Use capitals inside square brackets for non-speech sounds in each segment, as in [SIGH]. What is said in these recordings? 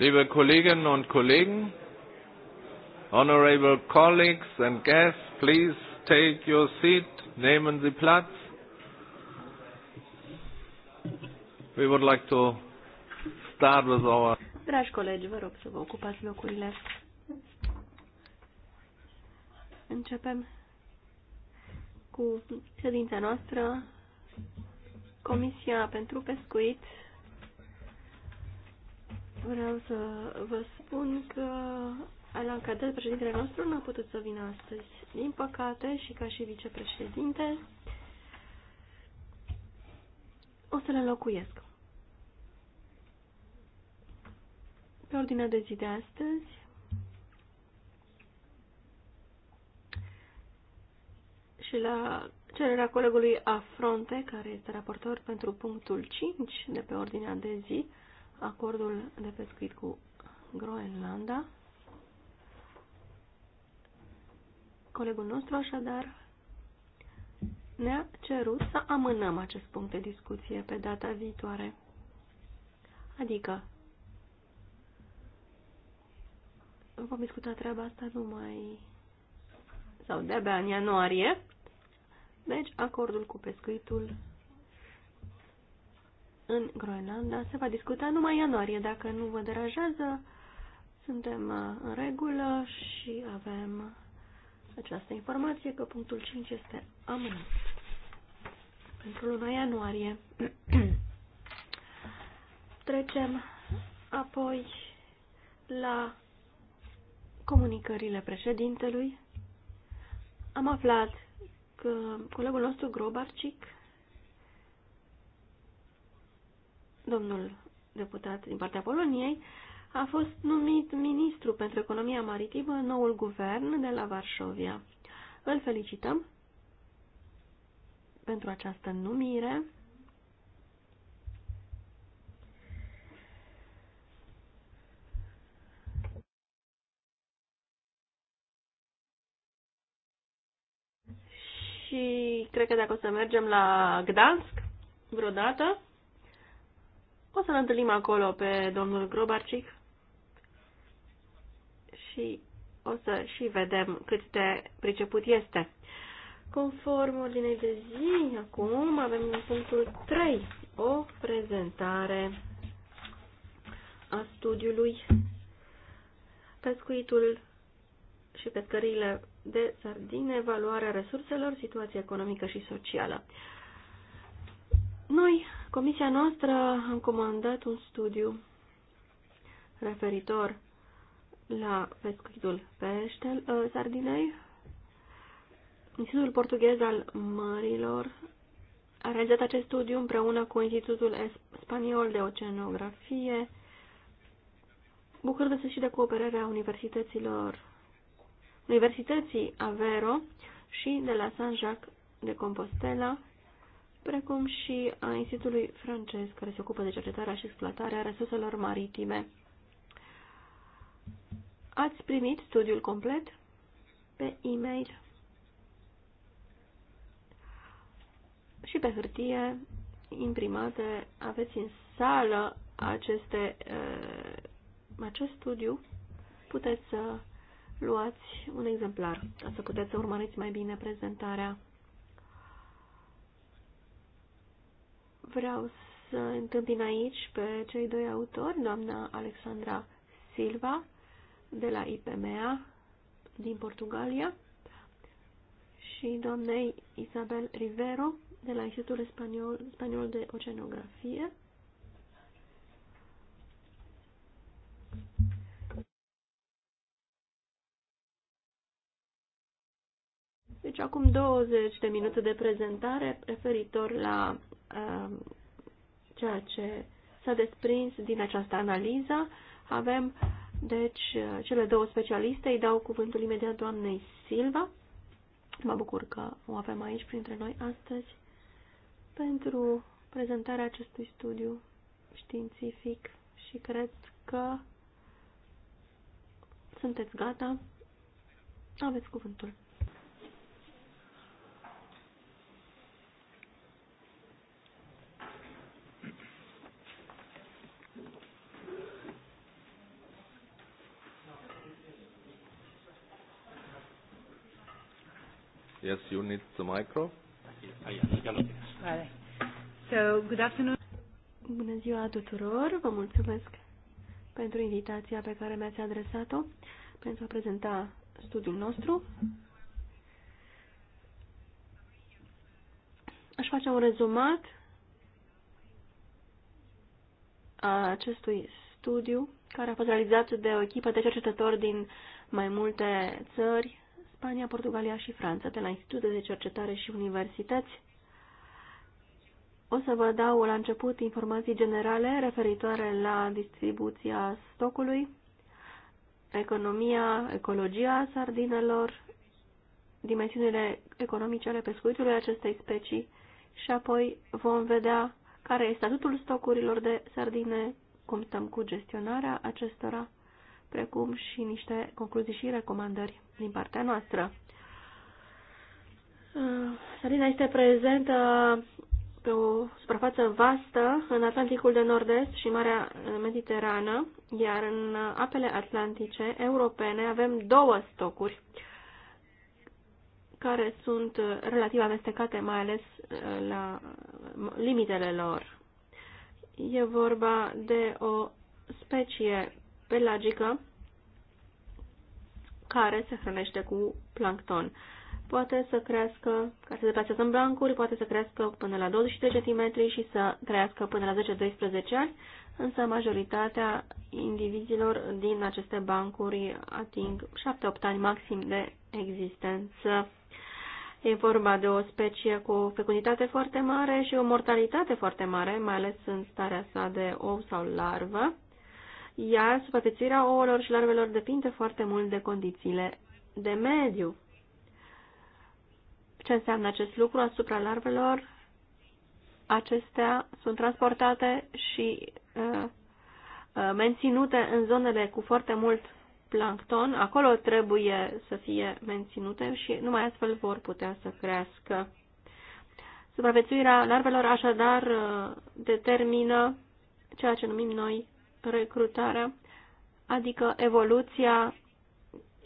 Liebe Kolleginnen und Kollegen, honorable colleagues and guests, please take your seat. Nehmen Sie Platz. We would like to start with our Dragi colegi, vă rog să vă ocupați locurile. Începem cu ședința noastră, Comisia pentru Pescuit Vreau să vă spun că Alan Cadel, președintele nostru, nu a putut să vină astăzi. Din păcate, și ca și vicepreședinte, o să le locuiesc. Pe ordinea de zi de astăzi, și la cererea colegului Afronte, care este raportor pentru punctul 5 de pe ordinea de zi, acordul de pescuit cu Groenlanda. Colegul nostru, așadar, ne-a cerut să amânăm acest punct de discuție pe data viitoare. Adică, vom discuta treaba asta numai sau de-abia în ianuarie. Deci, acordul cu pescuitul în Groenlanda se va discuta numai ianuarie. Dacă nu vă deranjează, suntem uh, în regulă și avem această informație că punctul 5 este amânat pentru luna ianuarie. [CLEARS THROAT] Trecem apoi la comunicările președintelui. Am aflat că colegul nostru Grobarcic domnul deputat din partea Poloniei, a fost numit ministru pentru economia maritimă în noul guvern de la Varșovia. Îl felicităm pentru această numire. Și cred că dacă o să mergem la Gdansk vreodată, o să-l întâlnim acolo pe domnul Grobarcic și o să și vedem cât de priceput este. Conform ordinei de zi, acum avem în punctul 3 o prezentare a studiului pescuitul și pescările de sardine, valoarea resurselor, situația economică și socială. Noi Comisia noastră a comandat un studiu referitor la pescuitul peștel, ă, sardinei. Institutul portughez al mărilor a realizat acest studiu împreună cu Institutul Spaniol de Oceanografie, bucurându-se și de cooperarea universităților, Universității Avero și de la San Jacques de Compostela, precum și a Institutului francez care se ocupă de cercetarea și exploatarea resurselor maritime. Ați primit studiul complet pe e-mail și pe hârtie imprimate. Aveți în sală aceste, uh, acest studiu. Puteți să luați un exemplar ca să puteți să urmăriți mai bine prezentarea. Vreau să întâmpin aici pe cei doi autori, doamna Alexandra Silva de la IPMA din Portugalia și doamnei Isabel Rivero de la Institutul Spaniol, Spaniol de Oceanografie. Deci acum 20 de minute de prezentare referitor la Um, ceea ce s-a desprins din această analiză. Avem, deci, cele două specialiste. Îi dau cuvântul imediat doamnei Silva. Mă bucur că o avem aici printre noi astăzi pentru prezentarea acestui studiu științific și cred că sunteți gata. Aveți cuvântul. Yes, you need the micro. Vale. So, good afternoon. Bună ziua tuturor, vă mulțumesc pentru invitația pe care mi-ați adresat-o pentru a prezenta studiul nostru. Aș face un rezumat a acestui studiu care a fost realizat de o echipă de cercetători din mai multe țări Spania, Portugalia și Franța, de la institute de cercetare și universități. O să vă dau la început informații generale referitoare la distribuția stocului, economia, ecologia sardinelor, dimensiunile economice ale pescuitului acestei specii și apoi vom vedea care este statutul stocurilor de sardine, cum stăm cu gestionarea acestora precum și niște concluzii și recomandări din partea noastră. Uh, Sarina este prezentă pe o suprafață vastă în Atlanticul de Nord-Est și Marea Mediterană, iar în apele atlantice europene avem două stocuri care sunt relativ amestecate, mai ales uh, la uh, limitele lor. E vorba de o specie pelagică care se hrănește cu plancton. Poate să crească, ca să plasează în blancuri, poate să crească până la 23 cm și să crească până la 10-12 ani, însă majoritatea indivizilor din aceste bancuri ating 7-8 ani maxim de existență. E vorba de o specie cu o fecunditate foarte mare și o mortalitate foarte mare, mai ales în starea sa de ou sau larvă iar supraviețuirea ouălor și larvelor depinde foarte mult de condițiile de mediu. Ce înseamnă acest lucru asupra larvelor? Acestea sunt transportate și uh, uh menținute în zonele cu foarte mult plancton, acolo trebuie să fie menținute și numai astfel vor putea să crească. Supraviețuirea larvelor așadar uh, determină ceea ce numim noi recrutarea, adică evoluția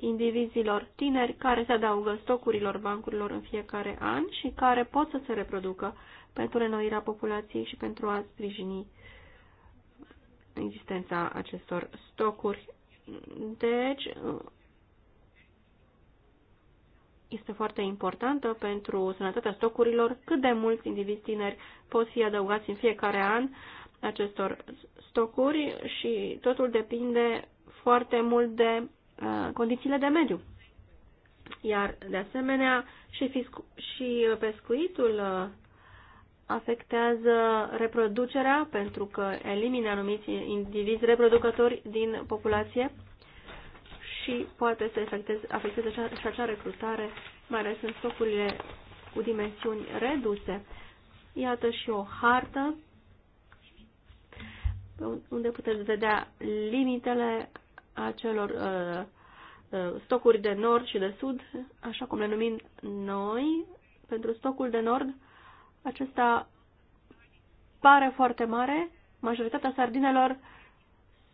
indivizilor tineri care se adaugă stocurilor bancurilor în fiecare an și care pot să se reproducă pentru renoirea populației și pentru a sprijini existența acestor stocuri. Deci, este foarte importantă pentru sănătatea stocurilor cât de mulți indivizi tineri pot fi adăugați în fiecare an acestor stocuri și totul depinde foarte mult de uh, condițiile de mediu. Iar, de asemenea, și, fiscu- și uh, pescuitul uh, afectează reproducerea pentru că elimine anumiți indivizi reproducători din populație și poate să afecteze, afecteze și acea recrutare, mai ales în stocurile cu dimensiuni reduse. Iată și o hartă unde puteți vedea limitele acelor uh, uh, stocuri de nord și de sud, așa cum le numim noi. Pentru stocul de nord, acesta pare foarte mare. Majoritatea sardinelor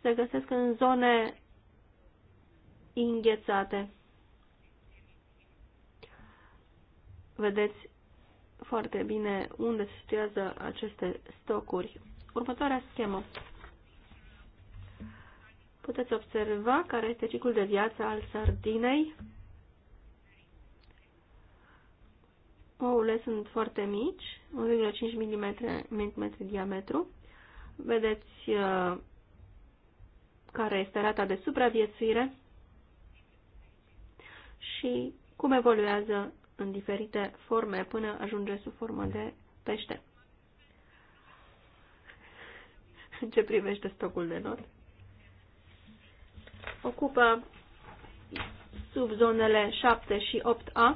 se găsesc în zone înghețate. Vedeți foarte bine unde se situează aceste stocuri. Următoarea schemă. Puteți observa care este ciclul de viață al sardinei. Ouăle sunt foarte mici, 1,5 mm, mm diametru. Vedeți uh, care este rata de supraviețuire și cum evoluează în diferite forme până ajunge sub formă de pește. În ce privește stocul de not? ocupă subzonele 7 și 8A,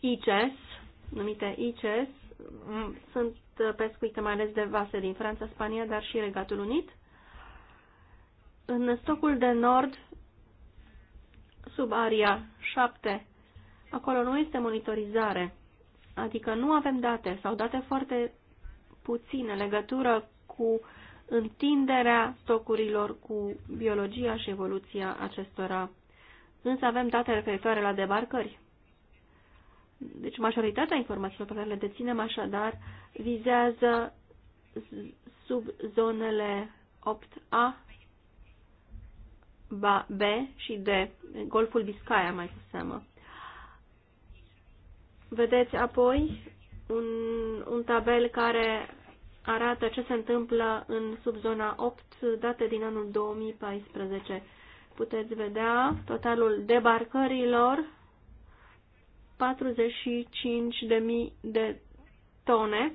ICES, numite ICES, sunt uh, pescuite mai ales de vase din Franța, Spania, dar și Regatul Unit. În stocul de nord, sub aria 7, acolo nu este monitorizare, adică nu avem date sau date foarte puține legătură cu uh, întinderea stocurilor cu biologia și evoluția acestora. Însă avem date referitoare la debarcări. Deci majoritatea informațiilor pe care le deținem așadar vizează sub zonele 8A, B și D, Golful Biscaya mai cu seamă. Vedeți apoi un, un tabel care arată ce se întâmplă în subzona 8, date din anul 2014. Puteți vedea totalul debarcărilor, 45.000 de tone,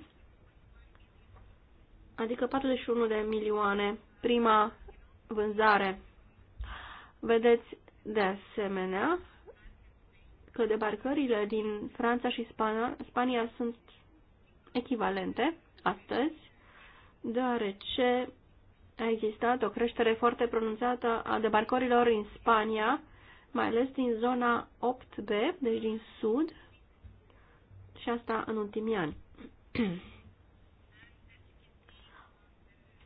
adică 41 de milioane, prima vânzare. Vedeți de asemenea că debarcările din Franța și Spania, Spania sunt echivalente astăzi, deoarece a existat o creștere foarte pronunțată a debarcărilor în Spania, mai ales din zona 8B, deci din sud, și asta în ultimii ani.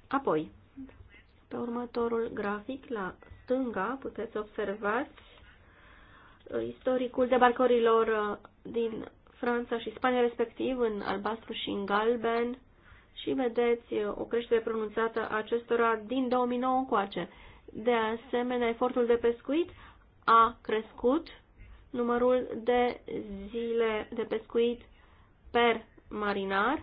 Apoi, pe următorul grafic, la stânga, puteți observați uh, istoricul debarcărilor uh, din Franța și Spania, respectiv în albastru și în galben, și vedeți o creștere pronunțată a acestora din 2009 încoace. De asemenea, efortul de pescuit a crescut numărul de zile de pescuit per marinar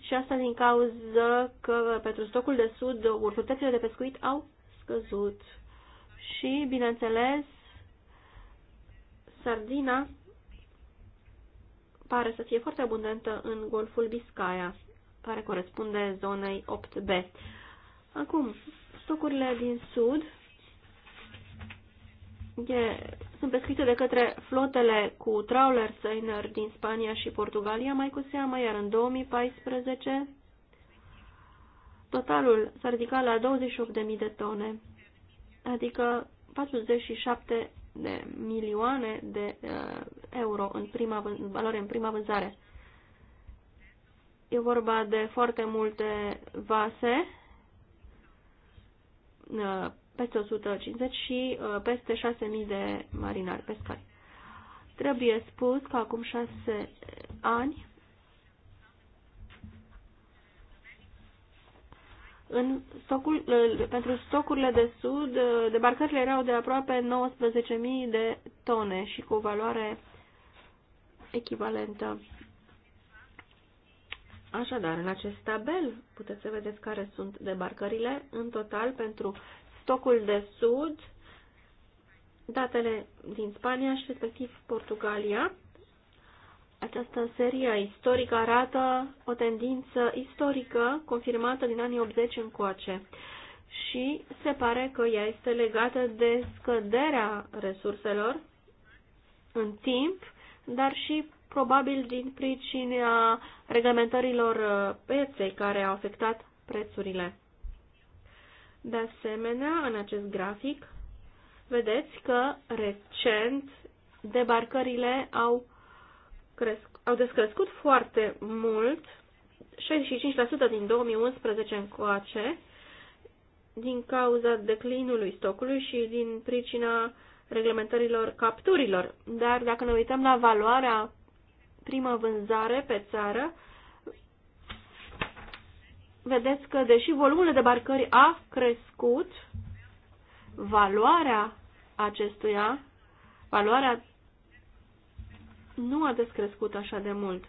și asta din cauza că pentru stocul de sud ursutețele de pescuit au scăzut. Și, bineînțeles, sardina pare să fie foarte abundentă în golful Biscaya, care corespunde zonei 8B. Acum, stocurile din sud e, sunt pescuite de către flotele cu trawler seiner din Spania și Portugalia, mai cu seamă, iar în 2014 totalul s-a ridicat la 28.000 de tone, adică 47 de milioane de uh, euro în prima valoare în prima vânzare. E vorba de foarte multe vase, uh, peste 150 și uh, peste 6.000 de marinari pescari. Trebuie spus că acum șase ani În stocul, pentru stocurile de sud, debarcările erau de aproape 19.000 de tone și cu o valoare echivalentă. Așadar, în acest tabel puteți să vedeți care sunt debarcările în total pentru stocul de sud, datele din Spania și respectiv Portugalia. Această serie istorică arată o tendință istorică confirmată din anii 80 încoace și se pare că ea este legată de scăderea resurselor în timp, dar și probabil din pricina reglementărilor uh, pieței care au afectat prețurile. De asemenea, în acest grafic, vedeți că recent debarcările au cresc, au descrescut foarte mult, 65% din 2011 încoace, din cauza declinului stocului și din pricina reglementărilor capturilor. Dar dacă ne uităm la valoarea primă vânzare pe țară, vedeți că deși volumul de barcări a crescut, valoarea acestuia, valoarea nu a descrescut așa de mult.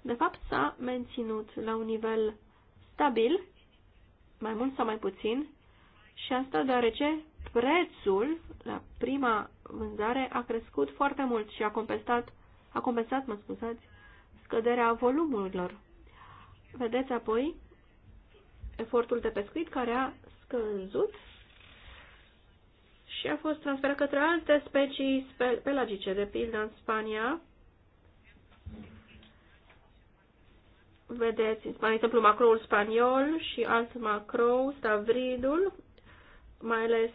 De fapt, s-a menținut la un nivel stabil, mai mult sau mai puțin, și asta deoarece prețul la prima vânzare a crescut foarte mult și a compensat, a compensat mă scuzați, scăderea volumurilor. Vedeți apoi efortul de pescuit care a scăzut și a fost transferat către alte specii pelagice, de pildă în Spania. Vedeți, mai exemplu, macroul spaniol și alt macrou, stavridul, mai ales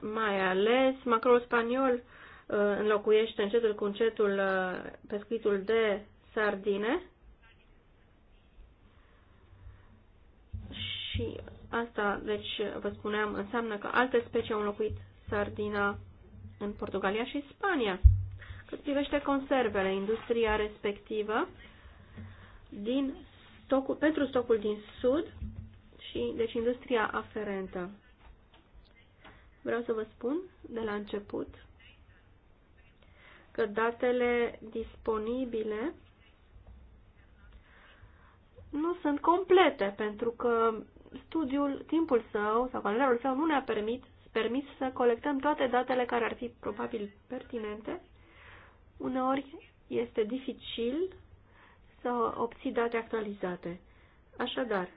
mai ales macroul spaniol uh, înlocuiește încetul cu încetul uh, pescuitul de sardine și Asta, deci, vă spuneam, înseamnă că alte specii au înlocuit sardina în Portugalia și Spania. Cât privește conservele, industria respectivă, din stocul, pentru stocul din sud și, deci, industria aferentă. Vreau să vă spun de la început că datele disponibile nu sunt complete, pentru că studiul, timpul său sau calendarul său nu ne-a permis, permis să colectăm toate datele care ar fi probabil pertinente. Uneori este dificil să obții date actualizate. Așadar,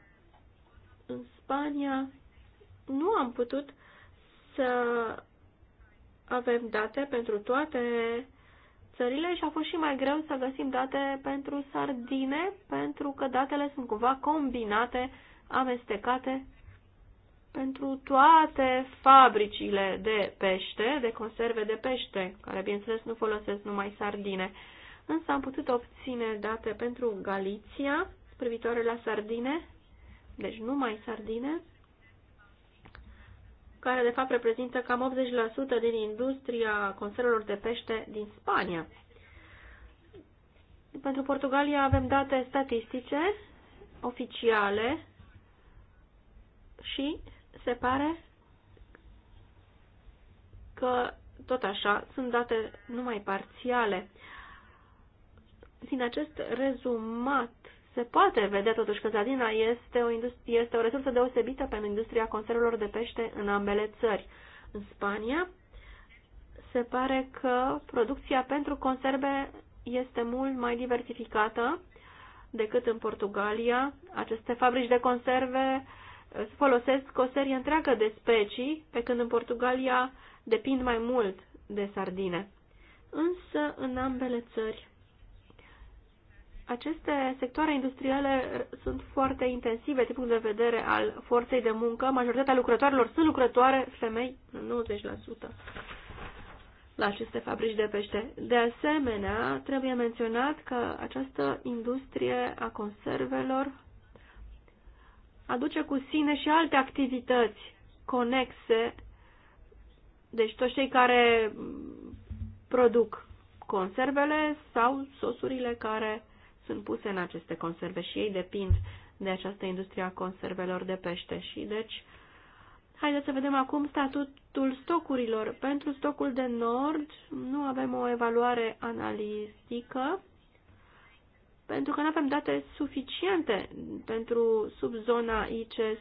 în Spania nu am putut să avem date pentru toate țările și a fost și mai greu să găsim date pentru sardine, pentru că datele sunt cumva combinate amestecate pentru toate fabricile de pește, de conserve de pește, care bineînțeles nu folosesc numai sardine. Însă am putut obține date pentru Galiția, privitoare la sardine, deci numai sardine, care de fapt reprezintă cam 80% din industria conservelor de pește din Spania. Pentru Portugalia avem date statistice oficiale și se pare că, tot așa, sunt date numai parțiale. Din acest rezumat se poate vedea totuși că zadina este o, este o resursă deosebită pentru industria conservelor de pește în ambele țări. În Spania se pare că producția pentru conserve este mult mai diversificată decât în Portugalia. Aceste fabrici de conserve uh, folosesc o serie întreagă de specii, pe când în Portugalia depind mai mult de sardine. Însă, în ambele țări, aceste sectoare industriale sunt foarte intensive din punct de vedere al forței de muncă. Majoritatea lucrătoarelor sunt lucrătoare femei, 90% la aceste fabrici de pește. De asemenea, trebuie menționat că această industrie a conservelor aduce cu sine și alte activități conexe, deci toți cei care produc conservele sau sosurile care sunt puse în aceste conserve și ei depind de această industrie a conservelor de pește. Și deci, haideți să vedem acum statutul stocurilor. Pentru stocul de nord nu avem o evaluare analistică, pentru că nu avem date suficiente pentru subzona ICS,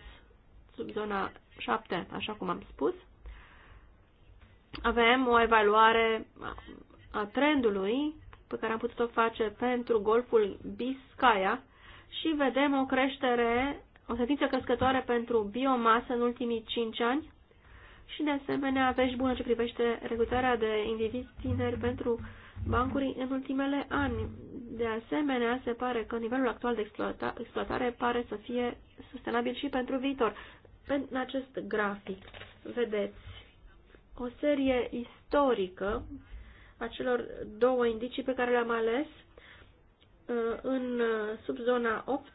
subzona 7, așa cum am spus. Avem o evaluare a trendului pe care am putut-o face pentru golful Biscaya și vedem o creștere, o tendință crescătoare pentru biomasă în ultimii 5 ani și de asemenea vești bună ce privește recrutarea de indivizi tineri pentru bancurii în ultimele ani. De asemenea, se pare că nivelul actual de exploatare pare să fie sustenabil și pentru viitor. În acest grafic vedeți o serie istorică a celor două indicii pe care le-am ales uh, în uh, subzona 8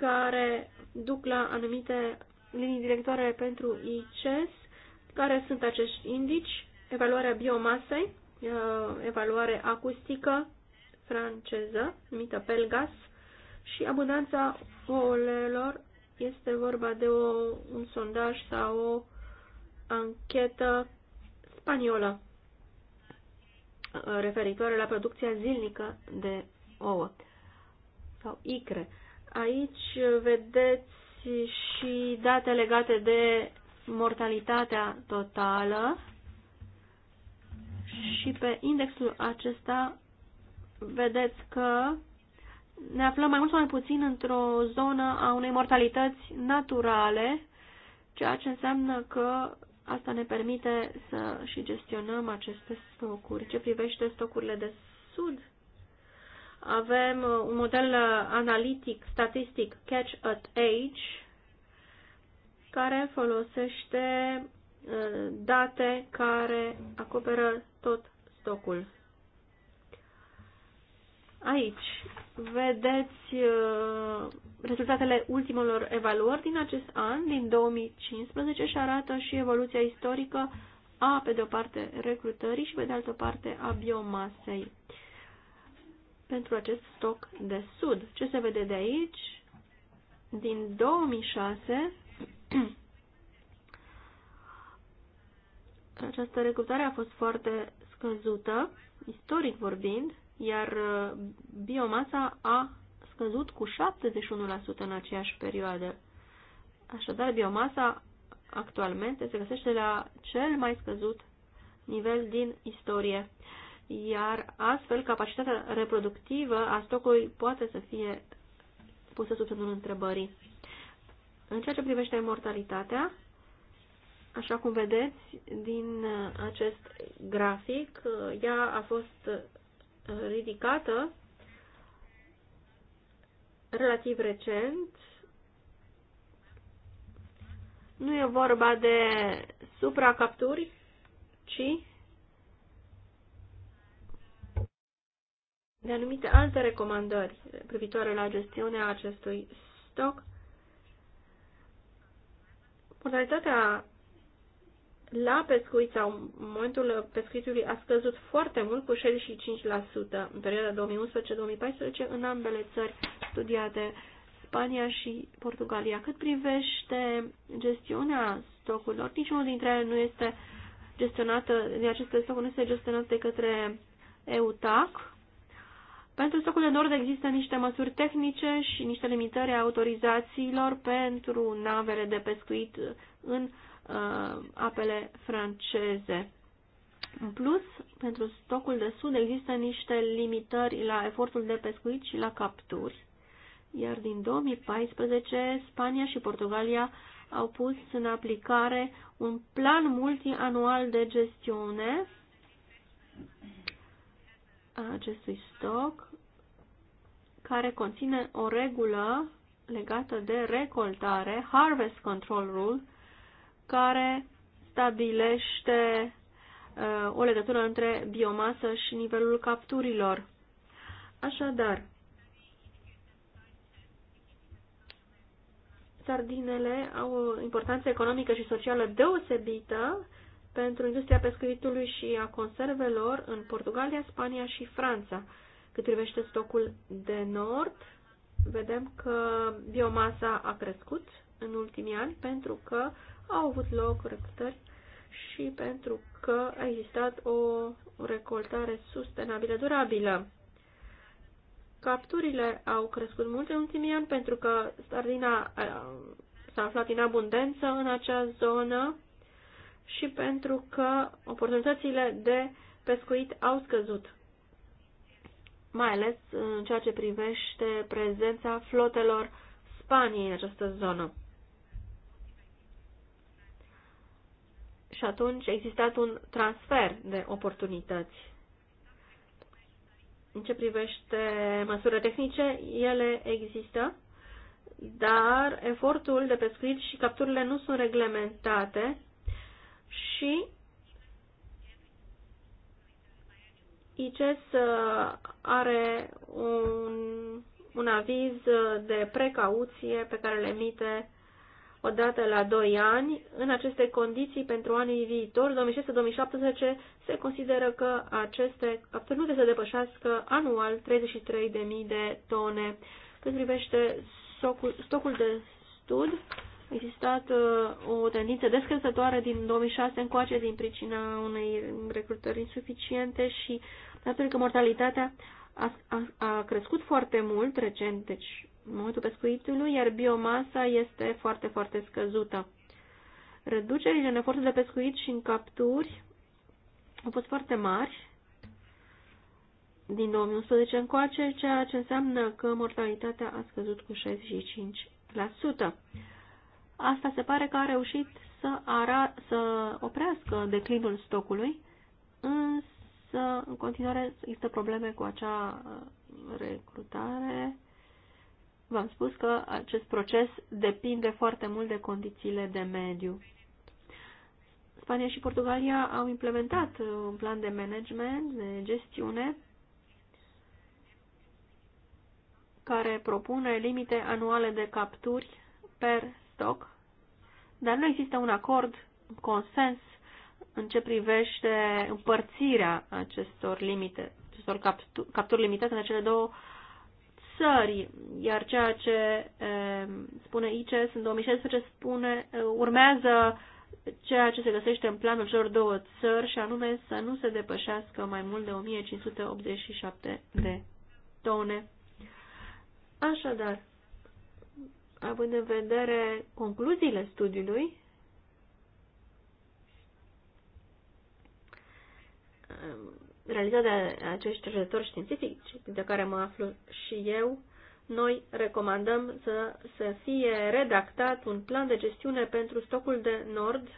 care duc la anumite linii directoare pentru ICEs, Care sunt acești indici? evaluarea biomasei, uh, evaluare acustică franceză, numită Pelgas, și abundanța ouălelor este vorba de o, un sondaj sau o anchetă spaniolă uh, referitoare la producția zilnică de ouă sau icre. Aici vedeți și date legate de mortalitatea totală și pe indexul acesta vedeți că ne aflăm mai mult sau mai puțin într-o zonă a unei mortalități naturale, ceea ce înseamnă că asta ne permite să și gestionăm aceste stocuri. Ce privește stocurile de sud, avem un model analitic, statistic, catch at age, care folosește date care acoperă tot stocul. Aici vedeți uh, rezultatele ultimelor evaluări din acest an, din 2015, și arată și evoluția istorică a, pe de o parte, recrutării și, pe de altă parte, a biomasei pentru acest stoc de sud. Ce se vede de aici? Din 2006 [CLEARS THROAT] această recrutare a fost foarte scăzută, istoric vorbind, iar uh, biomasa a scăzut cu 71% în aceeași perioadă. Așadar, biomasa actualmente se găsește la cel mai scăzut nivel din istorie, iar astfel capacitatea reproductivă a stocului poate să fie pusă sub semnul întrebării. În ceea ce privește mortalitatea, Așa cum vedeți din uh, acest grafic, uh, ea a fost uh, ridicată relativ recent. Nu e vorba de supracapturi, ci de anumite alte recomandări privitoare la gestiunea acestui stoc. Modalitatea la pescuit sau în momentul pescuitului a scăzut foarte mult cu 65% în perioada 2011-2014 în ambele țări studiate, Spania și Portugalia. Cât privește gestiunea stocurilor, niciunul dintre ele nu este gestionată, din aceste stocuri nu este gestionat de către EUTAC. Pentru stocurile nord există niște măsuri tehnice și niște limitări a autorizațiilor pentru navele de pescuit în uh, apele franceze. În plus, pentru stocul de sud există niște limitări la efortul de pescuit și la capturi, iar din 2014 Spania și Portugalia au pus în aplicare un plan multianual de gestiune a acestui stoc, care conține o regulă legată de recoltare, Harvest Control Rule, care stabilește uh, o legătură între biomasă și nivelul capturilor. Așadar, sardinele au o importanță economică și socială deosebită pentru industria pescuitului și a conservelor în Portugalia, Spania și Franța. Cât privește stocul de nord, vedem că biomasa a crescut în ultimii ani pentru că uh, au avut loc recrutări și pentru că a existat o recoltare sustenabilă, durabilă. Capturile au crescut mult în ultimii ani pentru că sardina eh, s-a aflat în abundență în acea zonă și pentru că oportunitățile de pescuit au scăzut, mai ales în ceea ce privește prezența flotelor Spaniei în această zonă. și atunci a existat un transfer de oportunități. În ce privește măsurile tehnice, ele există, dar efortul de pescuit și capturile nu sunt reglementate și ICES uh, are un, un aviz de precauție pe care le emite odată la 2 ani. În aceste condiții, pentru anii viitori, 2016-2017, se consideră că aceste capturi nu trebuie să depășească anual 33.000 de tone. Cât privește stocul, stocul de stud, a existat uh, o tendință descrescătoare din 2006 încoace din pricina unei recrutări insuficiente și faptul că mortalitatea a, a, a crescut foarte mult recent, deci în momentul pescuitului, iar biomasa este foarte, foarte scăzută. Reducerile în efortul de pescuit și în capturi au fost foarte mari din 2011 încoace, ceea ce înseamnă că mortalitatea a scăzut cu 65%. Asta se pare că a reușit să, ara, să oprească declinul stocului, însă în continuare există probleme cu acea uh, recrutare v-am spus că acest proces depinde foarte mult de condițiile de mediu. Spania și Portugalia au implementat uh, un plan de management, de gestiune, care propune limite anuale de capturi per stoc, dar nu există un acord, un consens în ce privește împărțirea acestor limite, acestor capturi, capturi limitate în cele două uh, țări, iar ceea ce spune ICES în 2016 spune, urmează ceea ce se găsește în planul celor două țări și anume să nu se depășească mai mult de 1587 de tone. Așadar, având în vedere concluziile studiului, realizat de acești cercetători științifici, de care mă aflu și eu, noi recomandăm să, să fie redactat un plan de gestiune pentru stocul de nord,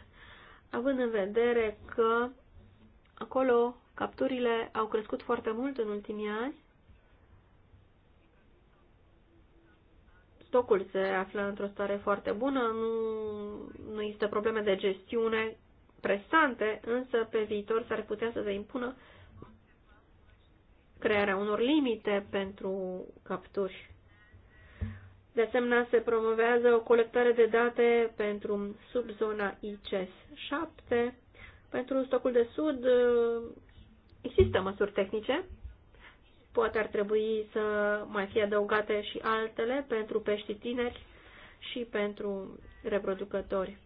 având în vedere că acolo capturile au crescut foarte mult în ultimii ani. Stocul se află într-o stare foarte bună, nu, nu există probleme de gestiune presante, însă pe viitor s-ar putea să se impună uh, crearea unor limite pentru capturi. De asemenea, se promovează o colectare de date pentru subzona ICS 7. Pentru stocul de sud există măsuri tehnice. Poate ar trebui să mai fie adăugate și altele pentru pești tineri și pentru reproducători.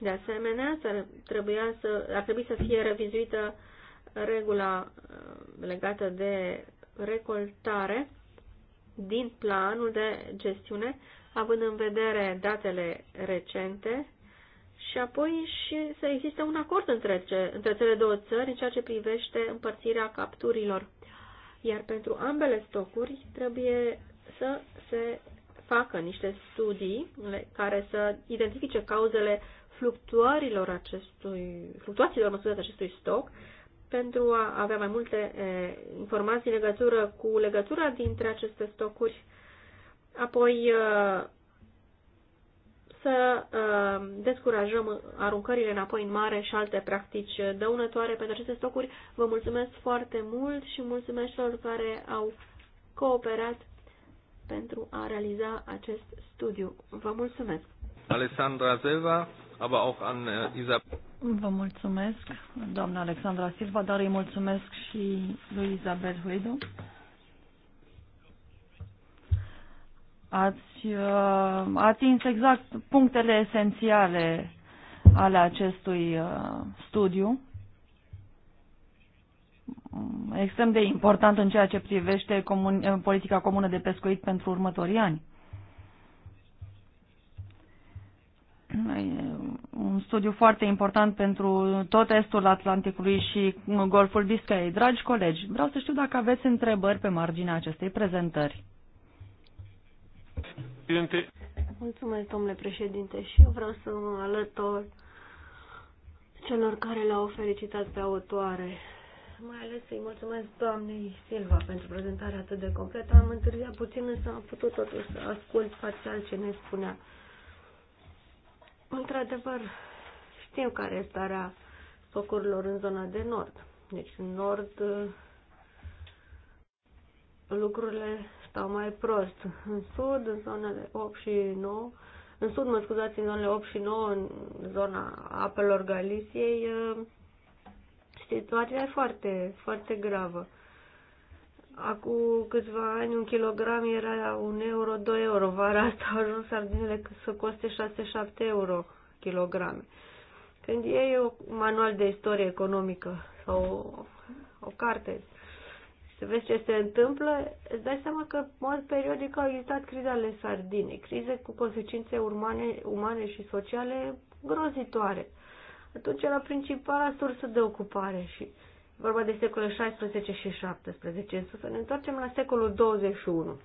De asemenea, ar trebui să, ar trebui să fie revizuită regula uh, legată de recoltare din planul de gestiune, având în vedere datele recente și apoi și să existe un acord între, ce, între cele două țări în ceea ce privește împărțirea capturilor. Iar pentru ambele stocuri trebuie să se facă niște studii care să identifice cauzele fluctuațiilor acestui, fluctuațiilor acestui stoc pentru a avea mai multe informații în legătură cu legătura dintre aceste stocuri, apoi să descurajăm aruncările înapoi în mare și alte practici dăunătoare pentru aceste stocuri. Vă mulțumesc foarte mult și mulțumesc celor care au cooperat pentru a realiza acest studiu. Vă mulțumesc! Alessandra Zeva, aber auch an Isabel. Vă mulțumesc, doamna Alexandra Silva, dar îi mulțumesc și lui Isabel Huidu. Ați uh, atins exact punctele esențiale ale acestui uh, studiu, extrem de important în ceea ce privește comun, uh, politica comună de pescuit pentru următorii ani un studiu foarte important pentru tot estul Atlanticului și Golful Biscayei. Dragi colegi, vreau să știu dacă aveți întrebări pe marginea acestei prezentări. Mulțumesc, domnule președinte, și eu vreau să mă alător celor care l-au felicitat pe autoare. Mai ales să-i mulțumesc doamnei Silva pentru prezentarea atât de completă. Am întârziat puțin, însă am putut totuși să ascult parțial ce ne spunea. Într-adevăr, știm care este starea stocurilor în zona de nord. Deci în nord lucrurile stau mai prost. În sud, în zonele 8 și 9, în sud, mă scuzați, în zonele 8 și 9, în zona apelor Galiciei, situația e foarte, foarte gravă. Acum câțiva ani un kilogram era un euro, 2 euro. Vara asta au ajuns sardinele să coste 6-7 euro kilograme. Când iei un manual de istorie economică sau o, o carte, să vezi ce se întâmplă, îți dai seama că în mod periodic au existat crize ale sardinei, crize cu consecințe urmane, umane și sociale grozitoare. Atunci era principala sursă de ocupare și vorba de secolele 16 și 17, însă să ne întoarcem la secolul 21.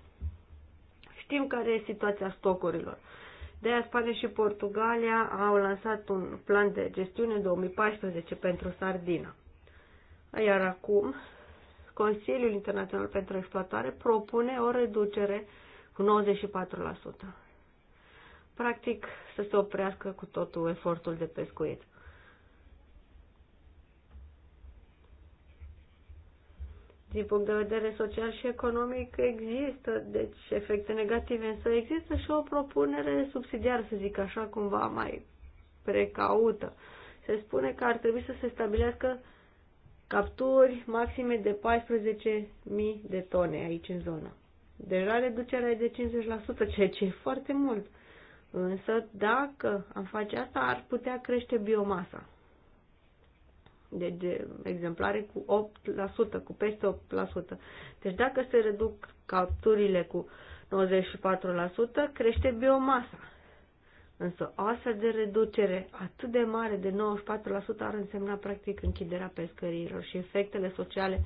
Știm care e situația stocurilor. De aia Spania și Portugalia au lansat un plan de gestiune 2014 pentru sardina. Iar acum, Consiliul Internațional pentru Exploatare propune o reducere cu 94%. Practic, să se oprească cu totul efortul de pescuit. din punct de vedere social și economic există, deci efecte negative, însă există și o propunere subsidiară, să zic așa, cumva mai precaută. Se spune că ar trebui să se stabilească capturi maxime de 14.000 de tone aici în zonă. Deja reducerea e de 50%, ceea ce e foarte mult. Însă, dacă am face asta, ar putea crește biomasa de, deci, de exemplare cu 8%, cu peste 8%. Deci dacă se reduc capturile cu 94%, crește biomasa. Însă o astfel de reducere atât de mare de 94% ar însemna practic închiderea pescărilor și efectele sociale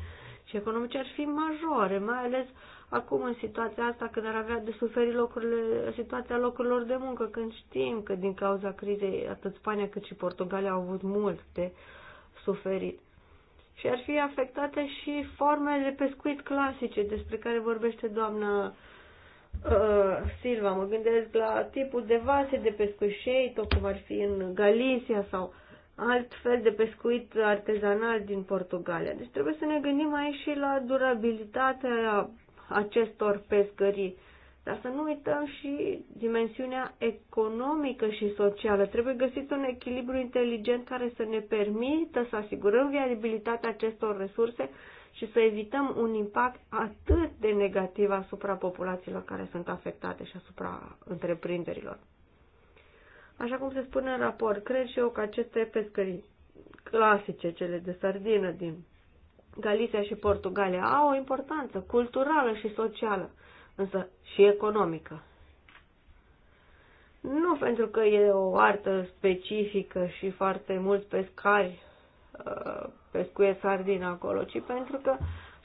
și economice ar fi majore, mai ales acum în situația asta când ar avea de suferit locurile, situația locurilor de muncă, când știm că din cauza crizei atât Spania cât și Portugalia au avut multe uh, suferit. Și ar fi afectate și formele de pescuit clasice despre care vorbește doamna uh, Silva. Mă gândesc la tipul de vase de pescuit sheito, cum ar fi în Galicia sau alt fel de pescuit artezanal din Portugalia. Deci trebuie să ne gândim aici și la durabilitatea acestor pescării dar să nu uităm și dimensiunea economică și socială. Trebuie găsit un echilibru inteligent care să ne permită să asigurăm viabilitatea acestor resurse și să evităm un impact atât de negativ asupra populațiilor care sunt afectate și asupra întreprinderilor. Așa cum se spune în raport, cred și eu că aceste pescării clasice, cele de sardină din Galicia și Portugalia, au o importanță culturală și socială însă și economică. Nu pentru că e o artă specifică și foarte mulți pescari uh, pescuie sardine acolo, ci pentru că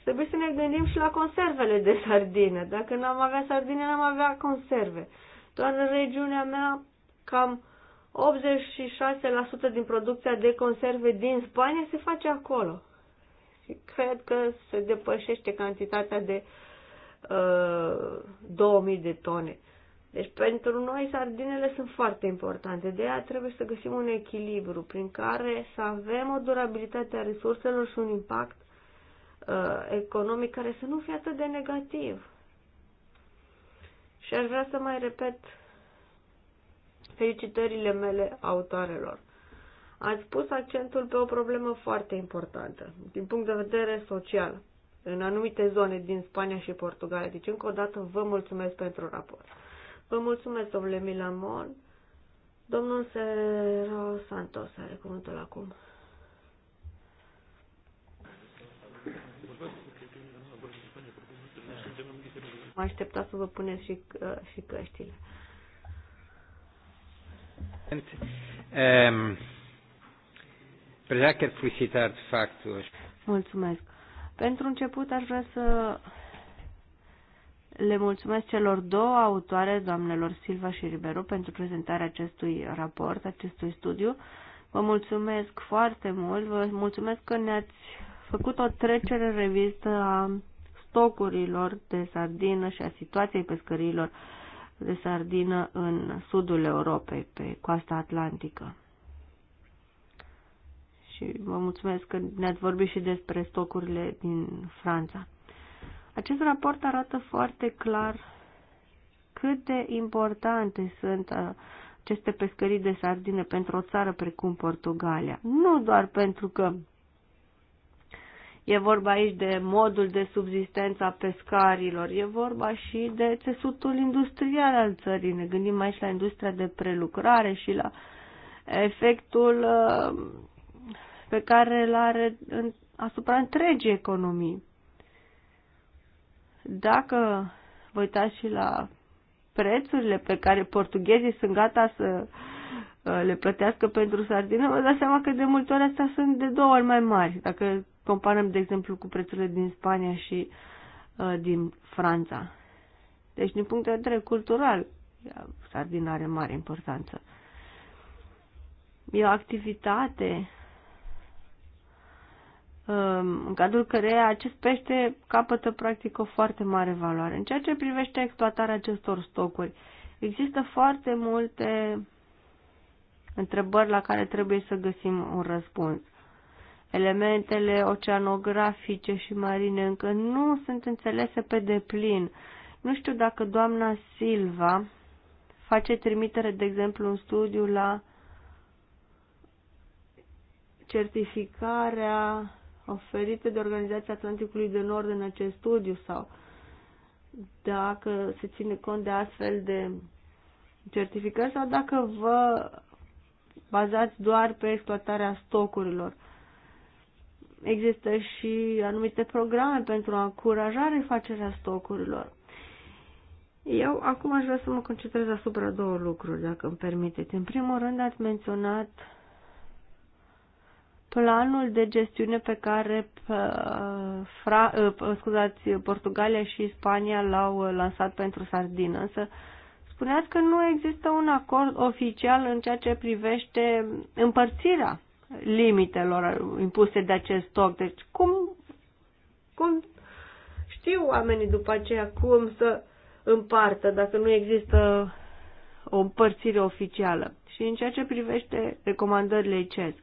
trebuie să ne gândim și la conservele de sardine. Dacă n-am avea sardine, n-am avea conserve. Doar în regiunea mea, cam 86% din producția de conserve din Spania se face acolo. Și cred că se depășește cantitatea de uh, 2000 uh, de tone. Deci pentru noi sardinele sunt foarte importante, de aia trebuie să găsim un echilibru prin care să avem o durabilitate a resurselor și un impact uh, economic care să nu fie atât de negativ. Și aș vrea să mai repet felicitările mele autoarelor. Ați pus accentul pe o problemă foarte importantă, din punct de vedere social în anumite zone din Spania și Portugalia. Deci, încă o dată, vă mulțumesc pentru raport. Vă mulțumesc, domnule Milamon. Domnul Sero Santos are cuvântul acum. Mă aștepta să vă puneți și, uh, și căștile. Um, Prea că Mulțumesc. Pentru început aș vrea să le mulțumesc celor două autoare, doamnelor Silva și Riberu, pentru prezentarea acestui raport, acestui studiu. Vă mulțumesc foarte mult, vă mulțumesc că ne-ați făcut o trecere revistă a stocurilor de sardină și a situației pescărilor de sardină în sudul Europei, pe coasta atlantică și vă mulțumesc că ne-ați vorbit și despre stocurile din Franța. Acest raport arată foarte clar cât de importante sunt uh, aceste pescării de sardine pentru o țară precum Portugalia. Nu doar pentru că e vorba aici de modul de subzistență a pescarilor, e vorba și de țesutul industrial al țării. Ne gândim aici la industria de prelucrare și la efectul uh, pe care îl are în, asupra întregii economii. Dacă vă uitați și la prețurile pe care portughezii sunt gata să uh, le plătească pentru sardină, vă dați seama că de multe ori astea sunt de două ori mai mari, dacă comparăm, de exemplu, cu prețurile din Spania și uh, din Franța. Deci, din punct de vedere cultural, sardina are mare importanță. E o activitate Um, în cadrul căreia acest pește capătă practic o foarte mare valoare. În ceea ce privește exploatarea acestor stocuri, există foarte multe întrebări la care trebuie să găsim un răspuns. Elementele oceanografice și marine încă nu sunt înțelese pe deplin. Nu știu dacă doamna Silva face trimitere, de exemplu, un studiu la certificarea oferite de Organizația Atlanticului de Nord în acest studiu sau dacă se ține cont de astfel de certificări sau dacă vă bazați doar pe exploatarea stocurilor. Există și anumite programe pentru a încuraja refacerea stocurilor. Eu acum aș vrea să mă concentrez asupra două lucruri, dacă îmi permiteți. În primul rând ați menționat planul de gestiune pe care uh, fra, uh, scuzați, Portugalia și Spania l-au uh, lansat pentru sardină. Însă spuneați că nu există un acord oficial în ceea ce privește împărțirea limitelor impuse de acest stoc. Deci cum, cum știu oamenii după aceea cum să împartă dacă nu există o împărțire oficială? Și în ceea ce privește recomandările CES,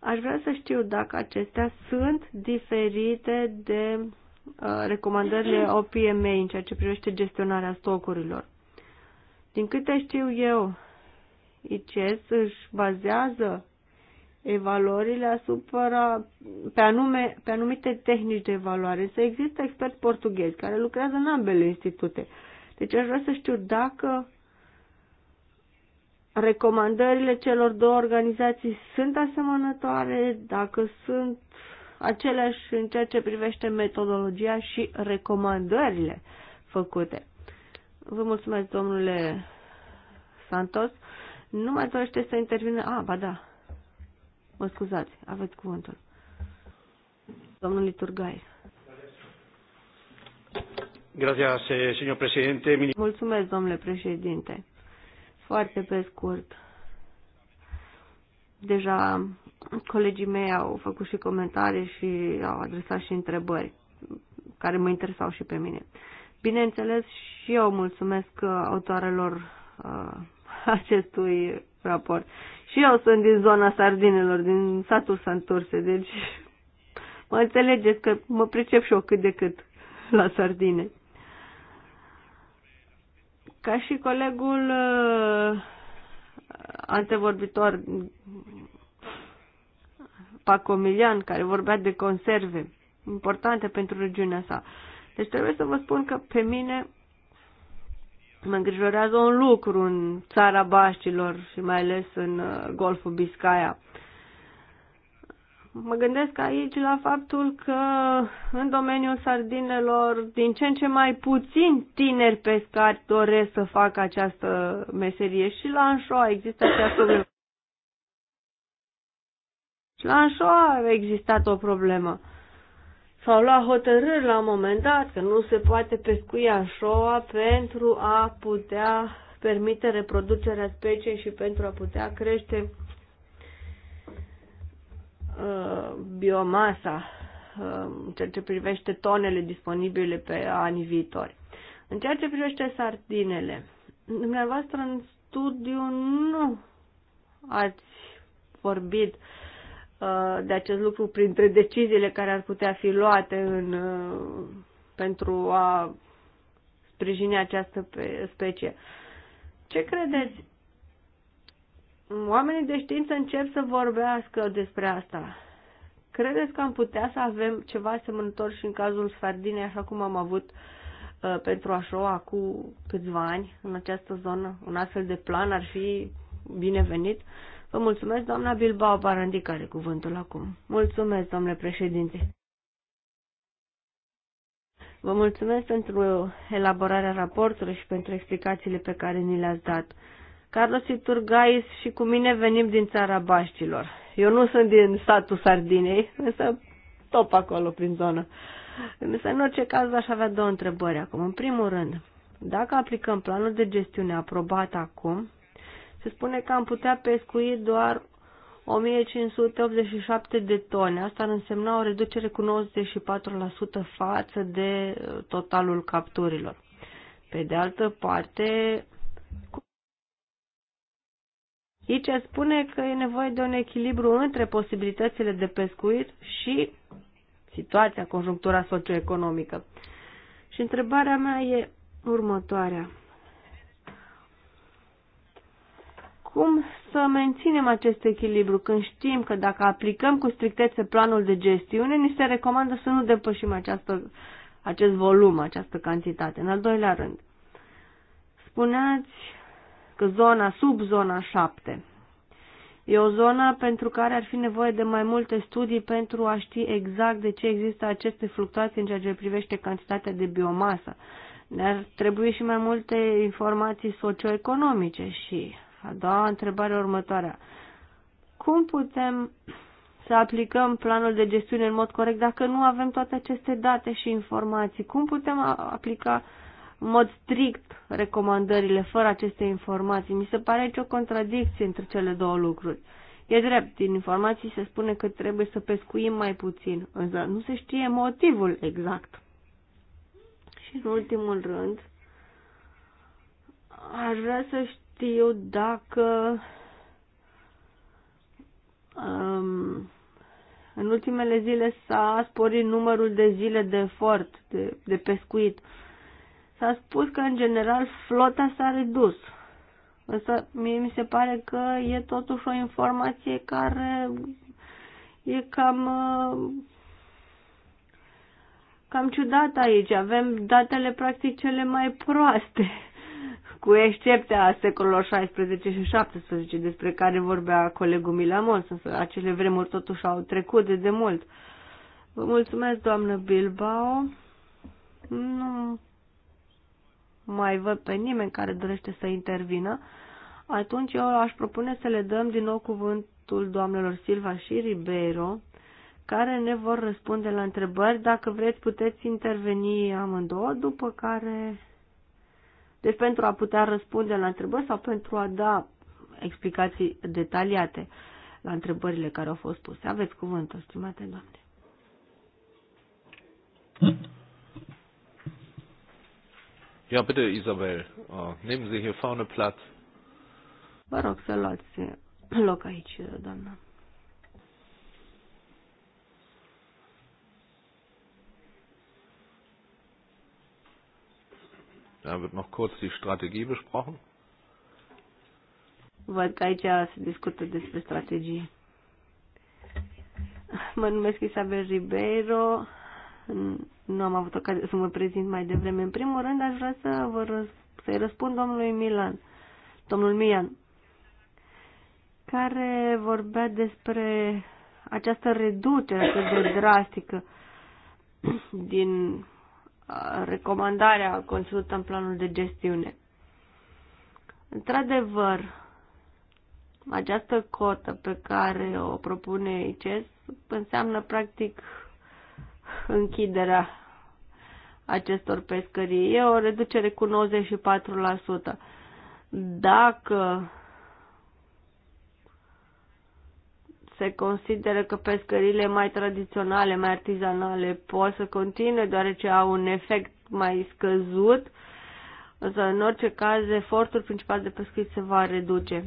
Aș vrea să știu dacă acestea sunt diferite de uh, recomandările OPMA [CLEARS THROAT] în ceea ce privește gestionarea stocurilor. Din câte știu eu, ICS își bazează evaluările asupra, pe, anume, pe anumite tehnici de evaluare. Să există experți portughezi care lucrează în ambele institute. Deci aș vrea să știu dacă recomandările celor două organizații sunt asemănătoare, dacă sunt aceleași în ceea ce privește metodologia și recomandările făcute. Vă mulțumesc, domnule Santos. Nu mai dorește să intervină. A, ah, ba da. Mă scuzați, aveți cuvântul. Domnul Liturgai. Gracias, eh, señor presidente. Mulțumesc, domnule președinte. Foarte pe scurt. Deja colegii mei au făcut și comentarii și au adresat și întrebări care mă interesau și pe mine. Bineînțeles, și eu mulțumesc uh, autoarelor uh, [LAUGHS] acestui raport. Și eu sunt din zona Sardinelor, din satul Santurse, deci mă înțelegeți că mă pricep și eu cât de cât la Sardine. Ca și colegul uh, antevorbitor Pacomilian, care vorbea de conserve importante pentru regiunea sa. Deci trebuie să vă spun că pe mine mă îngrijorează un lucru în țara Baștilor și mai ales în uh, Golful Biscaya – Mă gândesc aici la faptul că în domeniul sardinelor din ce în ce mai puțin tineri pescari doresc să facă această meserie și la Anșoa există această și la Anșoa a existat o problemă. S-au luat hotărâri la un moment dat că nu se poate pescui Anșoa pentru a putea permite reproducerea speciei și pentru a putea crește uh, biomasa uh, în ceea ce privește tonele disponibile pe anii viitori. În ceea ce privește sardinele, dumneavoastră în studiu nu ați vorbit uh, de acest lucru printre deciziile care ar putea fi luate în, uh, pentru a sprijini această specie. Ce credeți? oamenii de știință încep să vorbească despre asta. Credeți că am putea să avem ceva asemănător și în cazul Sfardinei, așa cum am avut uh, pentru Așoa cu câțiva ani în această zonă? Un astfel de plan ar fi binevenit. Vă mulțumesc, doamna Bilbao Barandi, care cuvântul acum. Mulțumesc, domnule președinte. Vă mulțumesc pentru elaborarea raportului și pentru explicațiile pe care ni le-ați dat. Carlos Iturgais și cu mine venim din țara Baștilor. Eu nu sunt din statul Sardinei, însă top acolo prin zonă. Însă, în orice caz, aș avea două întrebări acum. În primul rând, dacă aplicăm planul de gestiune aprobat acum, se spune că am putea pescui doar 1587 de tone. Asta ar însemna o reducere cu 94% față de uh, totalul capturilor. Pe de altă parte, ICE spune că e nevoie de un echilibru între posibilitățile de pescuit și situația, conjunctura socioeconomică. Și întrebarea mea e următoarea. Cum să menținem acest echilibru când știm că dacă aplicăm cu strictețe planul de gestiune, ni se recomandă să nu depășim această, acest volum, această cantitate? În al doilea rând, spuneați zona sub zona 7. E o zonă pentru care ar fi nevoie de mai multe studii pentru a ști exact de ce există aceste fluctuații în ceea ce privește cantitatea de biomasă. Ne-ar trebui și mai multe informații socioeconomice și a doua întrebare următoarea. Cum putem să aplicăm planul de gestiune în mod corect dacă nu avem toate aceste date și informații? Cum putem aplica uh, în mod strict recomandările fără aceste informații. Mi se pare aici o contradicție între cele două lucruri. E drept, din informații se spune că trebuie să pescuim mai puțin, însă nu se știe motivul exact. Și în ultimul rând, aș vrea să știu dacă um, în ultimele zile s-a sporit numărul de zile de efort de, de pescuit. Uh, S-a spus că, în general, flota s-a redus. Însă, mie mi se pare că e totuși o informație care e cam, uh, cam ciudat aici. Avem datele, practic, cele mai proaste, [LAUGHS] cu excepția secolului 16 și 17, despre care vorbea colegul Milamon, însă acele vremuri totuși au trecut de mult. Vă mulțumesc, doamnă Bilbao. Nu mai văd pe nimeni care dorește să intervină, atunci eu aș propune să le dăm din nou cuvântul doamnelor Silva și Ribeiro, care ne vor răspunde la întrebări. Dacă vreți, puteți interveni amândouă, după care... Deci pentru a putea răspunde la întrebări sau pentru a da explicații detaliate la întrebările care au fost puse. Aveți cuvântul, stimate doamne. [COUGHS] Ja, bitte, Isabel, Oh, nehmen Sie hier vorne Platz. Vă rog să luați loc aici, doamnă. Da wird noch kurz die Strategie besprochen. Văd că aici se discută despre strategie. Mă numesc Isabel Ribeiro, nu am avut ocazia să mă prezint mai devreme. În primul rând, aș vrea să vă răs- să-i răspund domnului Milan, domnul Mian, care vorbea despre această reducere atât de drastică din recomandarea conținută în planul de gestiune. Într-adevăr, această cotă pe care o propune ICES înseamnă practic închiderea acestor pescării. E o reducere cu 94%. Dacă se consideră că pescările mai tradiționale, mai artizanale pot să continue, deoarece au un efect mai scăzut, însă în orice caz efortul principal de pescuit se va reduce.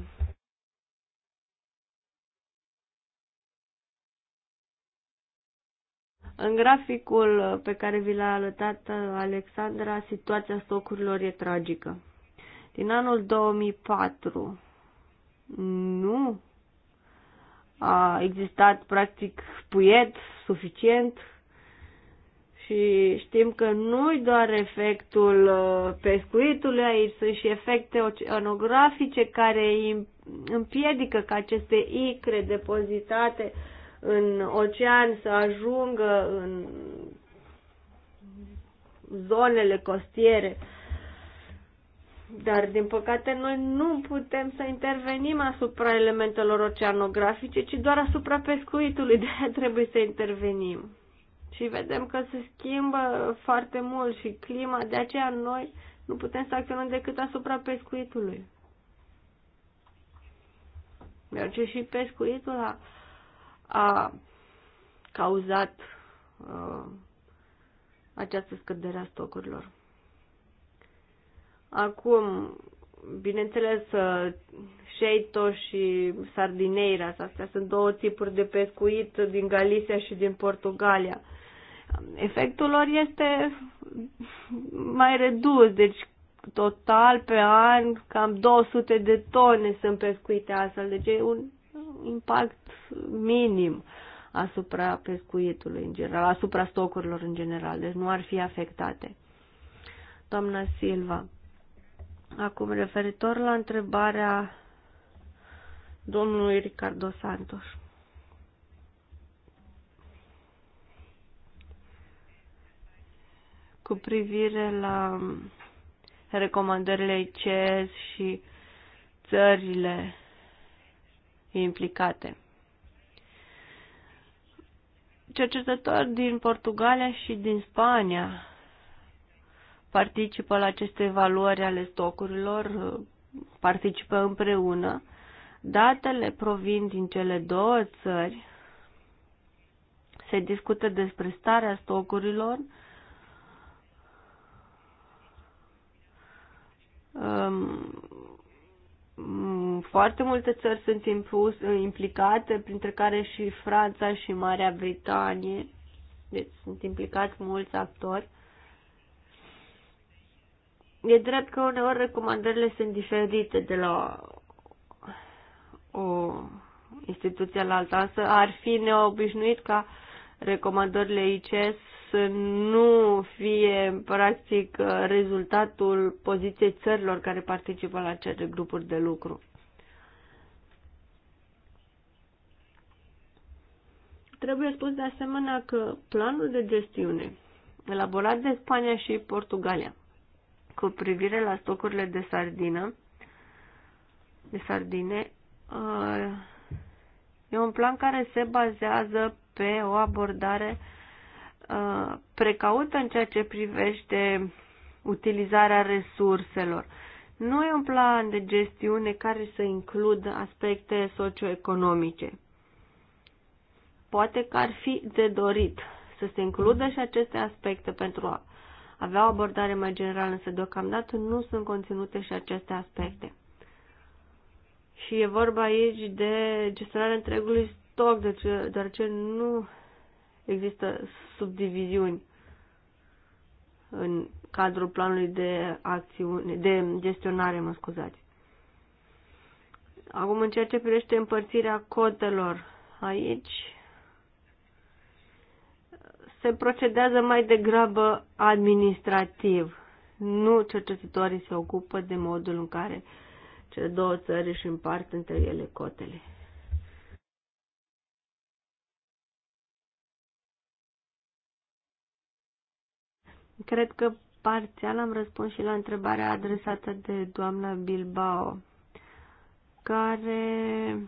În graficul pe care vi l-a arătat Alexandra, situația stocurilor e tragică. Din anul 2004 nu a existat practic puiet suficient și știm că nu-i doar efectul uh, pescuitului aici, sunt și efecte oceanografice care împiedică ca aceste icre depozitate în ocean, să ajungă în zonele costiere. Dar, din păcate, noi nu putem să intervenim asupra elementelor oceanografice, ci doar asupra pescuitului. De aia trebuie să intervenim. Și vedem că se schimbă foarte mult și clima, de aceea noi nu putem să acționăm decât asupra pescuitului. Deoarece și pescuitul a a cauzat uh, această scădere a stocurilor. Acum, bineînțeles, uh, Sheito și Sardineira, astea sunt două tipuri de pescuit din Galicia și din Portugalia. Efectul lor este mai redus, deci total pe an cam 200 de tone sunt pescuite astfel, deci e un impact minim asupra pescuitului în general, asupra stocurilor în general, deci nu ar fi afectate. Doamna Silva, acum referitor la întrebarea domnului Ricardo Santos. Cu privire la recomandările ICES și țările implicate cercetători din Portugalia și din Spania participă la aceste evaluări ale stocurilor, participă împreună. Datele provin din cele două țări. Se discută despre starea stocurilor. Um, foarte multe țări sunt impus, eh, implicate, printre care și Franța și Marea Britanie. Deci sunt implicați mulți actori. E drept că uneori recomandările sunt diferite de la o instituție la alta, însă ar fi neobișnuit ca recomandările ICS să nu fie, practic, rezultatul poziției țărilor care participă la acele grupuri de lucru. Trebuie spus de asemenea că planul de gestiune elaborat de Spania și Portugalia cu privire la stocurile de sardină, de sardine, uh, e un plan care se bazează pe o abordare uh, precaută în ceea ce privește utilizarea resurselor. Nu e un plan de gestiune care să includă aspecte socioeconomice. Poate că ar fi de dorit să se includă și aceste aspecte pentru a avea o abordare mai generală, însă deocamdată nu sunt conținute și aceste aspecte. Și e vorba aici de gestionarea întregului stoc, deci, deoarece nu există subdiviziuni în cadrul planului de acțiune, de gestionare, mă scuzați. Acum, în ceea ce privește împărțirea cotelor, aici se procedează mai degrabă administrativ. Nu cercetătorii se ocupă de modul în care cele două țări își împart între ele cotele. Cred că parțial am răspuns și la întrebarea adresată de doamna Bilbao, care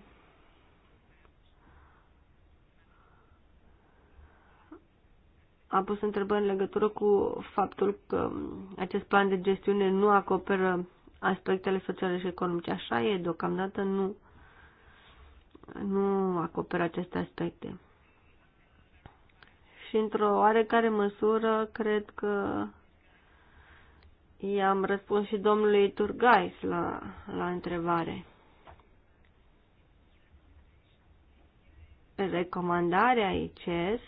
Am pus întrebări în legătură cu faptul că acest plan de gestiune nu acoperă aspectele sociale și economice. Așa e, deocamdată nu, nu acoperă aceste aspecte. Și într-o oarecare măsură, cred că i-am răspuns și domnului Turgais la, la întrebare. Recomandarea ICES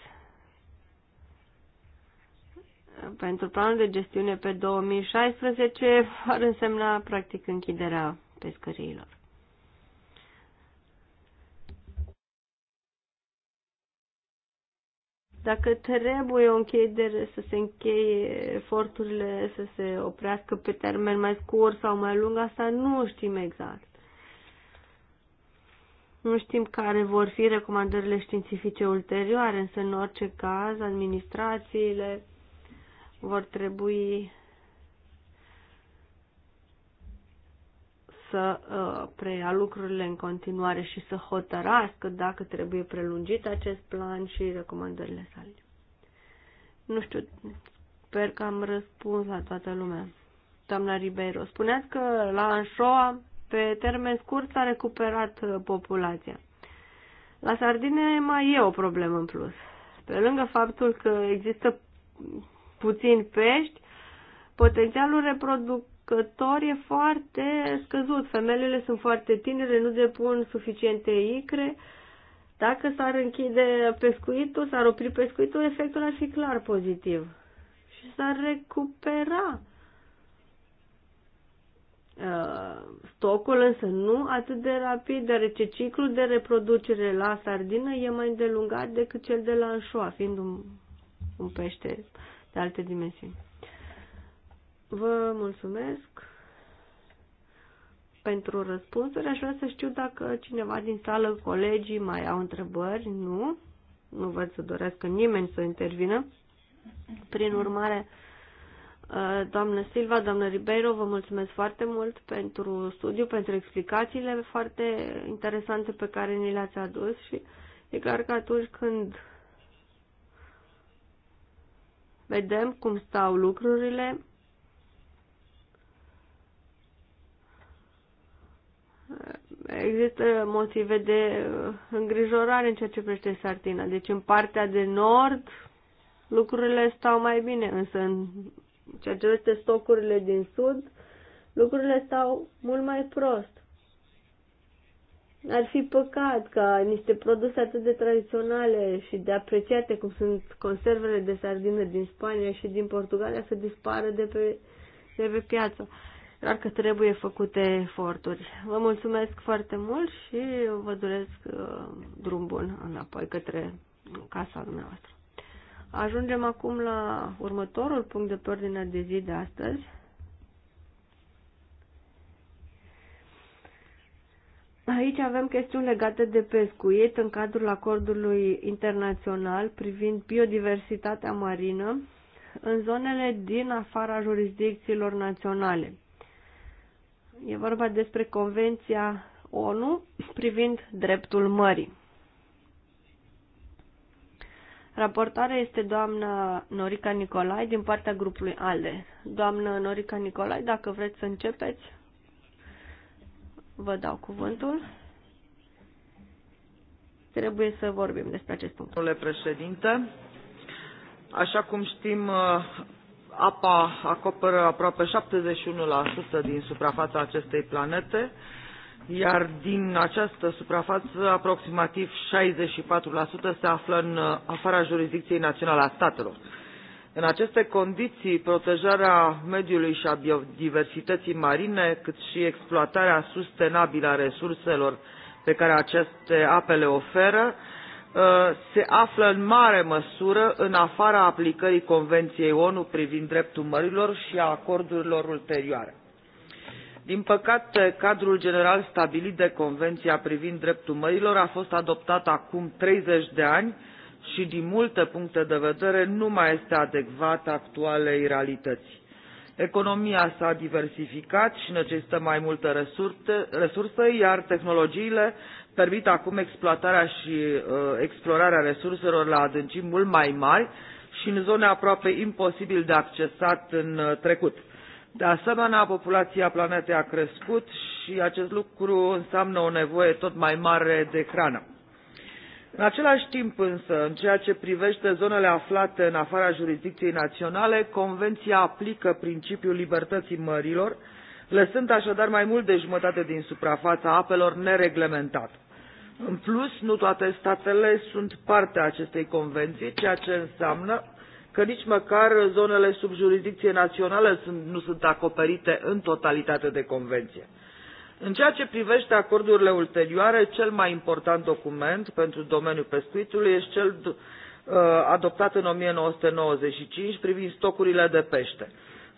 pentru planul de gestiune pe 2016 ar însemna practic închiderea pescăriilor. Dacă trebuie o închidere să se încheie eforturile, să se oprească pe termen mai scurt sau mai lung, asta nu știm exact. Nu știm care vor fi recomandările științifice ulterioare, însă în orice caz administrațiile vor trebui să uh, preia lucrurile în continuare și să hotărască dacă trebuie prelungit acest plan și recomandările sale. Nu știu, sper că am răspuns la toată lumea. Doamna Ribeiro, spuneați că la Anșoa, pe termen scurt, s-a recuperat uh, populația. La sardine mai e o problemă în plus. Pe lângă faptul că există puțin pești, potențialul reproducător e foarte scăzut. Femelele sunt foarte tinere, nu depun suficiente icre. Dacă s-ar închide pescuitul, s-ar opri pescuitul, efectul ar fi clar pozitiv. Și s-ar recupera uh, stocul, însă nu atât de rapid, deoarece ciclul de reproducere la sardină e mai îndelungat decât cel de la anșoa, fiind un, un pește de alte dimensiuni. Vă mulțumesc pentru răspunsuri. Aș vrea să știu dacă cineva din sală, colegii, mai au întrebări. Nu. Nu văd să dorească nimeni să intervină. Prin urmare, uh, doamnă Silva, doamnă Ribeiro, vă mulțumesc foarte mult pentru studiu, pentru explicațiile foarte interesante pe care ni le-ați adus și e clar că atunci când vedem cum stau lucrurile. Există motive de uh, îngrijorare în ceea ce privește Sartina. Deci în partea de nord lucrurile stau mai bine, însă în ceea ce privește stocurile din sud lucrurile stau mult mai prost. Ar fi păcat ca niște produse atât de tradiționale și de apreciate cum sunt conservele de sardină din Spania și din Portugalia să dispară de pe, de pe piață. Doar că trebuie făcute eforturi. Vă mulțumesc foarte mult și vă doresc uh, drum bun înapoi către casa dumneavoastră. Ajungem acum la următorul punct de pe ordinea de zi de astăzi. Aici avem chestiuni legate de pescuit în cadrul acordului internațional privind biodiversitatea marină în zonele din afara jurisdicțiilor naționale. E vorba despre Convenția ONU privind dreptul mării. Raportarea este doamna Norica Nicolai din partea grupului ALDE. Doamna Norica Nicolai, dacă vreți să începeți vă dau cuvântul. Trebuie să vorbim despre acest punct. Domnule președinte, așa cum știm, uh, apa acoperă aproape 71% din suprafața acestei planete, iar din această suprafață, aproximativ 64% se află în uh, afara jurisdicției naționale a statelor în aceste condiții, protejarea mediului și a biodiversității marine, cât și exploatarea sustenabilă a resurselor pe care aceste ape le oferă, uh, se află în mare măsură în afara aplicării Convenției ONU privind dreptul mărilor și a acordurilor ulterioare. Din păcate, cadrul general stabilit de Convenția privind dreptul mărilor a fost adoptat acum 30 de ani și din multe puncte de vedere nu mai este adecvat actualei realități. Economia s-a diversificat și necesită mai multe resurse, resurse iar tehnologiile permit acum exploatarea și uh, explorarea resurselor la adâncimi mult mai mari și în zone aproape imposibil de accesat în uh, trecut. De asemenea, populația planetei a crescut și acest lucru înseamnă o nevoie tot mai mare de hrană în același timp însă, în ceea ce privește zonele aflate în afara jurisdicției naționale, Convenția aplică principiul libertății mărilor, lăsând așadar mai mult de jumătate din suprafața apelor nereglementată. În plus, nu toate statele sunt parte a acestei convenții, ceea ce înseamnă că nici măcar zonele sub jurisdicție națională sunt, nu sunt acoperite în totalitate de convenție. În ceea ce privește acordurile ulterioare, cel mai important document pentru domeniul pescuitului este cel uh, adoptat în 1995 privind stocurile de pește.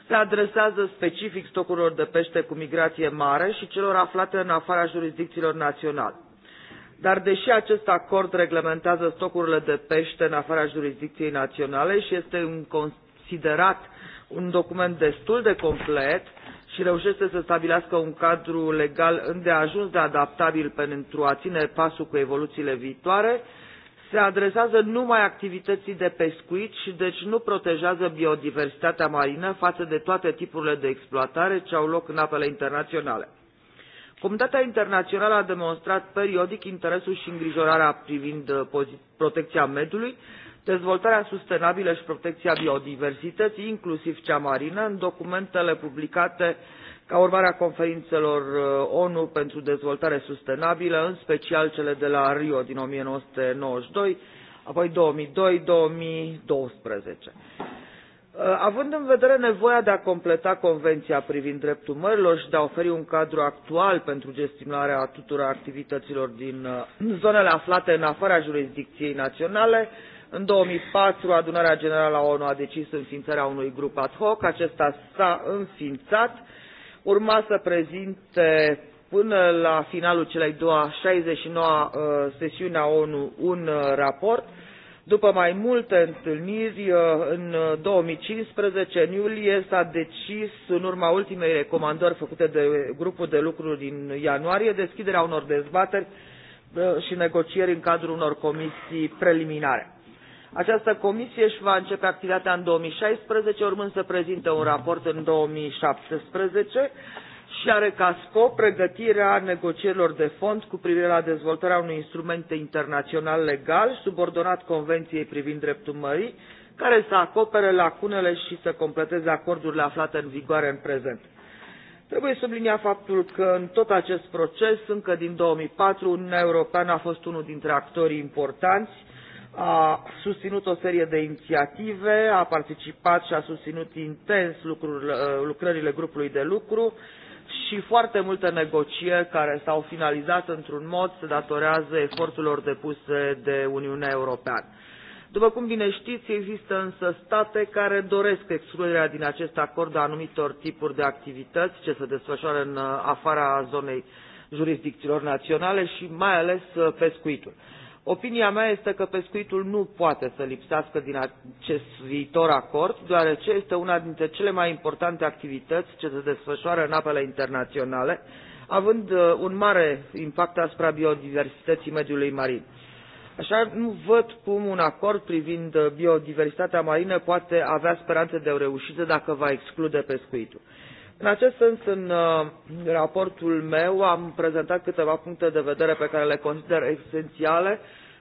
Se adresează specific stocurilor de pește cu migrație mare și celor aflate în afara jurisdicțiilor naționale. Dar deși acest acord reglementează stocurile de pește în afara jurisdicției naționale și este considerat un document destul de complet, și reușește să stabilească un cadru legal îndeajuns de adaptabil pentru a ține pasul cu evoluțiile viitoare, se adresează numai activității de pescuit și deci nu protejează biodiversitatea marină față de toate tipurile de exploatare ce au loc în apele internaționale. Comunitatea internațională a demonstrat periodic interesul și îngrijorarea privind uh, protecția mediului, dezvoltarea sustenabilă și protecția biodiversității, inclusiv cea marină, în documentele publicate ca urmare a conferințelor uh, ONU pentru dezvoltare sustenabilă, în special cele de la Rio din 1992, apoi 2002-2012. Uh, având în vedere nevoia de a completa Convenția privind dreptul mărilor și de a oferi un cadru actual pentru gestionarea tuturor activităților din uh, zonele aflate în afara jurisdicției naționale, în 2004, adunarea generală a ONU a decis înființarea unui grup ad hoc. Acesta s-a înființat. Urma să prezinte până la finalul celei doua 69 uh, sesiuni a ONU un uh, raport. După mai multe întâlniri, uh, în 2015, în iulie, s-a decis, în urma ultimei recomandări făcute de grupul de lucru din ianuarie, deschiderea unor dezbateri și negocieri în cadrul unor comisii preliminare. Această comisie își va începe activitatea în 2016, urmând să prezinte un raport în 2017 și are ca scop pregătirea negocierilor de fond cu privire la dezvoltarea unui instrument internațional legal subordonat Convenției privind dreptul mării, care să acopere lacunele și să completeze acordurile aflate în vigoare în prezent. Trebuie subliniat faptul că în tot acest proces, încă din 2004, Uniunea Europeană a fost unul dintre actorii importanți, a susținut o serie de inițiative, a participat și a susținut intens uh, lucrările grupului de lucru și foarte multe negocieri care s-au finalizat într-un mod se datorează eforturilor depuse de Uniunea Europeană. După cum bine știți, există însă state care doresc excluderea din acest acord a anumitor tipuri de activități ce se desfășoară în uh, afara zonei jurisdicțiilor naționale și mai ales uh, pescuitul. Opinia mea este că pescuitul nu poate să lipsească din acest viitor acord, deoarece este una dintre cele mai importante activități ce se desfășoară în apele internaționale, având uh, un mare impact asupra biodiversității mediului marin. Așa nu văd cum un acord privind uh, biodiversitatea marină poate avea speranțe de reușită dacă va exclude pescuitul. În acest sens, în uh, raportul meu am prezentat câteva puncte de vedere pe care le consider esențiale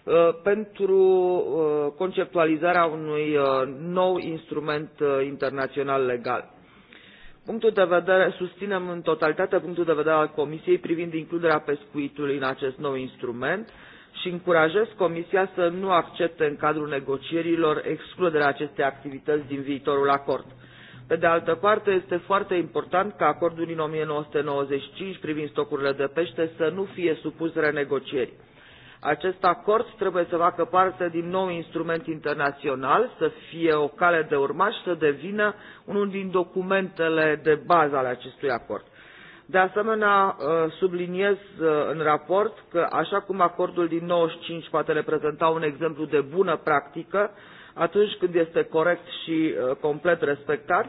Uh, pentru uh, conceptualizarea unui uh, nou instrument internațional legal. Punctul de vedere, susținem în totalitate punctul de vedere al Comisiei privind includerea pescuitului în acest nou instrument și încurajez Comisia să nu accepte în cadrul negocierilor excluderea acestei activități din viitorul acord. Pe de altă parte, este foarte important ca acordul din 1995 privind stocurile de pește să nu fie supus renegocierii acest acord trebuie să facă parte din nou instrument internațional, să fie o cale de urmaș, să devină unul din documentele de bază ale acestui acord. De asemenea, uh, subliniez uh, în raport că, așa cum acordul din 95 poate reprezenta un exemplu de bună practică, atunci când este corect și uh, complet respectat,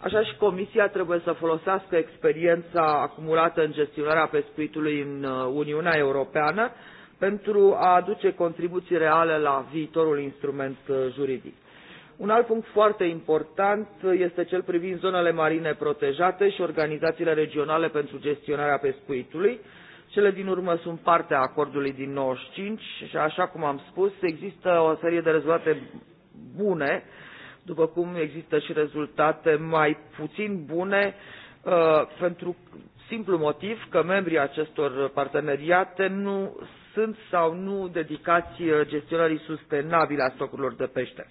așa și Comisia trebuie să folosească experiența acumulată în gestionarea pescuitului în Uniunea Europeană pentru a aduce contribuții reale la viitorul instrument uh, juridic. Un alt punct foarte important uh, este cel privind zonele marine protejate și organizațiile regionale pentru gestionarea pescuitului. Cele din urmă sunt parte a acordului din 95 și, așa cum am spus, există o serie de rezultate bune, după cum există și rezultate mai puțin bune, uh, pentru simplu motiv că membrii acestor parteneriate nu sunt sau nu dedicați uh, gestionării sustenabile a stocurilor de pește.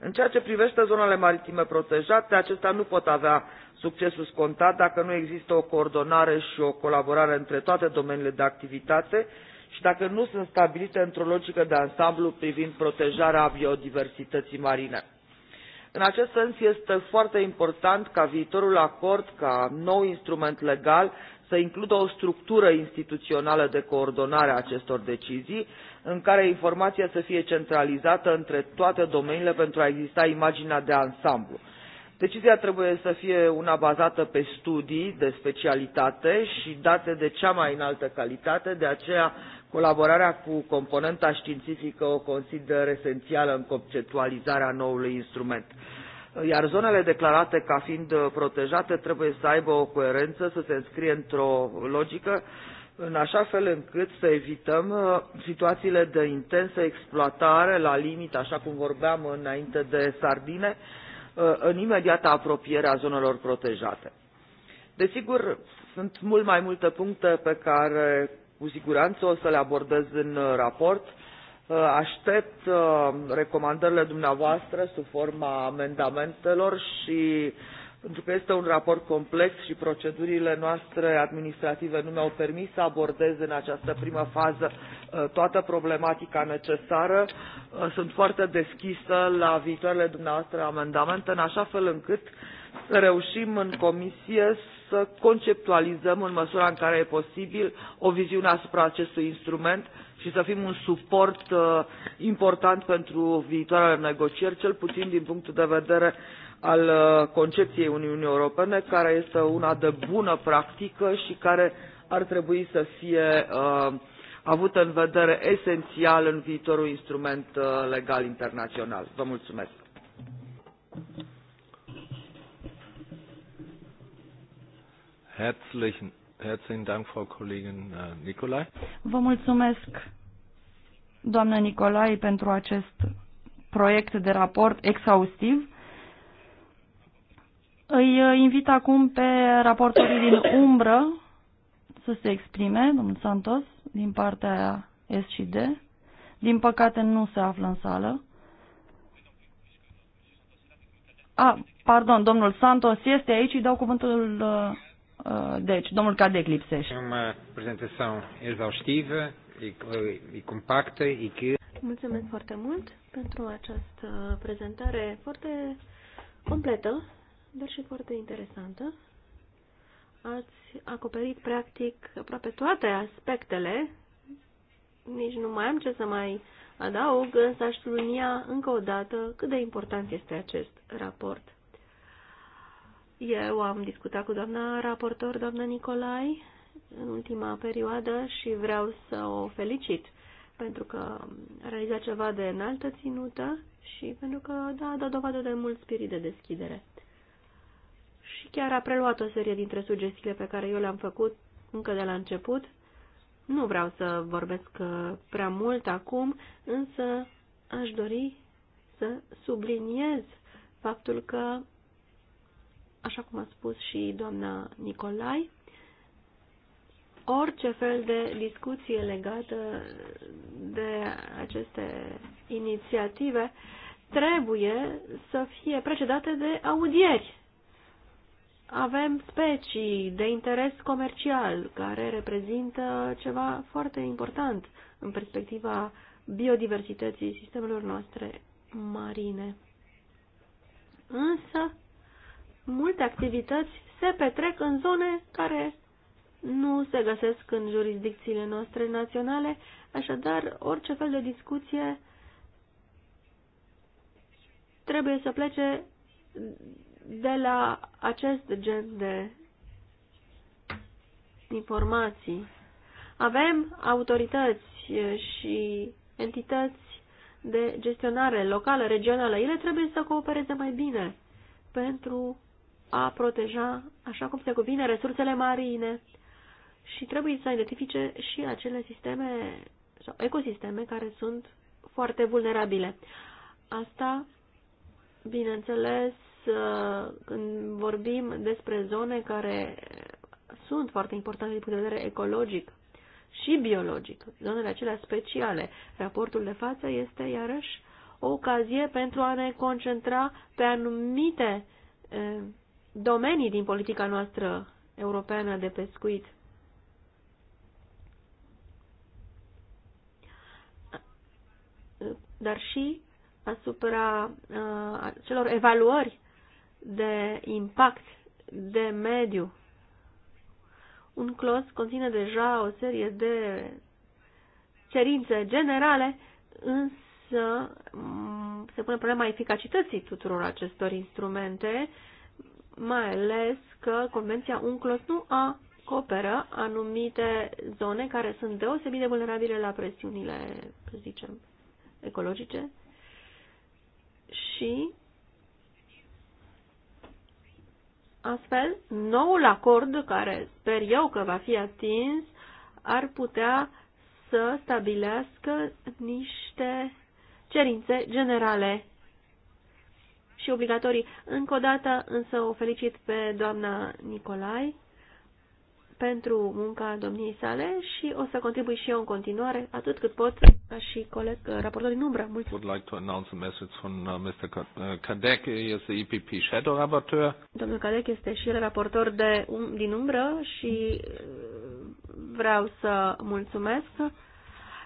În ceea ce privește zonele maritime protejate, acestea nu pot avea succesul scontat dacă nu există o coordonare și o colaborare între toate domeniile de activitate și dacă nu sunt stabilite într-o logică de ansamblu privind protejarea biodiversității marine. În acest sens este foarte important ca viitorul acord, ca nou instrument legal, să includă o structură instituțională de coordonare a acestor decizii, în care informația să fie centralizată între toate domeniile pentru a exista imaginea de ansamblu. Decizia trebuie să fie una bazată pe studii de specialitate și date de cea mai înaltă calitate, de aceea colaborarea cu componenta științifică o consider esențială în conceptualizarea noului instrument iar zonele declarate ca fiind uh, protejate trebuie să aibă o coerență, să se înscrie într-o logică, în așa fel încât să evităm uh, situațiile de intensă exploatare la limit, așa cum vorbeam înainte de sardine, uh, în imediată apropiere a zonelor protejate. Desigur, sunt mult mai multe puncte pe care cu siguranță o să le abordez în raport, Aștept uh, recomandările dumneavoastră sub forma amendamentelor și pentru că este un raport complex și procedurile noastre administrative nu mi-au permis să abordez în această primă fază uh, toată problematica necesară. Uh, sunt foarte deschisă la viitoarele dumneavoastră amendamente, în așa fel încât să reușim în comisie să conceptualizăm în măsura în care e posibil o viziune asupra acestui instrument și să fim un suport uh, important pentru viitoarele negocieri, cel puțin din punctul de vedere al uh, concepției Uniunii Europene, care este una de bună practică și care ar trebui să fie uh, avută în vedere esențial în viitorul instrument uh, legal internațional. Vă mulțumesc. Herzlichen Herzlichen Dank, Frau Kollegin äh, Nicolai. Vă mulțumesc, doamnă Nicolai, pentru acest proiect de raport exhaustiv. Îi uh, invit acum pe raportorii din umbră să se exprime, domnul Santos, din partea S și D. Din păcate nu se află în sală. A, pardon, domnul Santos este aici, îi dau cuvântul uh, Uh, deci, domnul Cadec lipsește. Uma prezentação exaustivă e uh, compactă e que... Mulțumesc foarte mult pentru această prezentare foarte completă, dar și foarte interesantă. Ați acoperit practic aproape toate aspectele. Nici nu mai am ce să mai adaug, însă aș sublinia încă o dată cât de important este acest raport. Eu am discutat cu doamna raportor, doamna Nicolai, în ultima perioadă și vreau să o felicit pentru că a realizat ceva de înaltă ținută și pentru că da, a dat dovadă de mult spirit de deschidere. Și chiar a preluat o serie dintre sugestiile pe care eu le-am făcut încă de la început. Nu vreau să vorbesc uh, prea mult acum, însă aș dori să subliniez faptul că așa cum a spus și doamna Nicolai, orice fel de discuție legată de aceste inițiative trebuie să fie precedate de audieri. Avem specii de interes comercial care reprezintă ceva foarte important în perspectiva biodiversității sistemelor noastre marine. Însă, multe activități se petrec în zone care nu se găsesc în jurisdicțiile noastre naționale, așadar orice fel de discuție trebuie să plece de la acest gen de informații. Avem autorități și entități de gestionare locală, regională. Ele trebuie să coopereze mai bine pentru a proteja, așa cum se cuvine, resursele marine și trebuie să identifice și acele sisteme sau ecosisteme care sunt foarte vulnerabile. Asta, bineînțeles, când vorbim despre zone care sunt foarte importante din punct de vedere ecologic și biologic, zonele acelea speciale, raportul de față este iarăși o ocazie pentru a ne concentra pe anumite eh, domenii din politica noastră europeană de pescuit. Dar și asupra uh, celor evaluări de impact de mediu. Un clos conține deja o serie de cerințe generale, însă mm, se pune problema eficacității tuturor acestor instrumente mai ales că Convenția UNCLOS nu acoperă anumite zone care sunt deosebit de vulnerabile la presiunile, să zicem, ecologice și astfel noul acord care sper eu că va fi atins ar putea să stabilească niște cerințe generale și obligatorii. Încă o dată însă o felicit pe doamna Nicolai pentru munca domniei sale și o să contribui și eu în continuare, atât cât pot, ca și coleg raportor din umbră. Mulțumesc. Would like to announce a message from uh, Mr. Uh, Kadek, is the EPP shadow rapporteur. Domnul Kadek este și el raportor de, um, din umbră și uh, vreau să mulțumesc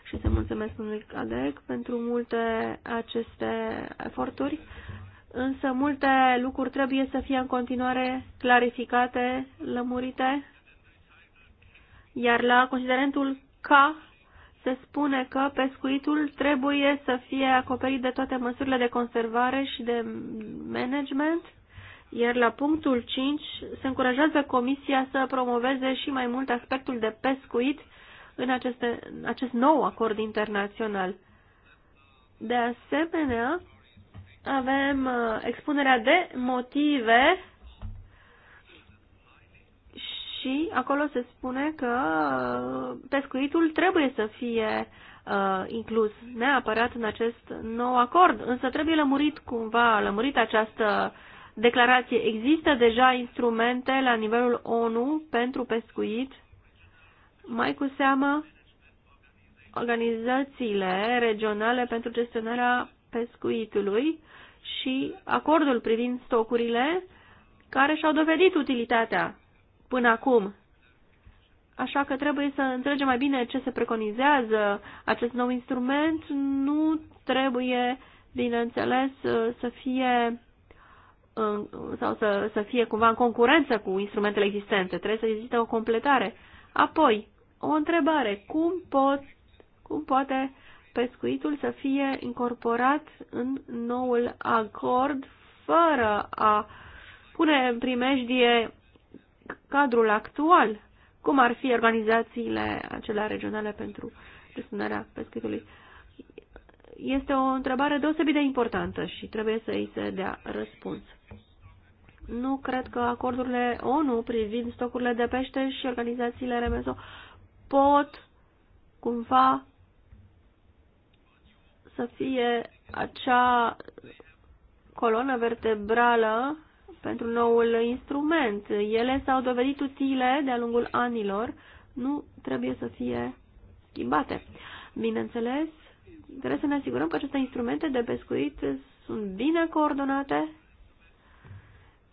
și să mulțumesc domnului Cadec pentru multe aceste eforturi însă multe lucruri trebuie să fie în continuare clarificate, lămurite, iar la considerentul K se spune că pescuitul trebuie să fie acoperit de toate măsurile de conservare și de management, iar la punctul 5 se încurajează Comisia să promoveze și mai mult aspectul de pescuit în aceste, acest nou acord internațional. De asemenea, avem uh, expunerea de motive și acolo se spune că uh, pescuitul trebuie să fie uh, inclus neapărat în acest nou acord, însă trebuie lămurit cumva, lămurit această declarație. Există deja instrumente la nivelul ONU pentru pescuit, mai cu seamă organizațiile regionale pentru gestionarea pescuitului, și acordul privind stocurile care și-au dovedit utilitatea până acum. Așa că trebuie să înțelegem mai bine ce se preconizează acest nou instrument. Nu trebuie, bineînțeles, să fie sau să, să fie cumva în concurență cu instrumentele existente. Trebuie să existe o completare. Apoi, o întrebare. Cum, pot, cum poate pescuitul să fie incorporat în noul acord fără a pune în primejdie cadrul actual, cum ar fi organizațiile acelea regionale pentru gestionarea pescuitului. Este o întrebare deosebit de importantă și trebuie să îi se dea răspuns. Nu cred că acordurile ONU privind stocurile de pește și organizațiile RMSO pot cumva să fie acea colonă vertebrală pentru noul instrument. Ele s-au dovedit utile de-a lungul anilor, nu trebuie să fie schimbate. Bineînțeles, trebuie să ne asigurăm că aceste instrumente de pescuit sunt bine coordonate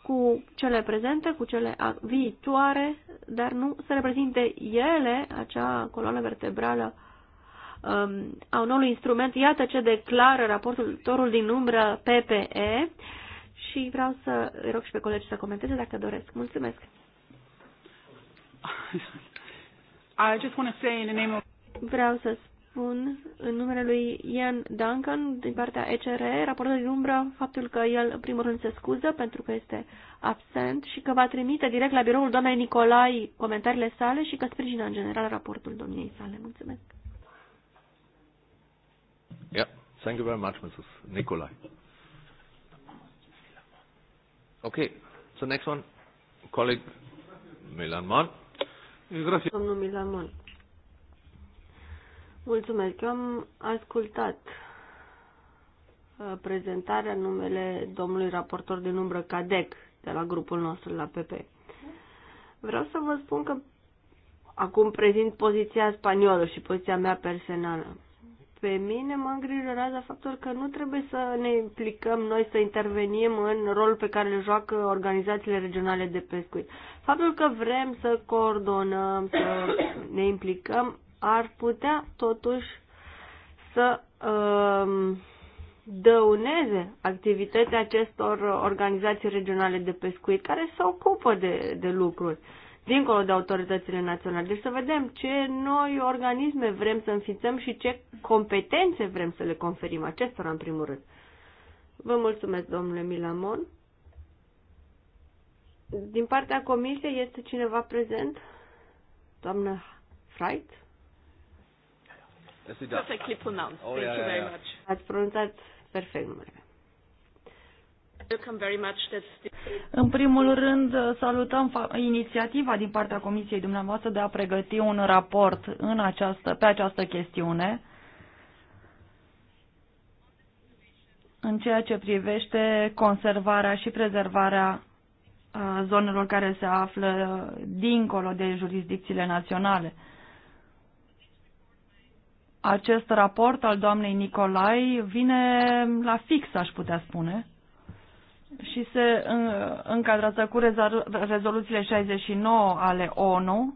cu cele prezente, cu cele viitoare, dar nu să reprezinte ele acea coloană vertebrală um, a un nou instrument. Iată ce declară raportul torul din umbră PPE și vreau să rog și pe colegi să comenteze dacă doresc. Mulțumesc! [LAUGHS] I just want to say in the name of... Vreau să spun în numele lui Ian Duncan din partea ECR, raportul din umbră, faptul că el în primul rând se scuză pentru că este absent și că va trimite direct la biroul doamnei Nicolai comentariile sale și că sprijină în general raportul domniei sale. Mulțumesc! Thank you very much, Mrs. Nikolai. Okay, so next one, colleague Milan Mon. Domnul Milan Mon. Mulțumesc. Eu am ascultat uh, prezentarea numele domnului raportor din umbră Cadec de la grupul nostru la PP. Vreau să vă spun că acum prezint poziția spaniolă și poziția mea personală. Pe mine mă îngrijorează faptul că nu trebuie să ne implicăm noi, să intervenim în rolul pe care le joacă organizațiile regionale de pescuit. Faptul că vrem să coordonăm, să ne implicăm, ar putea totuși să um, dăuneze activitatea acestor organizații regionale de pescuit care se ocupă de, de lucruri. Uh, dincolo de autoritățile naționale. Deci să vedem ce noi organisme vrem să înființăm și ce competențe vrem să le conferim acestora, în primul rând. Vă mulțumesc, domnule Milamon. Din partea comisiei este cineva prezent? Doamnă Freit? Perfectly pronounced. Oh, Thank you very much. Ați pronunțat perfect numele. În primul rând, salutăm inițiativa din partea Comisiei dumneavoastră de a pregăti un raport în această, pe această chestiune. în ceea ce privește conservarea și prezervarea zonelor care se află dincolo de jurisdicțiile naționale. Acest raport al doamnei Nicolai vine la fix, aș putea spune și se încadrează cu rezoluțiile 69 ale ONU.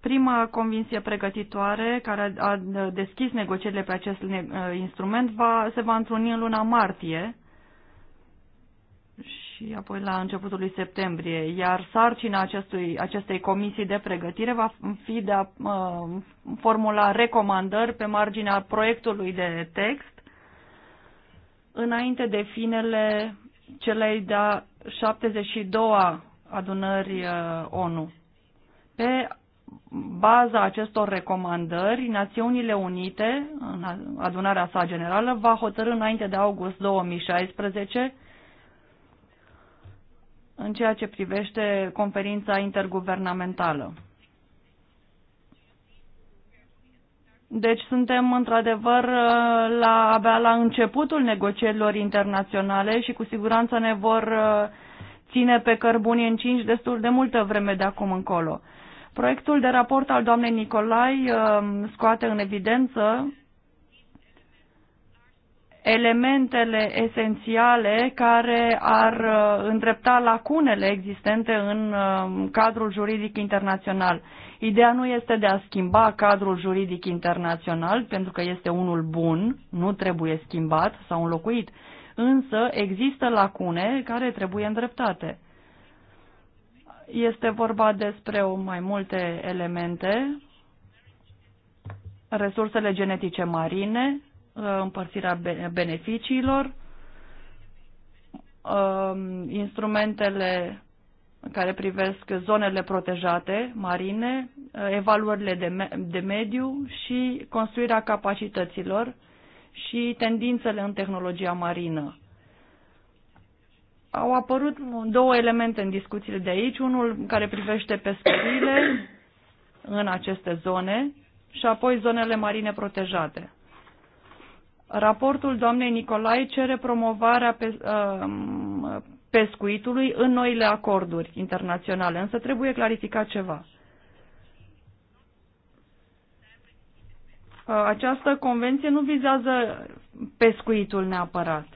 Prima convinție pregătitoare care a deschis negocierile pe acest ă, instrument va, se va întruni în luna martie și apoi la începutul lui septembrie, iar sarcina acestui, acestei comisii de pregătire va fi de a uh, formula recomandări pe marginea proiectului de text înainte de finele celei de-a 72-a adunări uh, ONU. Pe baza acestor recomandări, Națiunile Unite, în adunarea sa generală, va hotărâ înainte de august 2016 în ceea ce privește conferința interguvernamentală. Deci suntem într-adevăr la, abia la începutul negocierilor internaționale și cu siguranță ne vor uh, ține pe cărbuni în cinci destul de multă vreme de acum încolo. Proiectul de raport al doamnei Nicolai uh, scoate în evidență elementele esențiale care ar uh, îndrepta lacunele existente în cadrul juridic internațional. Ideea nu este de a schimba cadrul juridic internațional, pentru că este unul bun, nu trebuie schimbat sau înlocuit, însă există lacune care trebuie îndreptate. Este vorba despre o mai multe elemente, resursele genetice marine, împărțirea beneficiilor, um, instrumentele care privesc zonele protejate marine, evaluările de, me de mediu și construirea capacităților și tendințele în tehnologia marină. Au apărut două elemente în discuțiile de aici, unul care privește pescările în aceste zone și apoi zonele marine protejate. Raportul doamnei Nicolai cere promovarea pe, uh, pescuitului în noile acorduri internaționale, însă trebuie clarificat ceva. Uh, această convenție nu vizează pescuitul neapărat.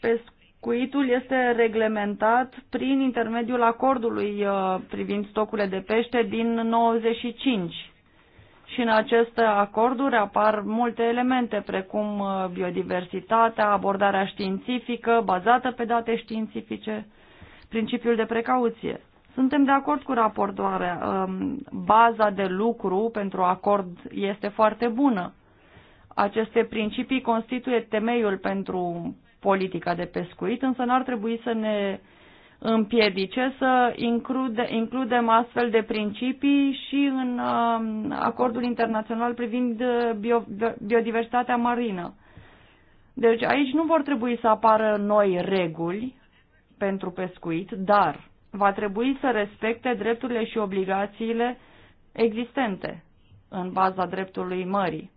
Pescuitul este reglementat prin intermediul acordului uh, privind stocurile de pește din 95 și în aceste acorduri apar multe elemente, precum uh, biodiversitatea, abordarea științifică, bazată pe date științifice, principiul de precauție. Suntem de acord cu raportoarea. Um, baza de lucru pentru acord este foarte bună. Aceste principii constituie temeiul pentru politica de pescuit, însă n-ar trebui să ne împiedice să include, includem astfel de principii și în uh, acordul internațional privind uh, bio, biodiversitatea marină. Deci aici nu vor trebui să apară noi reguli pentru pescuit, dar va trebui să respecte drepturile și obligațiile existente în baza dreptului mării,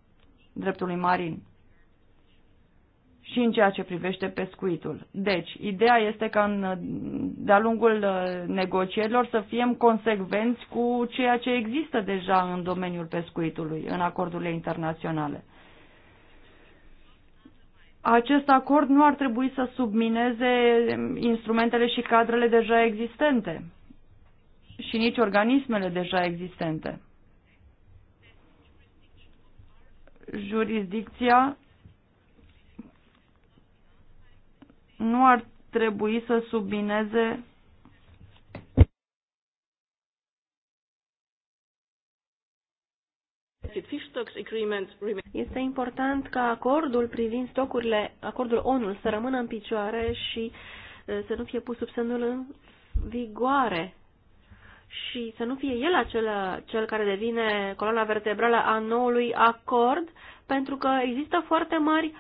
dreptului marin și în ceea ce privește pescuitul. Deci, ideea este ca de-a lungul uh, negocierilor să fim consecvenți cu ceea ce există deja în domeniul pescuitului, în acordurile internaționale. Acest acord nu ar trebui să submineze instrumentele și cadrele deja existente și nici organismele deja existente. Jurisdicția nu ar trebui să submineze Este important ca acordul privind stocurile, acordul ONU să rămână în picioare și să nu fie pus sub semnul în vigoare și să nu fie el acela, cel care devine coloana vertebrală a noului acord, pentru că există foarte mari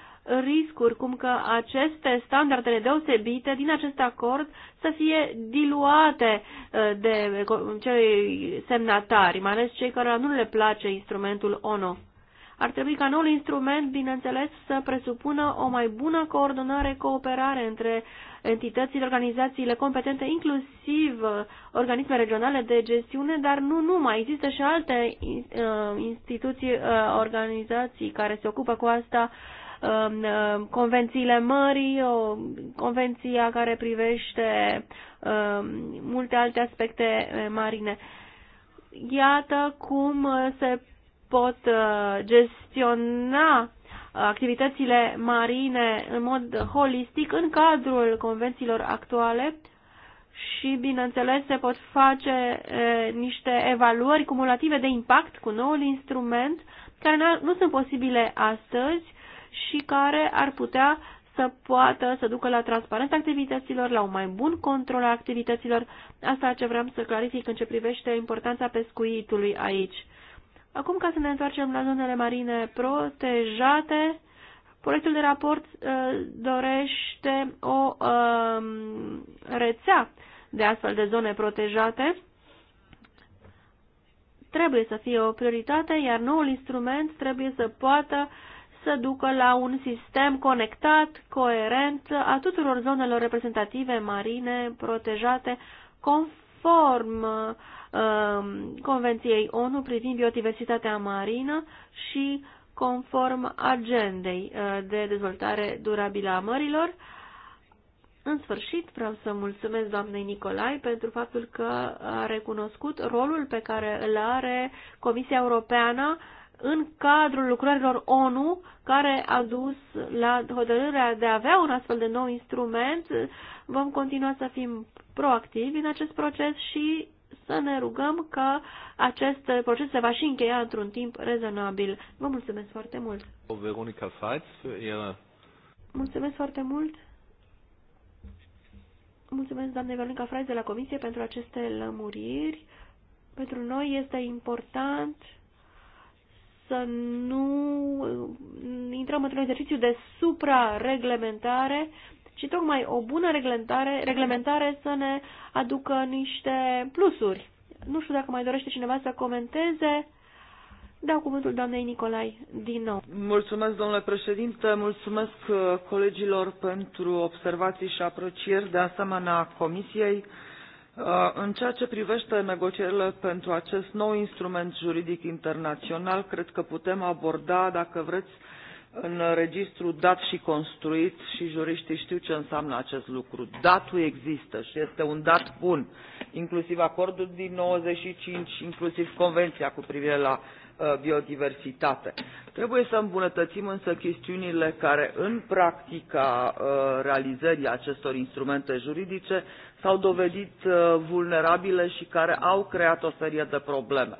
riscuri, cum că aceste standardele deosebite din acest acord să fie diluate uh, de cei semnatari, mai ales cei care nu le place instrumentul ONU. Ar trebui ca noul instrument, bineînțeles, să presupună o mai bună coordonare, cooperare între entitățile, organizațiile competente, inclusiv uh, organisme regionale de gestiune, dar nu numai. Există și alte uh, instituții, organizații care se ocupă cu asta Um, um, convențiile mării, o convenția care privește um, multe alte aspecte uh, marine. Iată cum uh, se pot uh, gestiona activitățile marine în mod holistic în cadrul convențiilor actuale și, bineînțeles, se pot face e, niște evaluări cumulative de impact cu noul instrument, care nu sunt posibile astăzi și care ar putea să poată să ducă la transparența activităților, la un mai bun control al activităților. Asta ce vreau să clarific în ce privește importanța pescuitului aici. Acum, ca să ne întoarcem la zonele marine protejate, proiectul de raport uh, dorește o uh, rețea de astfel de zone protejate. Trebuie să fie o prioritate, iar noul instrument trebuie să poată uh, să ducă la un sistem conectat, coerent a tuturor zonelor reprezentative marine protejate conform uh, Convenției ONU privind biodiversitatea marină și conform agendei uh, de dezvoltare durabilă a mărilor. În sfârșit, vreau să mulțumesc doamnei Nicolai pentru faptul că a recunoscut rolul pe care îl are Comisia Europeană în cadrul lucrărilor ONU care a dus la hotărârea de a avea un astfel de nou instrument. Vom continua să fim proactivi în acest proces și să ne rugăm că acest proces se va și încheia într-un timp rezonabil. Vă mulțumesc foarte mult! Veronica Seitz, Mulțumesc foarte mult! Mulțumesc, doamne Veronica Fraiz de la Comisie, pentru aceste lămuriri. Pentru noi este important să nu uh, intrăm într-un exercițiu de suprareglementare, ci tocmai o bună reglementare, reglementare să ne aducă niște plusuri. Nu știu dacă mai dorește cineva să comenteze. Dau cuvântul doamnei Nicolai din nou. Mulțumesc, domnule președinte, mulțumesc uh, colegilor pentru observații și aprecieri, de asemenea comisiei. Uh, în ceea ce privește negocierile pentru acest nou instrument juridic internațional, cred că putem aborda, dacă vreți, în registru dat și construit și juriștii știu ce înseamnă acest lucru. Datul există și este un dat bun, inclusiv acordul din 95, inclusiv convenția cu privire la Uh, biodiversitate. Trebuie să îmbunătățim însă chestiunile care în practica uh, realizării acestor instrumente juridice s-au dovedit uh, vulnerabile și care au creat o serie de probleme.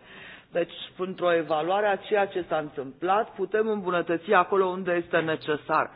Deci, într-o evaluare a ceea ce s-a întâmplat, putem îmbunătăți acolo unde este necesar.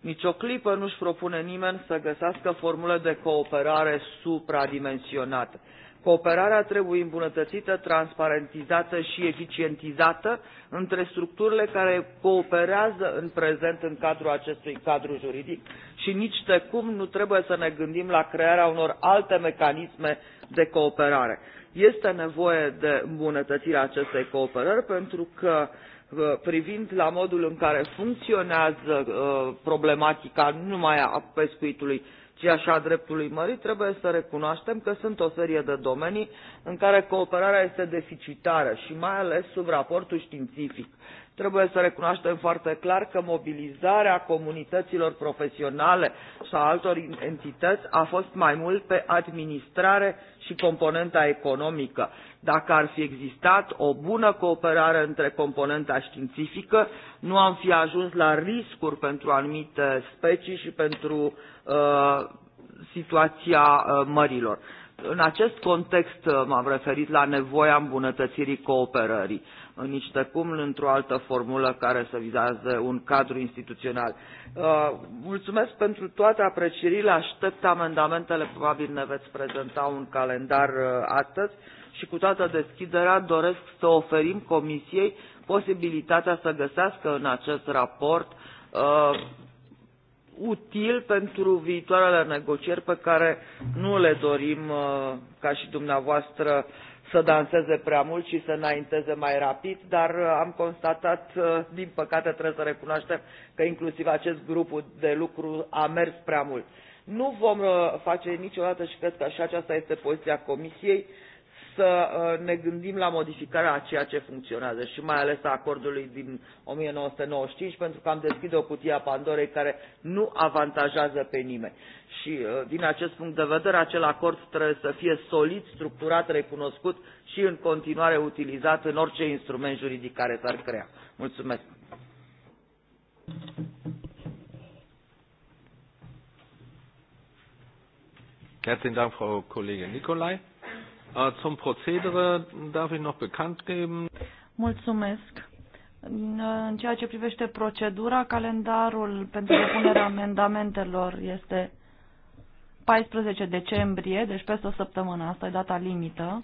Nici o clipă nu-și propune nimeni să găsească formule de cooperare supradimensionate. Cooperarea trebuie îmbunătățită, transparentizată și eficientizată între structurile care cooperează în prezent în cadrul acestui cadru juridic și nici de cum nu trebuie să ne gândim la crearea unor alte mecanisme de cooperare. Este nevoie de îmbunătățirea acestei cooperări pentru că uh, privind la modul în care funcționează uh, problematica numai a pescuitului ci așa dreptului mărit, trebuie să recunoaștem că sunt o serie de domenii în care cooperarea este deficitară și mai ales sub raportul științific. Trebuie să recunoaștem foarte clar că mobilizarea comunităților profesionale sau altor entități a fost mai mult pe administrare și componenta economică. Dacă ar fi existat o bună cooperare între componenta științifică, nu am fi ajuns la riscuri pentru anumite specii și pentru uh, situația uh, mărilor. În acest context uh, m-am referit la nevoia îmbunătățirii cooperării nici de cum într-o altă formulă care să vizează un cadru instituțional. Uh, mulțumesc pentru toate aprecierile, aștept amendamentele, probabil ne veți prezenta un calendar uh, astăzi și cu toată deschiderea doresc să oferim Comisiei posibilitatea să găsească în acest raport uh, util pentru viitoarele negocieri pe care nu le dorim uh, ca și dumneavoastră uh, să danseze prea mult și să înainteze mai rapid, dar uh, am constatat, uh, din păcate trebuie să recunoaștem, că inclusiv acest grup de lucru a mers prea mult. Nu vom uh, face niciodată, și cred că și aceasta este poziția Comisiei, să uh, ne gândim la modificarea a ceea ce funcționează și mai ales a acordului din 1995, pentru că am deschis o cutie a Pandorei care nu avantajează pe nimeni. Și uh, din acest punct de vedere, acel acord trebuie să fie solid, structurat, recunoscut și în continuare utilizat în orice instrument juridic care s-ar crea. Mulțumesc! Herzlichen Dank, Frau Kollegin Nicolai. Äh, zum darf ich noch bekannt geben. Mulțumesc. În ceea ce privește procedura, calendarul pentru depunerea amendamentelor este 14 decembrie, deci peste o săptămână, asta e data limită.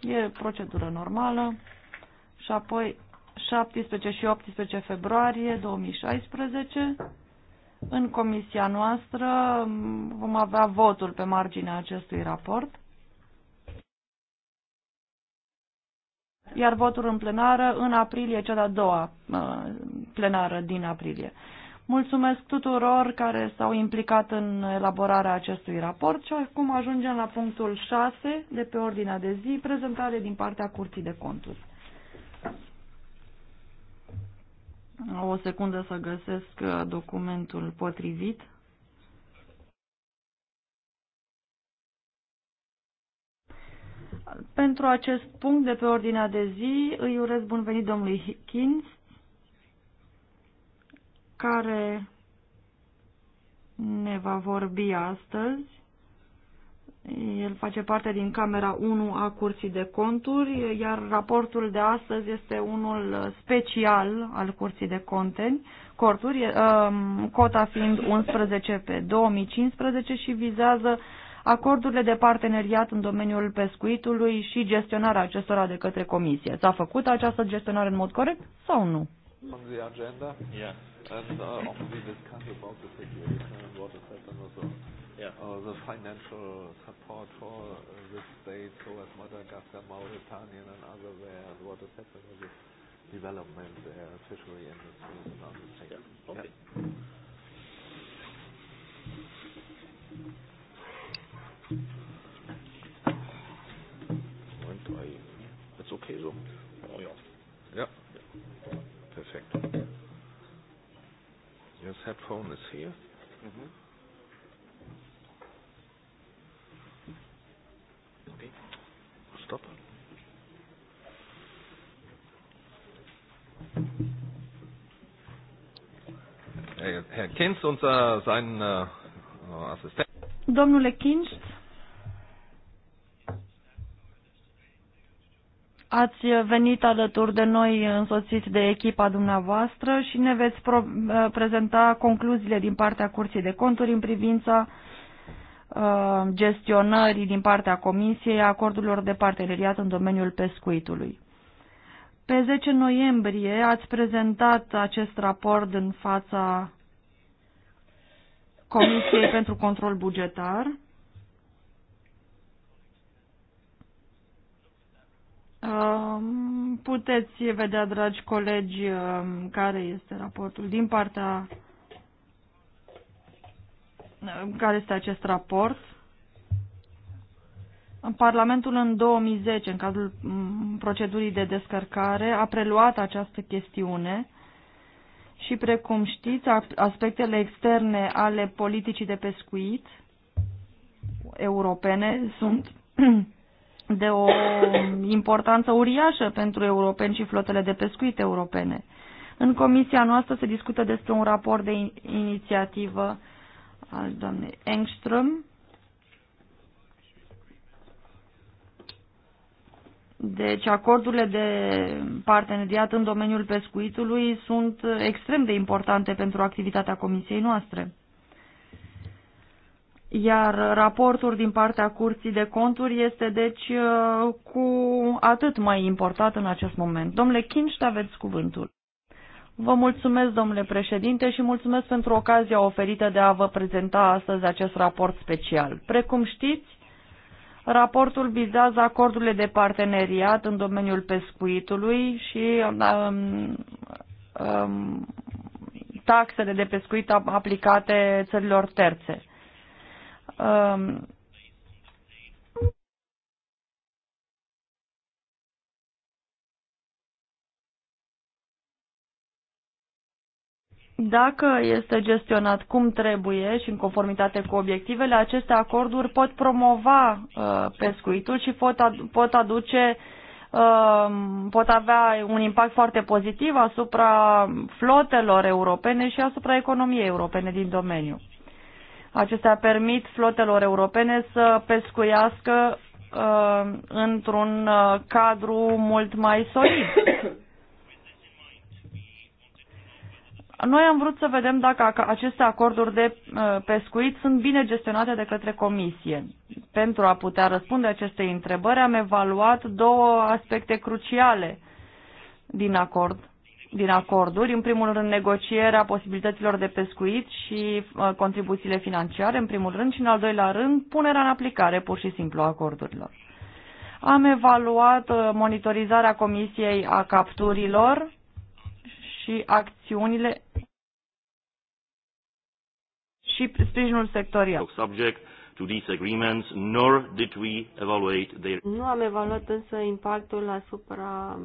E procedură normală. Și apoi 17 și 18 februarie 2016, în comisia noastră mm, vom avea votul pe marginea acestui raport. iar votul în plenară în aprilie, cea de-a doua uh, plenară din aprilie. Mulțumesc tuturor care s-au implicat în elaborarea acestui raport și acum ajungem la punctul 6 de pe ordinea de zi, prezentare din partea Curții de Conturi. O secundă să găsesc uh, documentul potrivit. Pentru acest punct de pe ordinea de zi îi urez bun venit domnului Hickins, care ne va vorbi astăzi. El face parte din Camera 1 a Curții de Conturi, iar raportul de astăzi este unul special al Curții de Conteni, corturi, ehm, cota fiind 11 pe 2015 și vizează acordurile de parteneriat în domeniul pescuitului și gestionarea acestora de către comisie. S-a făcut această gestionare în mod corect sau nu? Yeah. Uh, the financial support for uh, this state, so as Madagascar, Mauritania, and other where, and what with development, uh, fishery industry and other things. Yeah. Okay. Yeah. That's okay so? Oh ja. Ja. Perfekt. Das headphone ist hier. Mhm. Okay. Stop. Herr Kinz, unser, sein äh, Assistent. Domnule Kinz, Ați venit alături de noi însoțiți de echipa dumneavoastră și ne veți uh, prezenta concluziile din partea Curții de Conturi în privința uh, gestionării din partea Comisiei a acordurilor de parteneriat în domeniul pescuitului. Pe 10 noiembrie ați prezentat acest raport în fața Comisiei pentru Control Bugetar Um, puteți vedea, dragi colegi, um, care este raportul din partea um, care este acest raport. Parlamentul în 2010, în cadrul procedurii de descărcare, a preluat această chestiune și, precum știți, aspectele externe ale politicii de pescuit europene sunt [CLEARS THROAT] de o importanță uriașă pentru europeni și flotele de pescuit europene. În comisia noastră se discută despre un raport de inițiativă al doamnei Engström Deci acordurile de parteneriat în domeniul pescuitului sunt extrem de importante pentru activitatea comisiei noastre iar raportul din partea Curții de Conturi este deci uh, cu atât mai important în acest moment. Domnule Kinșt, aveți cuvântul. Vă mulțumesc, domnule președinte, și mulțumesc pentru ocazia oferită de a vă prezenta astăzi acest raport special. Precum știți, raportul vizează acordurile de parteneriat în domeniul pescuitului și um, um, taxele de pescuit aplicate țărilor terțe. Um, dacă este gestionat cum trebuie și în conformitate cu obiectivele, aceste acorduri pot promova uh, pescuitul și pot, ad pot aduce uh, pot avea un impact foarte pozitiv asupra flotelor europene și asupra economiei europene din domeniu. Acestea permit flotelor europene să pescuiască uh, într-un uh, cadru mult mai solid. [COUGHS] Noi am vrut să vedem dacă aceste acorduri de uh, pescuit sunt bine gestionate de către comisie. Pentru a putea răspunde acestei întrebări am evaluat două aspecte cruciale din acord din acorduri, în primul rând negocierea posibilităților de pescuit și uh, contribuțiile financiare, în primul rând, și în al doilea rând punerea în aplicare pur și simplu a acordurilor. Am evaluat uh, monitorizarea Comisiei a capturilor și acțiunile și sprijinul sectorial. Nu am evaluat însă impactul asupra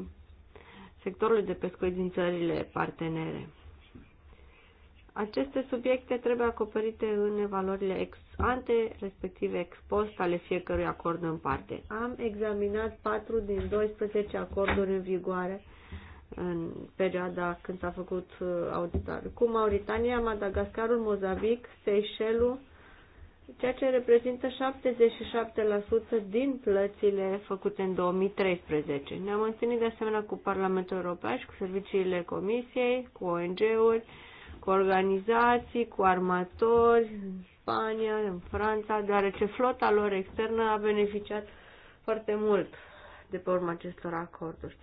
sectorului de pescuit din țările partenere. Aceste subiecte trebuie acoperite în evaluările ex ante, respectiv ex post, ale fiecărui acord în parte. Am examinat 4 din 12 acorduri în vigoare în perioada când s-a făcut uh, auditare. Cu Mauritania, Madagascarul, Mozambic, Seychelles, ceea ce reprezintă 77% din plățile făcute în 2013. Ne-am întâlnit de asemenea cu Parlamentul European și cu serviciile Comisiei, cu ONG-uri, cu organizații, cu armatori în Spania, în Franța, deoarece flota lor externă a beneficiat foarte mult de pe urma acestor acorduri.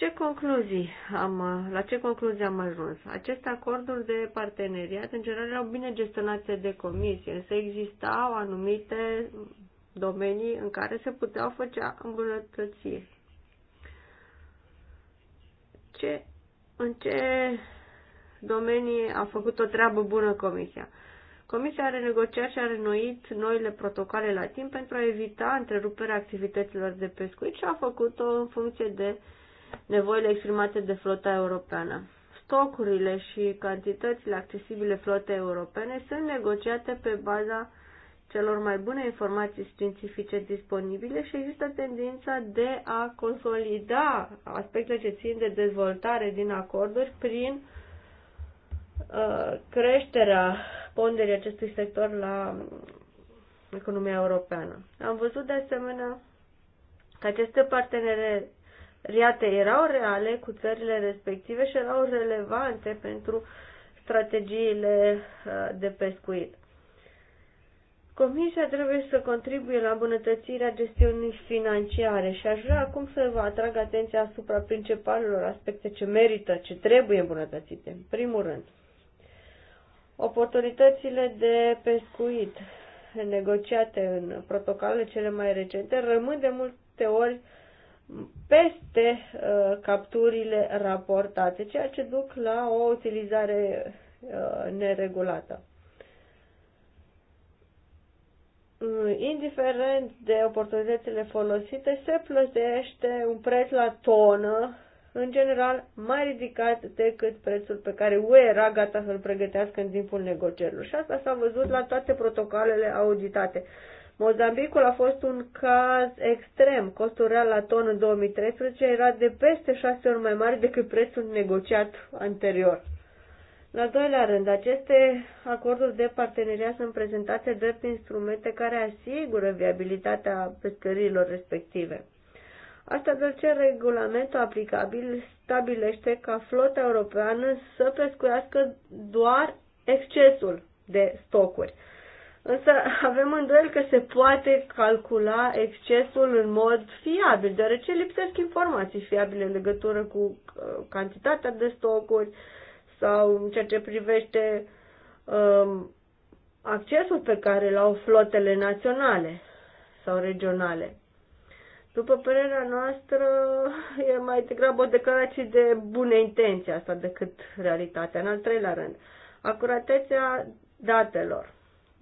Ce concluzii am, la ce concluzii am ajuns? Aceste acorduri de parteneriat, în general, erau bine gestionate de comisie, însă existau anumite domenii în care se puteau făcea îmbunătățiri. Ce, în ce domenii a făcut o treabă bună comisia? Comisia a renegociat și a renoit noile protocoale la timp pentru a evita întreruperea activităților de pescuit și a făcut-o în funcție de uh, nevoile exprimate de flota europeană. Stocurile și cantitățile accesibile flotei europene sunt negociate pe baza celor mai bune informații științifice disponibile și există tendința de a consolida aspectele ce țin de dezvoltare din acorduri prin uh, creșterea ponderii acestui sector la economia europeană. Am văzut de asemenea că aceste partenere, riate erau reale cu țările respective și erau relevante pentru strategiile uh, de pescuit. Comisia trebuie să contribuie la îmbunătățirea gestiunii financiare și aș vrea acum să vă atrag atenția asupra principalelor aspecte ce merită, ce trebuie îmbunătățite. În primul rând, oportunitățile de pescuit negociate în protocolele cele mai recente rămân de multe ori uh, peste uh, capturile raportate, ceea ce duc la o utilizare uh, neregulată. Uh, indiferent de oportunitățile folosite, se plătește un preț la tonă, în general mai ridicat decât prețul pe care UE era gata să-l pregătească în timpul negocierilor. Și asta s-a văzut la toate protocolele auditate. Mozambicul a fost un caz extrem. Costul real la ton în 2013 era de peste 6 ori mai mare decât prețul negociat anterior. La doilea rând, aceste acorduri de parteneriat sunt prezentate drept instrumente care asigură viabilitatea pescărilor respective. Asta deoarece regulamentul aplicabil stabilește ca flota europeană să pescuiască doar excesul de stocuri. Însă avem îndoiel că se poate calcula excesul în mod fiabil, deoarece lipsesc informații fiabile în legătură cu uh, cantitatea de stocuri sau în ceea ce privește um, accesul pe care îl au flotele naționale sau regionale. După părerea noastră, e mai degrabă o declarație de bune intenții asta decât realitatea. În al treilea rând, acuratețea datelor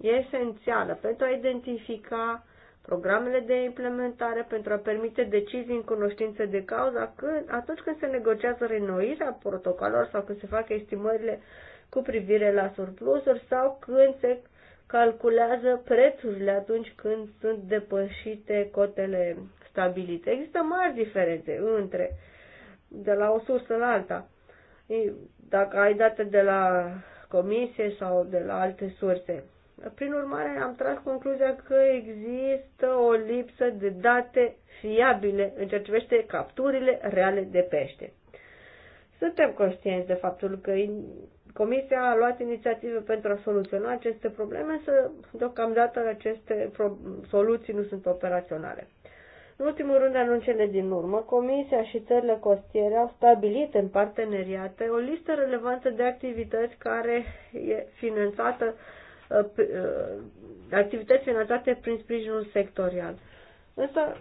e esențială pentru a identifica programele de implementare, pentru a permite decizii în cunoștință de cauză când, atunci când se negociază renoirea protocolelor sau când se fac estimările cu privire la surplusuri sau când se calculează prețurile atunci când sunt depășite cotele stabilite. Există mari diferențe între de la o sursă la alta. Dacă ai date de la comisie sau de la alte surse. Prin urmare, am tras concluzia că există o lipsă de date fiabile în ceea ce privește capturile reale de pește. Suntem conștienți de faptul că Comisia a luat inițiative pentru a soluționa aceste probleme, însă deocamdată aceste soluții nu sunt operaționale. În ultimul rând, anunțele din urmă, Comisia și țările costiere au stabilit în parteneriate o listă relevantă de activități care e finanțată Uh, uh, activități finanțate prin sprijinul sectorial. Însă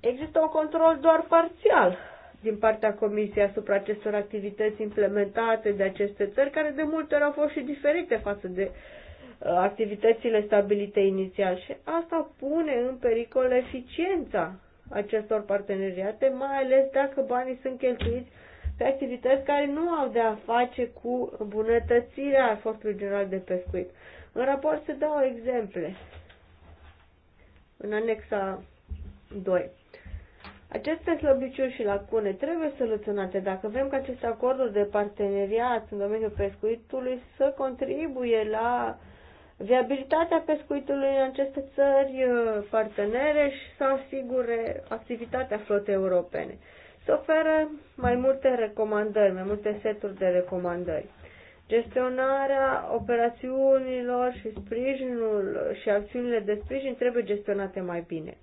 există un control doar parțial din partea Comisiei asupra acestor activități implementate de aceste țări, care de multe ori au fost și diferite față de uh, activitățile stabilite inițial și asta pune în pericol eficiența acestor parteneriate, mai ales dacă banii sunt cheltuiți pe activități care nu au de a face cu bunătățirea fostului general de pescuit. În raport se dau exemple în anexa 2. Aceste slăbiciuri și lacune trebuie soluționate dacă vrem ca aceste acorduri de parteneriat în domeniul pescuitului să contribuie la viabilitatea pescuitului în aceste țări uh, partenere și să asigure activitatea flotei europene. să oferă mai multe recomandări, mai multe seturi de recomandări. Gestionarea operațiunilor și sprijinul și acțiunile de sprijin trebuie gestionate mai bine.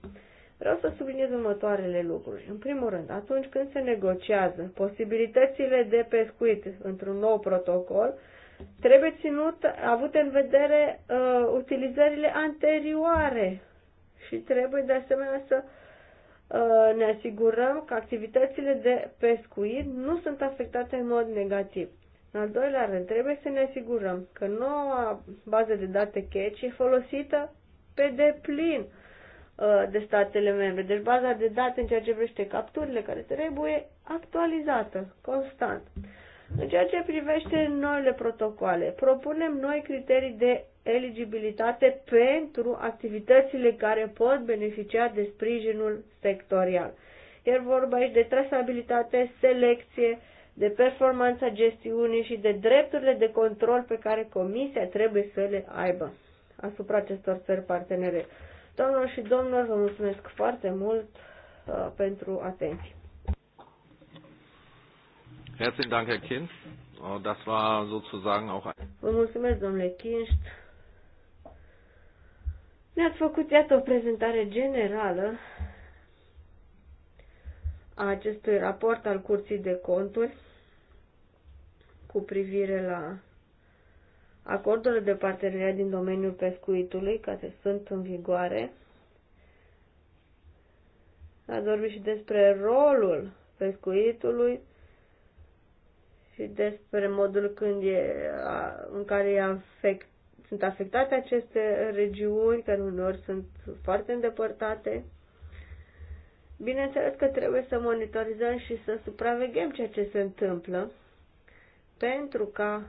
Vreau să subliniez următoarele lucruri. În primul rând, atunci când se negociază posibilitățile de pescuit într-un nou protocol, trebuie ținut, avut în vedere uh, utilizările anterioare și trebuie de asemenea să uh, ne asigurăm că activitățile de pescuit nu sunt afectate în mod negativ. În al doilea rând, trebuie să ne asigurăm că noua bază de date catch e folosită pe deplin uh, de statele membre. Deci baza de date în ceea ce privește capturile care trebuie actualizată constant. În ceea ce privește noile protocoale, propunem noi criterii de eligibilitate pentru activitățile care pot beneficia de sprijinul sectorial. Iar vorba aici de trasabilitate, selecție, de performanța gestiunii și de drepturile de control pe care Comisia trebuie să le aibă asupra acestor țări partenere. Doamnelor și domnilor, vă mulțumesc foarte mult uh, pentru atenție. Herzlichen Dank, Herr Kinst. Uh, das war sozusagen auch Vă mulțumesc, domnule Kinst. Ne-ați făcut, iată, o prezentare generală a acestui raport al Curții de Conturi cu privire la acordurile de parteneriat din domeniul pescuitului care sunt în vigoare. A vorbit și despre rolul pescuitului și despre modul când e, a, în care e afect, sunt afectate aceste regiuni, care uneori sunt foarte îndepărtate. Bineînțeles că trebuie să monitorizăm și să supraveghem ceea ce se întâmplă pentru ca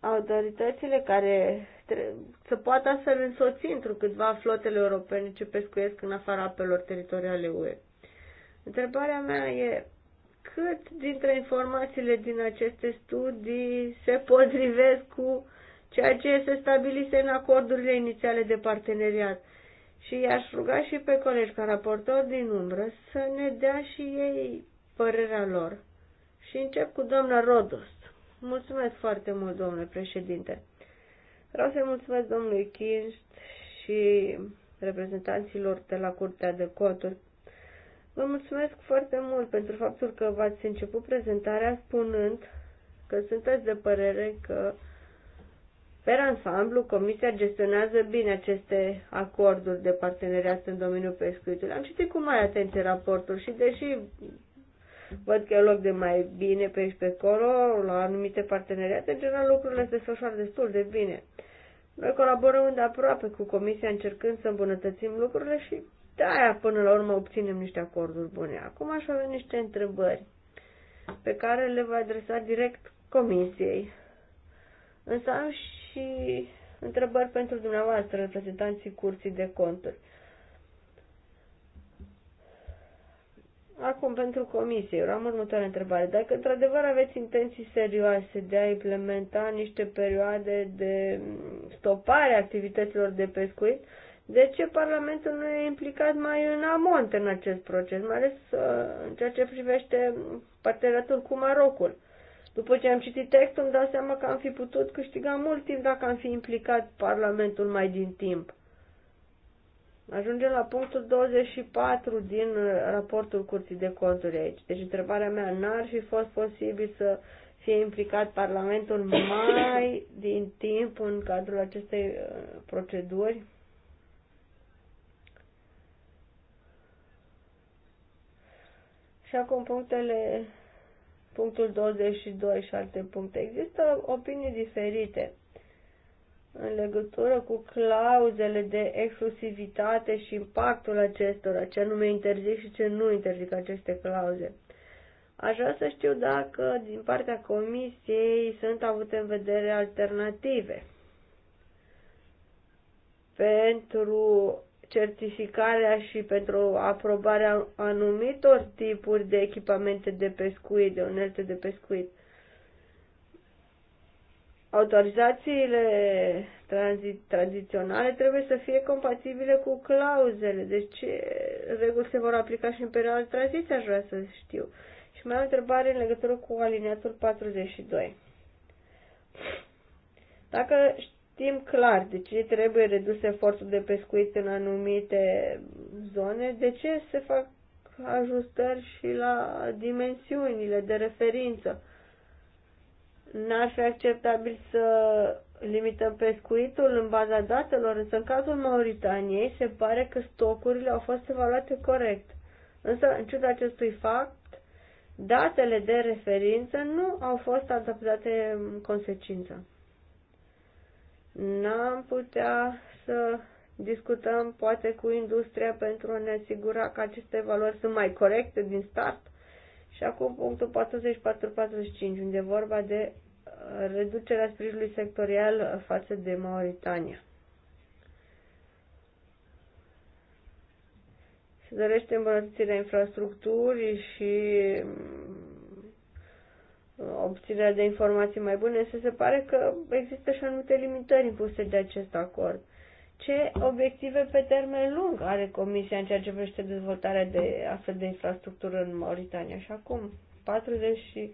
autoritățile care să poată astfel însoți câtva flotele europene ce pescuiesc în afara apelor teritoriale UE. Întrebarea mea e cât dintre informațiile din aceste studii se potrivesc cu ceea ce se stabilise în acordurile inițiale de parteneriat. Și i-aș ruga și pe colegi ca raportor din umbră să ne dea și ei părerea lor. Și încep cu doamna Rodost. Mulțumesc foarte mult, domnule președinte. Vreau să-i mulțumesc domnului Kinst și reprezentanților de la Curtea de Coturi. Vă mulțumesc foarte mult pentru faptul că v-ați început prezentarea spunând că sunteți de părere că, pe ansamblu, Comisia gestionează bine aceste acorduri de parteneriat în domeniul pescuitului. Am citit cu mai atenție raportul și, deși văd că e loc de mai bine pe aici pe acolo, la anumite parteneriate, în general lucrurile se desfășoară destul de bine. Noi colaborăm de aproape cu Comisia încercând să îmbunătățim lucrurile și de aia până la urmă obținem niște acorduri bune. Acum aș avea niște întrebări pe care le voi adresa direct Comisiei. Însă am și întrebări pentru dumneavoastră, reprezentanții Curții de Conturi. Acum, pentru comisie, eu am următoarea întrebare. Dacă într-adevăr aveți intenții serioase de a implementa niște perioade de stopare a activităților de pescuit, de ce Parlamentul nu e implicat mai în amont în acest proces, mai ales uh, în ceea ce privește parteneriatul cu Marocul? După ce am citit textul, îmi dau seama că am fi putut câștiga mult timp dacă am fi implicat Parlamentul mai din timp. Ajungem la punctul 24 din uh, raportul Curții de Conturi aici. Deci întrebarea mea, n-ar fi fost posibil să fie implicat Parlamentul mai [COUGHS] din timp în cadrul acestei uh, proceduri? Și acum punctele, punctul 22 și alte puncte. Există opinii diferite în legătură cu clauzele de exclusivitate și impactul acestora, ce anume interzic și ce nu interzic aceste clauze. Aș vrea să știu dacă din partea comisiei sunt avute în vedere alternative pentru certificarea și pentru aprobarea anumitor tipuri de echipamente de pescuit, de unelte de pescuit. Autorizațiile tranzi- tranziționale trebuie să fie compatibile cu clauzele. Deci ce reguli se vor aplica și în perioada de tranziție, aș vrea să știu. Și mai am o întrebare în legătură cu aliniatul 42. Dacă știm clar de ce trebuie redus efortul de pescuit în anumite zone, de ce se fac ajustări și la dimensiunile de referință? N-ar fi acceptabil să limităm pescuitul în baza datelor, însă în cazul Mauritaniei se pare că stocurile au fost evaluate corect. Însă, în ciuda acestui fapt, datele de referință nu au fost adaptate în consecință. N-am putea să discutăm poate cu industria pentru a ne asigura că aceste valori sunt mai corecte din start. Și acum punctul 44-45, unde e vorba de reducerea sprijinului sectorial față de Mauritania. Se dorește îmbunătățirea infrastructurii și mm, obținerea de informații mai bune, însă se pare că există și anumite limitări impuse de acest acord. Ce obiective pe termen lung are Comisia în ceea ce privește dezvoltarea de astfel de infrastructură în Mauritania? Și acum, 40 și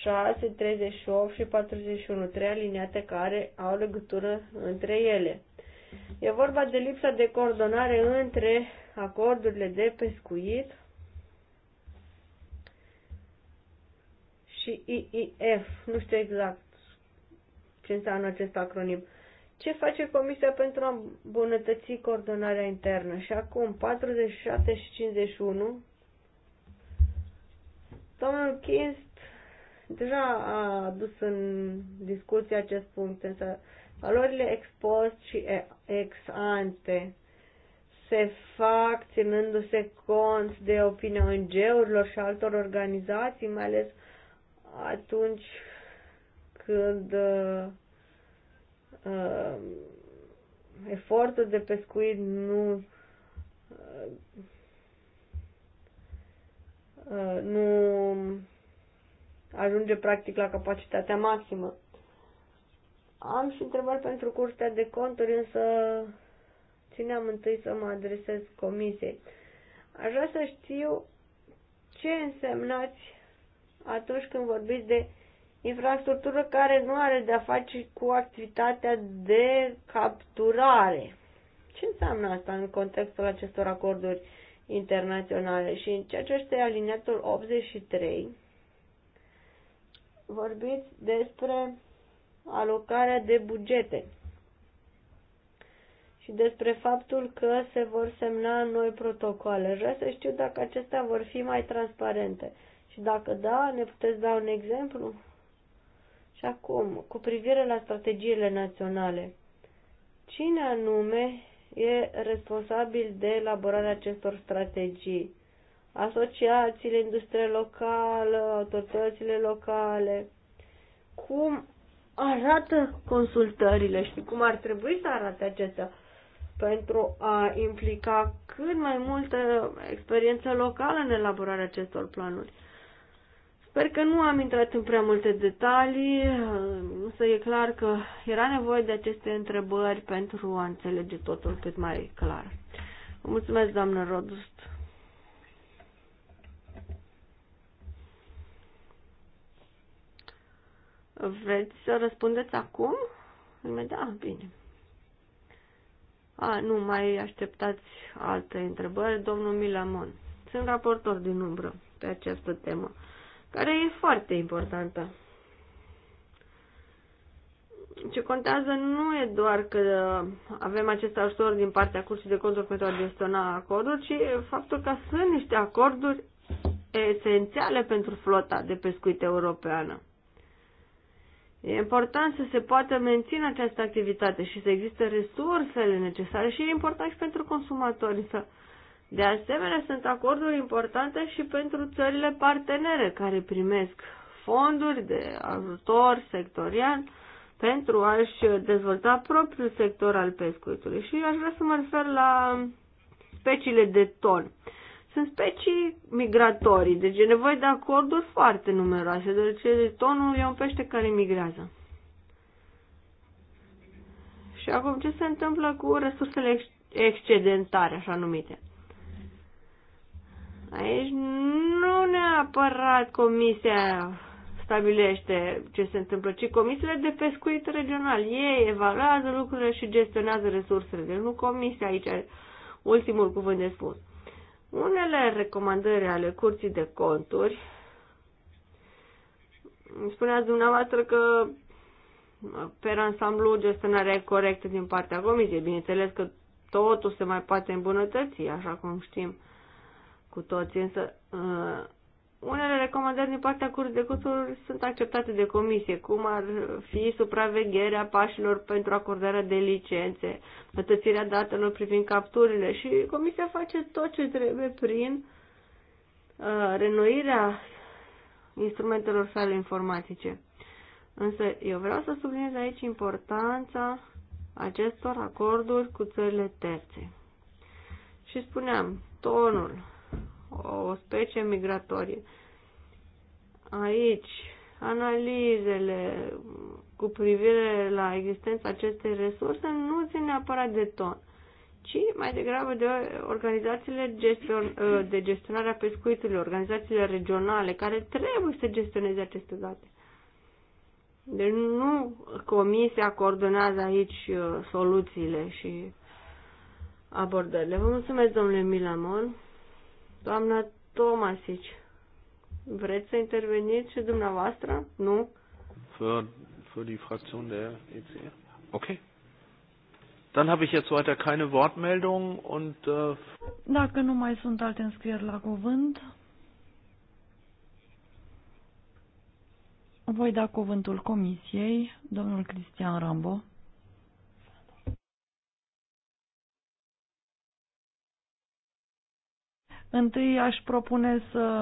6, 38 și 41, trei aliniate care au legătură între ele. E vorba de lipsa de coordonare între acordurile de pescuit și IIF. Nu știu exact ce înseamnă acest acronim. Ce face Comisia pentru a îmbunătăți coordonarea internă? Și acum, 47 și 51, domnul Kins deja a adus în discuție acest punct, însă valorile ex post și ex ante se fac ținându-se cont de opinia ONG-urilor și altor organizații, mai ales atunci când uh, uh, efortul de pescuit nu uh, uh, nu ajunge practic la capacitatea maximă. Am și întrebări pentru curtea de conturi, însă țineam întâi să mă adresez comisiei. Aș vrea să știu ce însemnați atunci când vorbiți de infrastructură care nu are de-a face cu activitatea de capturare. Ce înseamnă asta în contextul acestor acorduri internaționale? Și în ceea ce este aliniatul 83, vorbiți despre alocarea de bugete și despre faptul că se vor semna noi protocoale. Vreau să știu dacă acestea vor fi mai transparente. Și dacă da, ne puteți da un exemplu? Și acum, cu privire la strategiile naționale, cine anume e responsabil de elaborarea acestor strategii? asociațiile, industria locală, autoritățile locale, cum arată consultările și cum ar trebui să arate acestea pentru a implica cât mai multă experiență locală în elaborarea acestor planuri. Sper că nu am intrat în prea multe detalii, însă e clar că era nevoie de aceste întrebări pentru a înțelege totul cât mai clar. Mulțumesc, doamnă Rodust! Vreți să răspundeți acum? Da, bine. A, nu, mai așteptați alte întrebări. Domnul Milamon, sunt raportor din umbră pe această temă, care e foarte importantă. Ce contează nu e doar că avem acest ajutor din partea cursului de Conturi pentru a gestiona acorduri, ci faptul că sunt niște acorduri esențiale pentru flota de pescuit europeană. E important să se poată menține această activitate și să existe resursele necesare și e important și pentru consumatori. Însă, De asemenea, sunt acorduri importante și pentru țările partenere care primesc fonduri de ajutor sectorial pentru a-și dezvolta propriul sector al pescuitului. Și aș vrea să mă refer la speciile de ton. Uh, sunt specii migratorii, deci e nevoie de acorduri foarte numeroase, deoarece tonul e un pește care migrează. Și acum ce se întâmplă cu resursele ex excedentare, așa numite? Aici nu neapărat comisia stabilește ce se întâmplă, ci comisiile de pescuit regional. Ei evaluează lucrurile și gestionează resursele. Deci nu comisia aici are ultimul cuvânt de spus. Unele recomandări ale curții de conturi, spuneați dumneavoastră că pe ansamblu gestionarea e corectă din partea comisiei. Bineînțeles că totul se mai poate îmbunătăți, așa cum știm cu toții însă uh, unele recomandări din partea Curții de cursuri sunt acceptate de comisie, cum ar fi supravegherea pașilor pentru acordarea de licențe, mătățirea datelor privind capturile și comisia face tot ce trebuie prin uh, renoirea instrumentelor sale informatice. Însă eu vreau să subliniez aici importanța acestor acorduri cu țările terțe. Și spuneam, tonul o specie migratorie. Aici, analizele cu privire la existența acestei resurse nu țin neapărat de ton, ci mai degrabă de organizațiile gestion, ă, de gestionare a pescuitului, organizațiile regionale care trebuie să gestioneze aceste date. Deci nu comisia coordonează aici ă, soluțiile și abordările. Vă mulțumesc, domnule Milamon. Doamna Tomasici, vreți să interveniți și dumneavoastră? Nu? Für, für die Fraktion der ECR. Okay. Dann habe ich jetzt weiter keine Wortmeldung und... Uh... Dacă nu mai sunt alte înscrieri la cuvânt, voi da cuvântul comisiei, domnul Cristian Rambo. Întâi aș propune să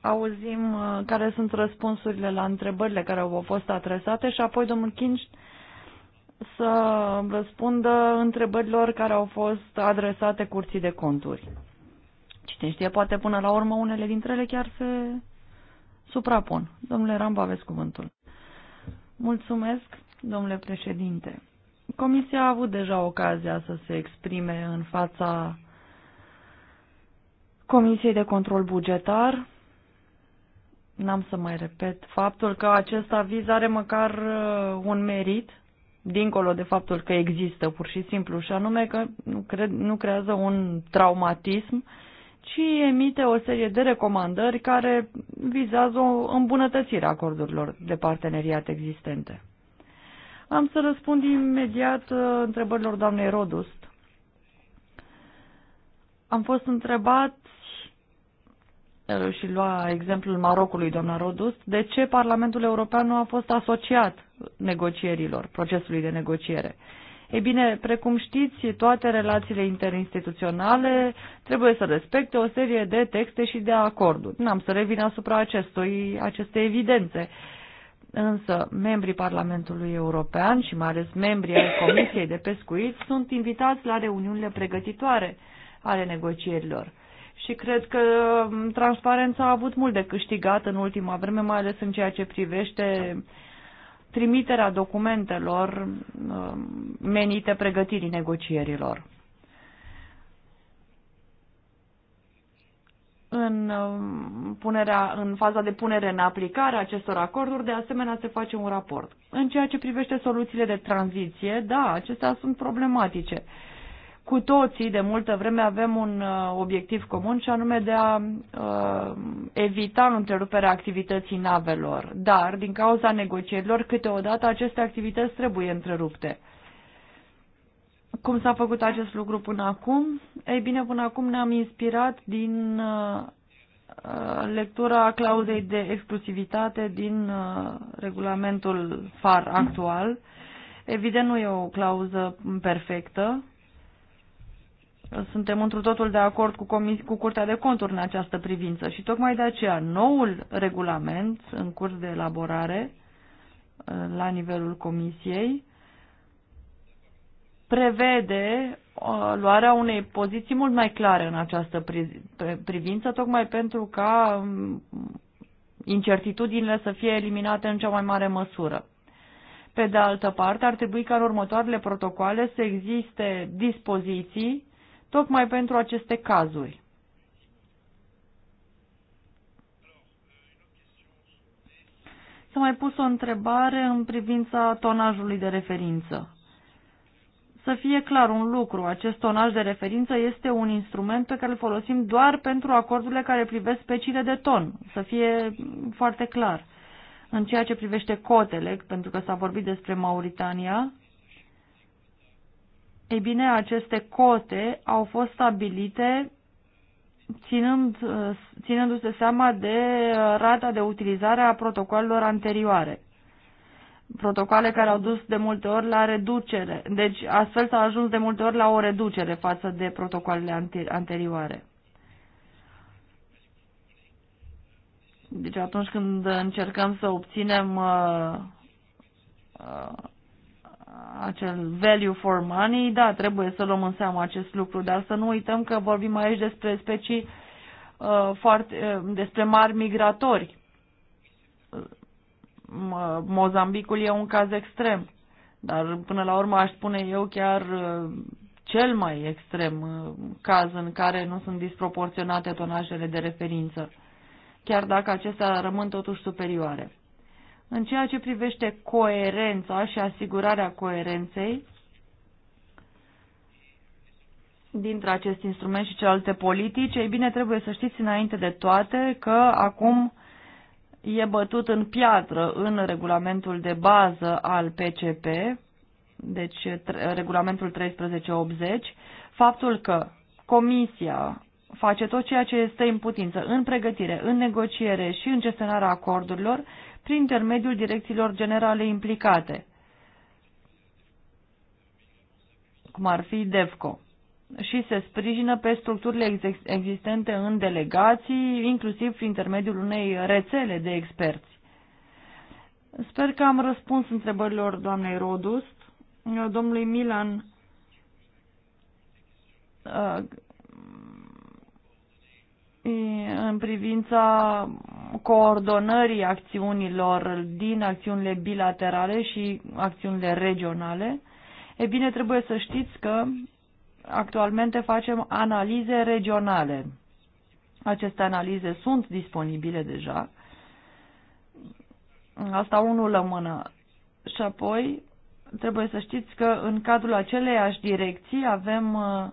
auzim uh, care sunt răspunsurile la întrebările care au fost adresate și apoi domnul Kinci să răspundă întrebărilor care au fost adresate curții de conturi. Cine știe, poate până la urmă unele dintre ele chiar se suprapun. Domnule Ramba, aveți cuvântul. Mulțumesc, domnule președinte. Comisia a avut deja ocazia să se exprime în fața Comisiei de Control Bugetar. N-am să mai repet faptul că acest aviz are măcar uh, un merit, dincolo de faptul că există pur și simplu, și anume că nu, cre- nu creează un traumatism, ci emite o serie de recomandări care vizează o îmbunătățire a acordurilor de parteneriat existente. Am să răspund imediat uh, întrebărilor doamnei Rodust. Am fost întrebat și lua exemplul Marocului, doamna Rodus, de ce Parlamentul European nu a fost asociat negocierilor, procesului de negociere. Ei bine, precum știți, toate relațiile interinstituționale trebuie să respecte o serie de texte și de acorduri. N-am să revin asupra acestui, acestei evidențe. Însă, membrii Parlamentului European și mai ales membrii ai Comisiei de Pescuit sunt invitați la reuniunile pregătitoare ale negocierilor și cred că um, transparența a avut mult de câștigat în ultima vreme, mai ales în ceea ce privește da. trimiterea documentelor um, menite pregătirii negocierilor. În, um, punerea, în faza de punere în aplicare a acestor acorduri, de asemenea, se face un raport. În ceea ce privește soluțiile de tranziție, da, acestea sunt problematice. Uh, cu toții de multă vreme avem un uh, obiectiv comun și anume de a uh, evita întreruperea activității navelor. Dar, din cauza negocierilor, câteodată aceste activități trebuie întrerupte. Cum s-a făcut acest lucru până acum? Ei bine, până acum ne-am inspirat din uh, uh lectura clauzei de exclusivitate din uh, regulamentul FAR actual. Evident, nu e o clauză perfectă, suntem într totul de acord cu, comis- cu Curtea de Conturi în această privință și tocmai de aceea noul regulament în curs de elaborare uh, la nivelul Comisiei prevede uh, luarea unei poziții mult mai clare în această privință, tocmai pentru ca um, incertitudinile să fie eliminate în cea mai mare măsură. Pe de altă parte, ar trebui ca în următoarele protocoale să existe dispoziții tocmai pentru aceste cazuri. S-a mai pus o întrebare în privința tonajului de referință. Să fie clar un lucru, acest tonaj de referință este un instrument pe care îl folosim doar pentru acordurile care privesc speciile de ton, să fie foarte clar. În ceea ce privește cotele, pentru că s-a vorbit despre Mauritania, ei bine, aceste cote au fost stabilite ținând, uh, ținându-se seama de uh, rata de utilizare a protocolelor anterioare. Protocoale care au dus de multe ori la reducere. Deci astfel s-a ajuns de multe ori la o reducere față de protocoalele anterioare. Deci atunci când încercăm să obținem uh, uh, acel value for money, da, trebuie să luăm în seamă acest lucru, dar să nu uităm că vorbim aici despre specii uh, foarte, uh, despre mari migratori. Uh, Mozambicul e un caz extrem, dar până la urmă aș spune eu chiar uh, cel mai extrem uh, caz în care nu sunt disproporționate tonajele de referință, chiar dacă acestea rămân totuși superioare. În ceea ce privește coerența și asigurarea coerenței dintre acest instrument și celelalte politici, ei bine, trebuie să știți înainte de toate că acum e bătut în piatră în regulamentul de bază al PCP, deci regulamentul 1380, faptul că Comisia face tot ceea ce este în putință, în pregătire, în negociere și în gestionarea acordurilor, prin intermediul direcțiilor generale implicate, cum ar fi DEVCO, și se sprijină pe structurile existente în delegații, inclusiv prin intermediul unei rețele de experți. Sper că am răspuns întrebărilor doamnei Rodust, domnului Milan uh, în privința coordonării acțiunilor din acțiunile bilaterale și acțiunile regionale, e bine, trebuie să știți că actualmente facem analize regionale. Aceste analize sunt disponibile deja. Asta unul la mână. Și apoi trebuie să știți că în cadrul aceleiași direcții avem uh,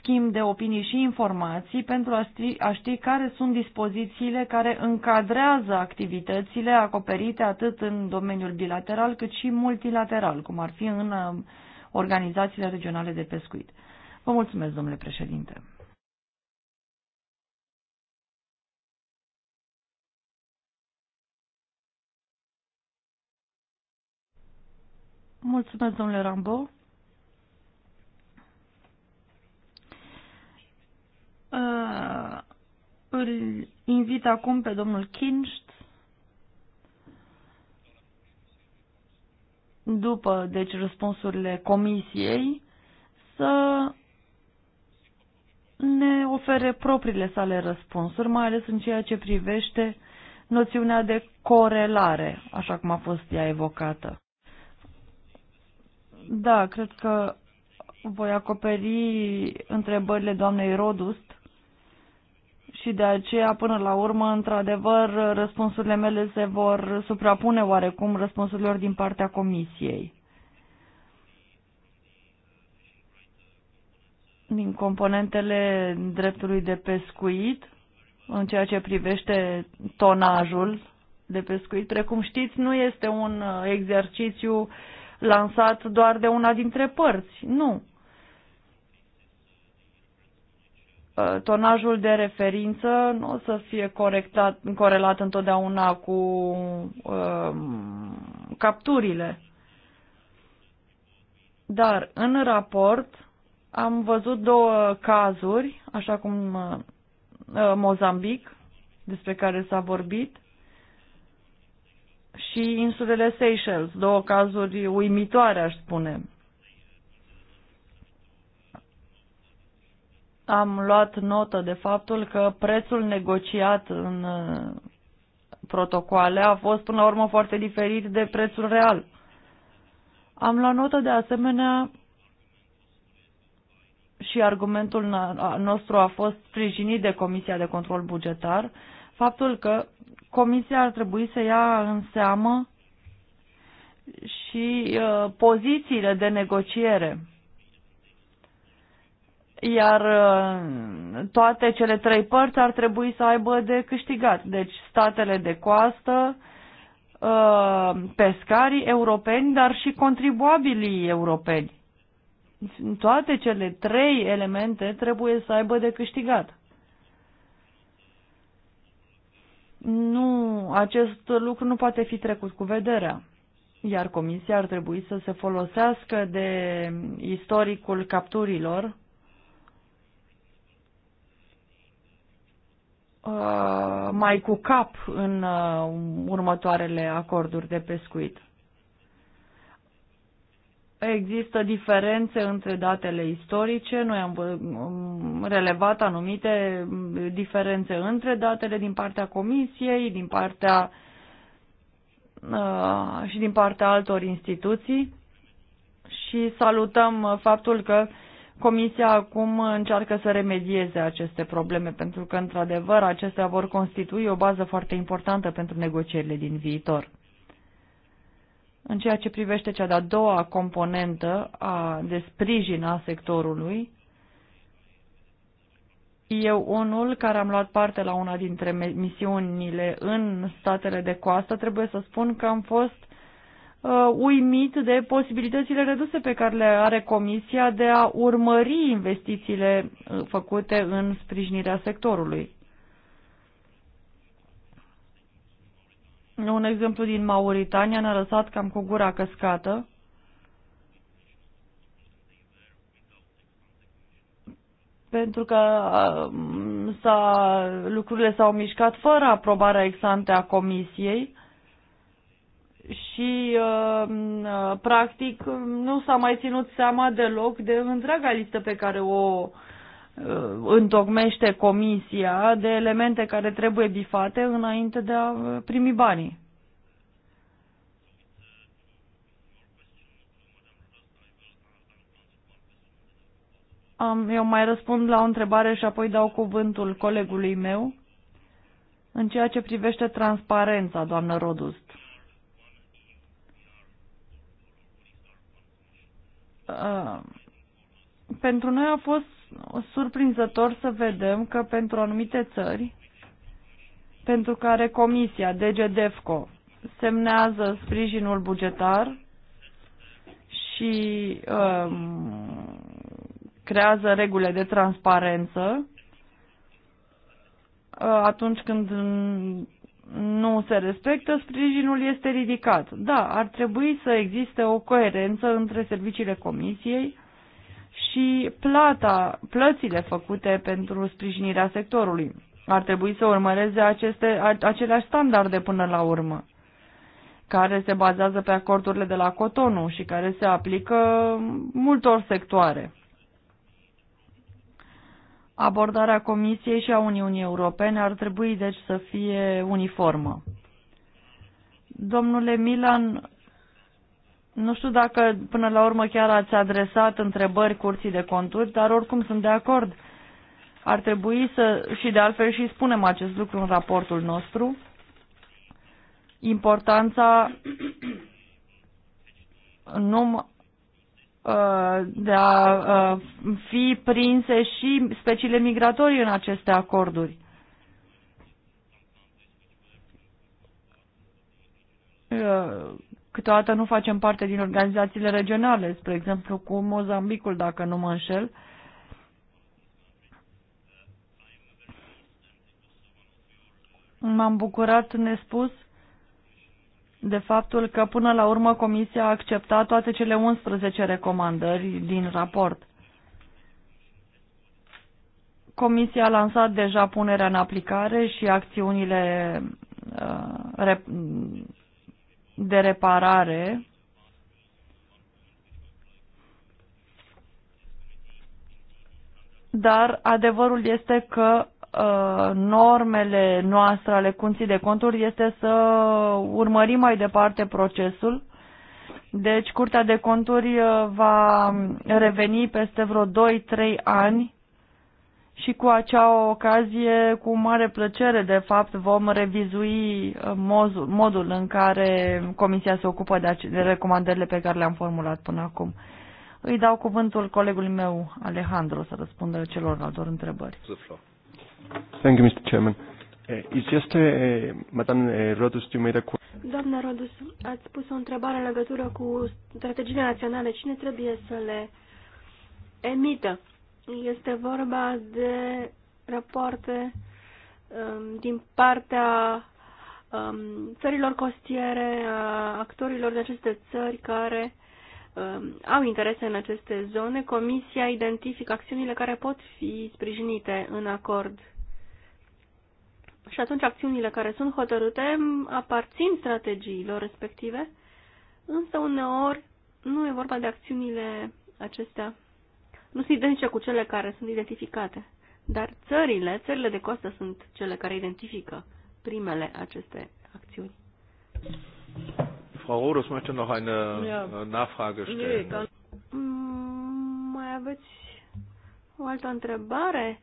schimb de opinii și informații pentru a ști, a ști care sunt dispozițiile care încadrează activitățile acoperite atât în domeniul bilateral cât și multilateral, cum ar fi în um, organizațiile regionale de pescuit. Vă mulțumesc, domnule președinte. Mulțumesc, domnule Rambo. Uh, îl invit acum pe domnul Kinst după deci răspunsurile comisiei să ne ofere propriile sale răspunsuri, mai ales în ceea ce privește noțiunea de corelare, așa cum a fost ea evocată. Da, cred că voi acoperi întrebările doamnei Rodust și de aceea, până la urmă, într-adevăr, răspunsurile mele se vor suprapune oarecum răspunsurilor din partea Comisiei. Din componentele dreptului de pescuit, în ceea ce privește tonajul de pescuit, precum știți, nu este un exercițiu lansat doar de una dintre părți. Nu, Uh, tonajul de referință nu o să fie corectat, corelat întotdeauna cu uh, capturile. Dar în raport am văzut două cazuri, așa cum uh, uh, Mozambic, despre care s-a vorbit, și insulele Seychelles, două cazuri uimitoare, aș spune. Am luat notă de faptul că prețul negociat în uh, protocoale a fost până la urmă foarte diferit de prețul real. Am luat notă de asemenea și argumentul nostru a fost sprijinit de Comisia de Control Bugetar, faptul că Comisia ar trebui să ia în seamă și uh, pozițiile de negociere iar uh, toate cele trei părți ar trebui să aibă de câștigat. Deci statele de coastă, uh, pescarii europeni, dar și contribuabilii europeni. Toate cele trei elemente trebuie să aibă de câștigat. Nu, acest lucru nu poate fi trecut cu vederea iar Comisia ar trebui să se folosească de istoricul capturilor Uh, mai cu cap în uh, următoarele acorduri de pescuit. Există diferențe între datele istorice, noi am um, relevat anumite um, diferențe între datele din partea Comisiei, din partea uh, și din partea altor instituții și salutăm faptul că uh, Comisia acum încearcă să remedieze aceste probleme, pentru că, într-adevăr, acestea vor constitui o bază foarte importantă pentru negocierile din viitor. În ceea ce privește cea de-a doua componentă a, de sprijin a sectorului, eu unul care am luat parte la una dintre misiunile în statele de coastă, trebuie să spun că am fost Uh, uimit de posibilitățile reduse pe care le are Comisia de a urmări investițiile uh, făcute în sprijinirea sectorului. Un exemplu din Mauritania ne-a lăsat cam cu gura căscată. Pentru că uh, s-a, lucrurile s-au mișcat fără aprobarea ante a comisiei și uh, uh, practic nu s-a mai ținut seama deloc de întreaga listă pe care o uh, întocmește comisia de elemente care trebuie bifate înainte de a primi banii. Eu mai răspund la o întrebare și apoi dau cuvântul colegului meu în ceea ce privește transparența, doamnă Rodust. Uh, pentru noi a fost surprinzător să vedem că pentru anumite țări, pentru care Comisia DGDEFCO semnează sprijinul bugetar și um, creează regulile de transparență, uh, atunci când nu se respectă, sprijinul este ridicat. Da, ar trebui să existe o coerență între serviciile comisiei și plata, plățile făcute pentru sprijinirea sectorului. Ar trebui să urmăreze aceste, aceleași standarde până la urmă, care se bazează pe acordurile de la Cotonu și care se aplică multor sectoare. Abordarea Comisiei și a Uniunii Europene ar trebui deci să fie uniformă. Domnule Milan, nu știu dacă până la urmă chiar ați adresat întrebări curții de conturi, dar oricum sunt de acord. Ar trebui să, și de altfel și spunem acest lucru în raportul nostru, importanța [CLEARS THROAT] num, Uh, de a uh, fi prinse și speciile migratorii în aceste acorduri. Uh, câteodată nu facem parte din organizațiile regionale, spre exemplu cu Mozambicul, dacă nu mă înșel. M-am bucurat nespus de faptul că până la urmă Comisia a acceptat toate cele 11 recomandări din raport. Comisia a lansat deja punerea în aplicare și acțiunile uh, de reparare dar adevărul este că Uh, normele noastre ale cunții de Conturi este să urmărim mai departe procesul. Deci Curtea de Conturi uh, va reveni peste vreo 2-3 ani și cu acea ocazie, cu mare plăcere, de fapt, vom revizui uh, modul, modul în care Comisia se ocupă de, de recomandările pe care le-am formulat până acum. Îi dau cuvântul colegului meu, Alejandro, să răspundă celorlalte întrebări. The Thank you, Mr. Chairman. Uh, it's just, uh, Madam Rodus, you made a Doamna Rodus, ați pus o întrebare în legătură cu strategiile naționale. Cine trebuie să le emită? Este vorba de rapoarte um, din partea um, țărilor costiere, a actorilor de aceste țări care Um, au interese în aceste zone, Comisia identifică acțiunile care pot fi sprijinite în acord. Și atunci acțiunile care sunt hotărâte aparțin strategiilor respective, însă uneori nu e vorba de acțiunile acestea. Nu sunt identice cu cele care sunt identificate, dar țările, țările de costă sunt cele care identifică primele aceste acțiuni. Frau Rodos möchte noch eine ja. Nachfrage stellen. Nee, mm, mai aveți o altă întrebare?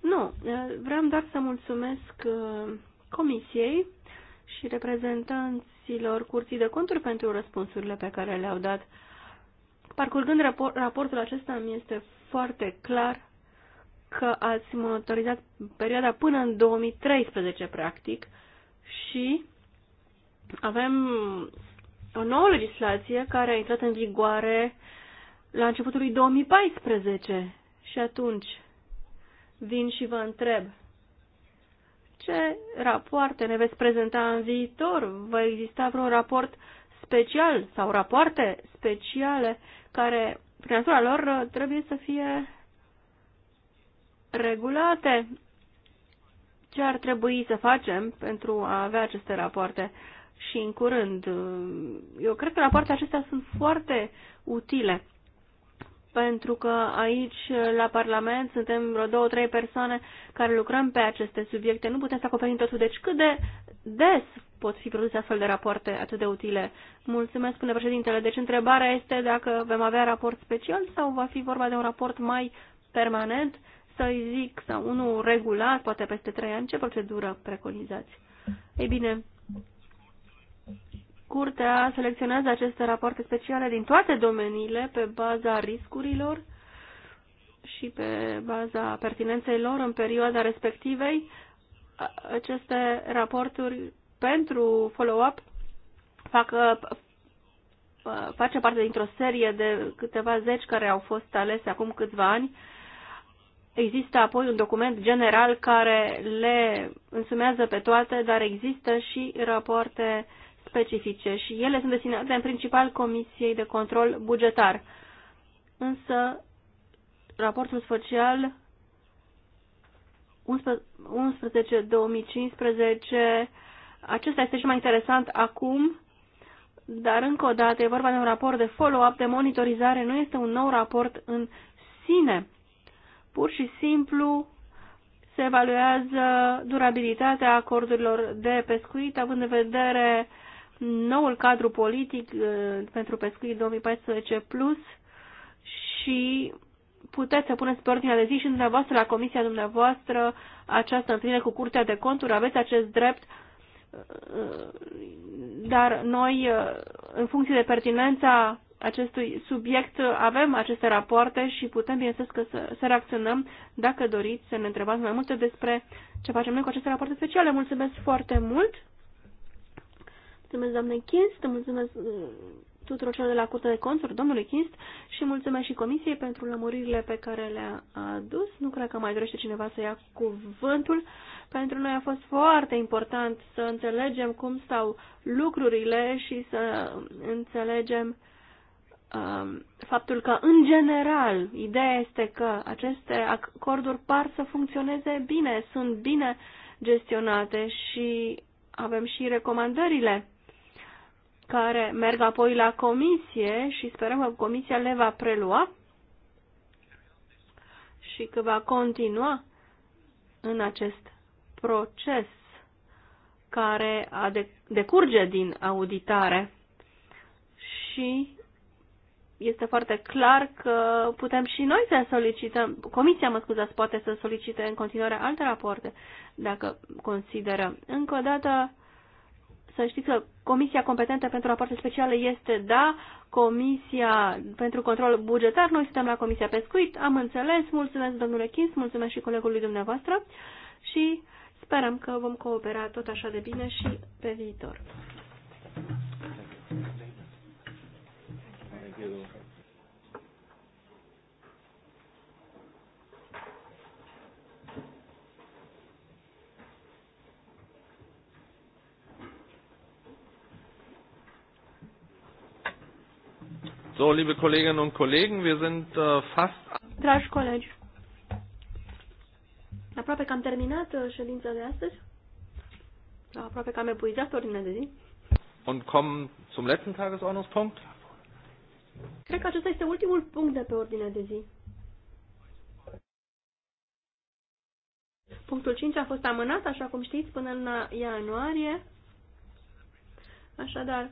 Nu, eh, vreau doar să mulțumesc eh, Comisiei și reprezentanților Curții de Conturi pentru răspunsurile pe care le-au dat. Parcurgând rapor raportul acesta, mi este foarte clar că ați monitorizat perioada până în 2013, practic, și avem o nouă legislație care a intrat în vigoare la începutul lui 2014 și atunci vin și vă întreb ce rapoarte ne veți prezenta în viitor? Va exista vreun raport special sau rapoarte speciale care, prin natura lor, trebuie să fie regulate? Ce ar trebui să facem pentru a avea aceste rapoarte? și în curând. Eu cred că rapoartele acestea sunt foarte utile, pentru că aici, la Parlament, suntem vreo două, trei persoane care lucrăm pe aceste subiecte. Nu putem să acoperim totul, deci cât de des pot fi produse astfel de rapoarte atât de utile. Mulțumesc, spune președintele. Deci întrebarea este dacă vom avea raport special sau va fi vorba de un raport mai permanent, să-i zic, sau unul regulat, poate peste trei ani, ce procedură preconizați? Ei bine, Curtea selecționează aceste rapoarte speciale din toate domeniile pe baza riscurilor și pe baza pertinenței lor în perioada respectivei. Aceste raporturi pentru follow-up fac, face parte dintr-o serie de câteva zeci care au fost alese acum câțiva ani. Există apoi un document general care le însumează pe toate, dar există și rapoarte uh, specifice și ele sunt destinate în principal Comisiei de Control Bugetar. Însă, raportul social 11-2015, acesta este și mai interesant acum, dar încă o dată e vorba de un raport de follow-up, de monitorizare, nu este un nou raport în sine. Pur și simplu se evaluează durabilitatea acordurilor de pescuit, având în vedere noul cadru politic uh, pentru pescuit 2014 plus și puteți să puneți pe ordinea de zi și dumneavoastră la comisia dumneavoastră această întâlnire cu Curtea de Conturi, aveți acest drept, uh, dar noi, uh, în funcție de pertinența acestui subiect, avem aceste rapoarte și putem, bineînțeles, că să, să reacționăm dacă doriți să ne întrebați mai multe despre ce facem noi cu aceste rapoarte speciale. Mulțumesc foarte mult! Mulțumesc, doamne Chist, mulțumesc uh, tuturor celor de la Curtea de Conturi, domnului Chist, și mulțumesc și Comisiei pentru lămuririle pe care le-a adus. Nu cred că mai dorește cineva să ia cuvântul. Pentru noi a fost foarte important să înțelegem cum stau lucrurile și să înțelegem um, faptul că, în general, ideea este că aceste acorduri par să funcționeze bine, sunt bine gestionate și avem și recomandările care merg apoi la comisie și sperăm că comisia le va prelua și că va continua în acest proces care decurge din auditare și este foarte clar că putem și noi să solicităm, comisia, mă scuzați, poate să solicite în continuare alte rapoarte, dacă consideră. Încă o dată, să știți că Comisia competentă pentru rapoarte speciale este, da, Comisia pentru control bugetar. Noi suntem la Comisia Pescuit. Am înțeles. Mulțumesc, domnule Chins, mulțumesc și colegului dumneavoastră și sperăm că vom coopera tot așa de bine și pe viitor. Thank you. So, liebe Kolleginnen und Kollegen, wir sind äh, fast... Dragi colegi, aproape că am terminat uh, ședința de astăzi, aproape că am epuizat ordinea de zi. Und kommen zum letzten Tagesordnungspunkt. Cred că acesta este ultimul punct de pe ordinea de zi. Punctul 5 a fost amânat, așa cum știți, până în ianuarie. Așadar,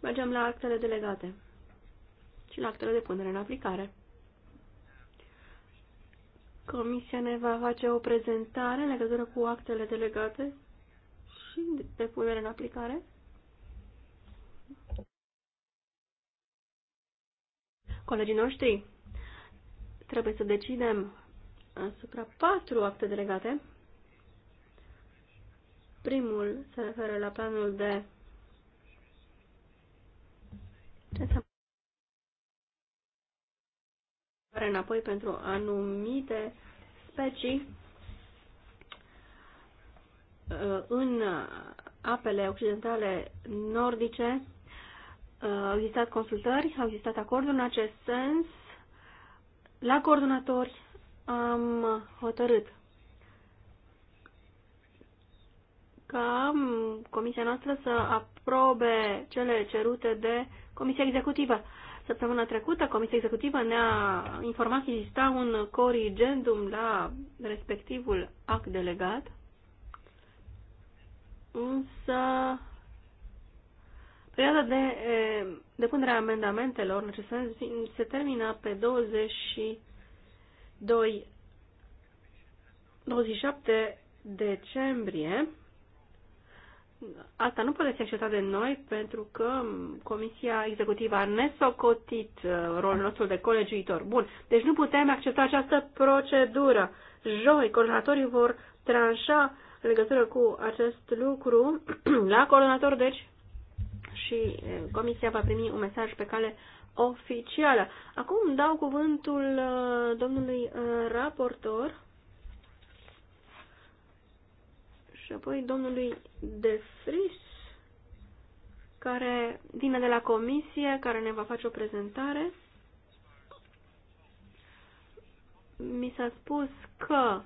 mergem la actele delegate și la actele de punere în aplicare. Comisia ne va face o prezentare în legătură cu actele delegate și de punere în aplicare. Colegii noștri, trebuie să decidem asupra patru acte delegate. Primul se referă la planul de înapoi pentru anumite specii uh, în apele occidentale nordice uh, au existat consultări, au existat acorduri în acest sens. La coordonatori am hotărât ca comisia noastră să aprobe cele cerute de comisia executivă. Săptămâna trecută, Comisia Executivă ne-a informat că exista un corigendum la respectivul act delegat, însă perioada de depunere a amendamentelor în se termina pe 22, 27 decembrie Asta nu poate fi așteptat de noi pentru că Comisia Executivă a nesocotit uh, rolul nostru de colegiuitor. Bun, deci nu putem accepta această procedură. Joi, coordonatorii vor tranșa în legătură cu acest lucru [CLEARS THROAT] la coordonator, deci, și uh, Comisia va primi un mesaj pe cale oficială. Acum dau cuvântul uh, domnului raportor și apoi domnului De Fris, care vine de la comisie, care ne va face o prezentare. Mi s-a spus că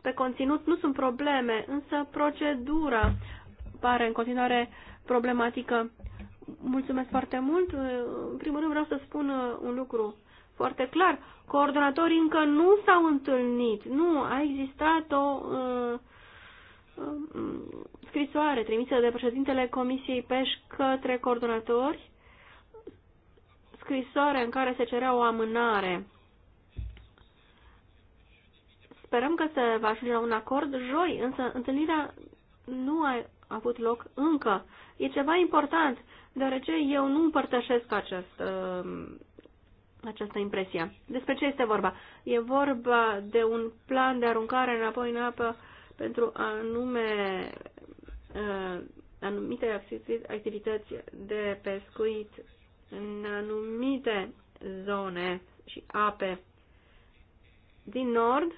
pe conținut nu sunt probleme, însă procedura pare în continuare problematică. Mulțumesc foarte mult. În primul rând vreau să spun uh, un lucru foarte clar. Coordonatorii încă nu s-au întâlnit. Nu, a existat o uh, Um, scrisoare trimisă de președintele Comisiei PEș către coordonatori, scrisoare în care se cerea o amânare. Sperăm că se va ajunge la un acord joi, însă întâlnirea nu a avut loc încă. E ceva important, deoarece eu nu împărtășesc acest, um, această impresie. Despre ce este vorba? E vorba de un plan de aruncare înapoi în apă pentru anume uh, anumite activități de pescuit în anumite zone și ape din nord,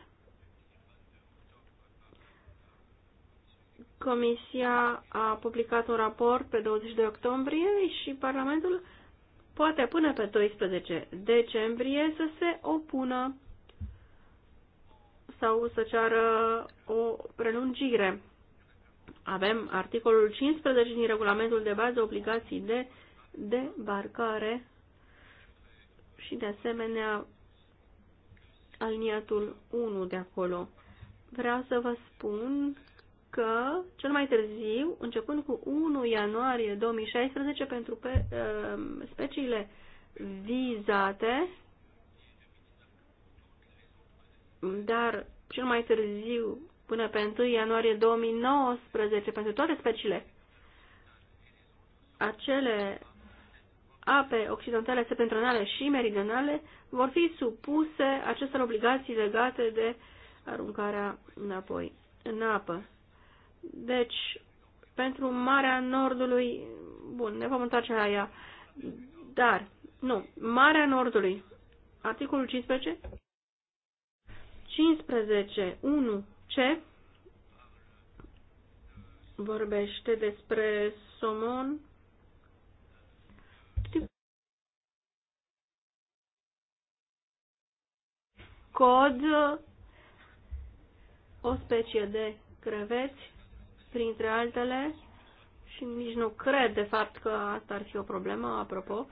Comisia a publicat un raport pe 22 octombrie și Parlamentul poate până pe 12 decembrie să se opună sau să ceară o prelungire. Avem articolul 15 din regulamentul de bază obligații de debarcare și de asemenea aliniatul 1 de acolo. Vreau să vă spun că cel mai târziu, începând cu 1 ianuarie 2016, pentru pe, uh, speciile vizate, dar cel mai târziu, până pe 1 ianuarie 2019, pentru toate speciile, acele ape occidentale, septentrionale și meridionale vor fi supuse acestor obligații legate de aruncarea înapoi în apă. Deci, pentru Marea Nordului, bun, ne vom întoarce la ea, dar, nu, Marea Nordului, articolul 15, 15, 1, C vorbește despre somon. Cod, o specie de creveți, printre altele, și nici nu cred de fapt că asta ar fi o problemă, apropo,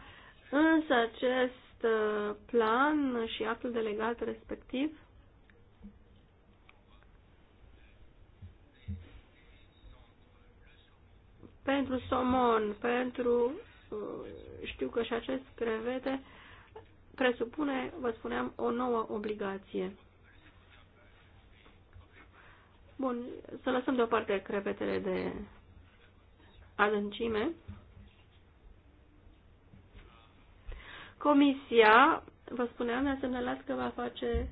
însă acest uh, plan și actul delegat respectiv pentru somon, pentru uh, știu că și acest crevete presupune, vă spuneam, o nouă obligație. Bun, să lăsăm deoparte crevetele de adâncime. Comisia, vă spuneam, ne a semnalat că va face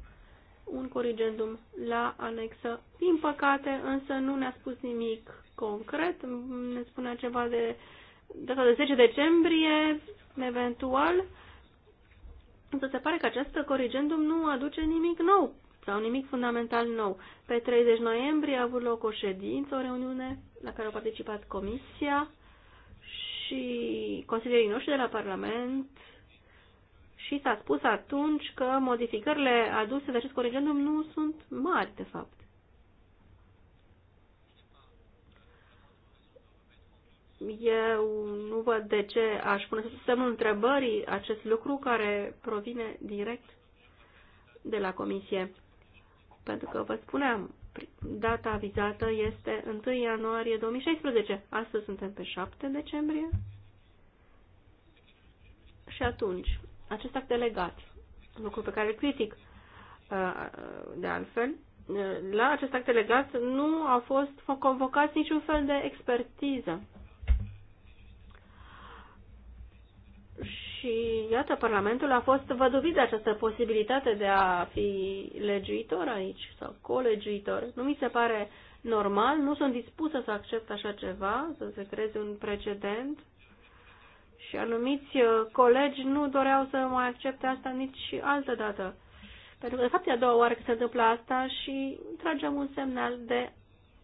un corigendum la anexă. Din păcate, însă nu ne-a spus nimic concret? Ne spunea ceva de data de 10 decembrie, eventual. Însă se pare că această corigendum nu aduce nimic nou sau nimic fundamental nou. Pe 30 noiembrie a avut loc o ședință, o reuniune la care au participat Comisia și consilierii noștri de la Parlament și s-a spus atunci că modificările aduse de acest corigendum nu sunt mari, de fapt. eu nu văd de ce aș pune să semnul întrebării acest lucru care provine direct de la Comisie. Pentru că, vă spuneam, data vizată este 1 ianuarie 2016. Astăzi suntem pe 7 decembrie. Și atunci, acest act delegat, lucru pe care îl critic, uh, de altfel, uh, la acest act delegat nu a fost convocat niciun fel de expertiză Și iată, Parlamentul a fost văduvit de această posibilitate de a fi legiuitor aici sau colegiuitor. Nu mi se pare normal, nu sunt dispusă să accept așa ceva, să se creeze un precedent. Și anumiți uh, colegi nu doreau să mai accepte asta nici altă dată. Pentru că, de fapt, e a doua oară când se întâmplă asta și tragem un semnal de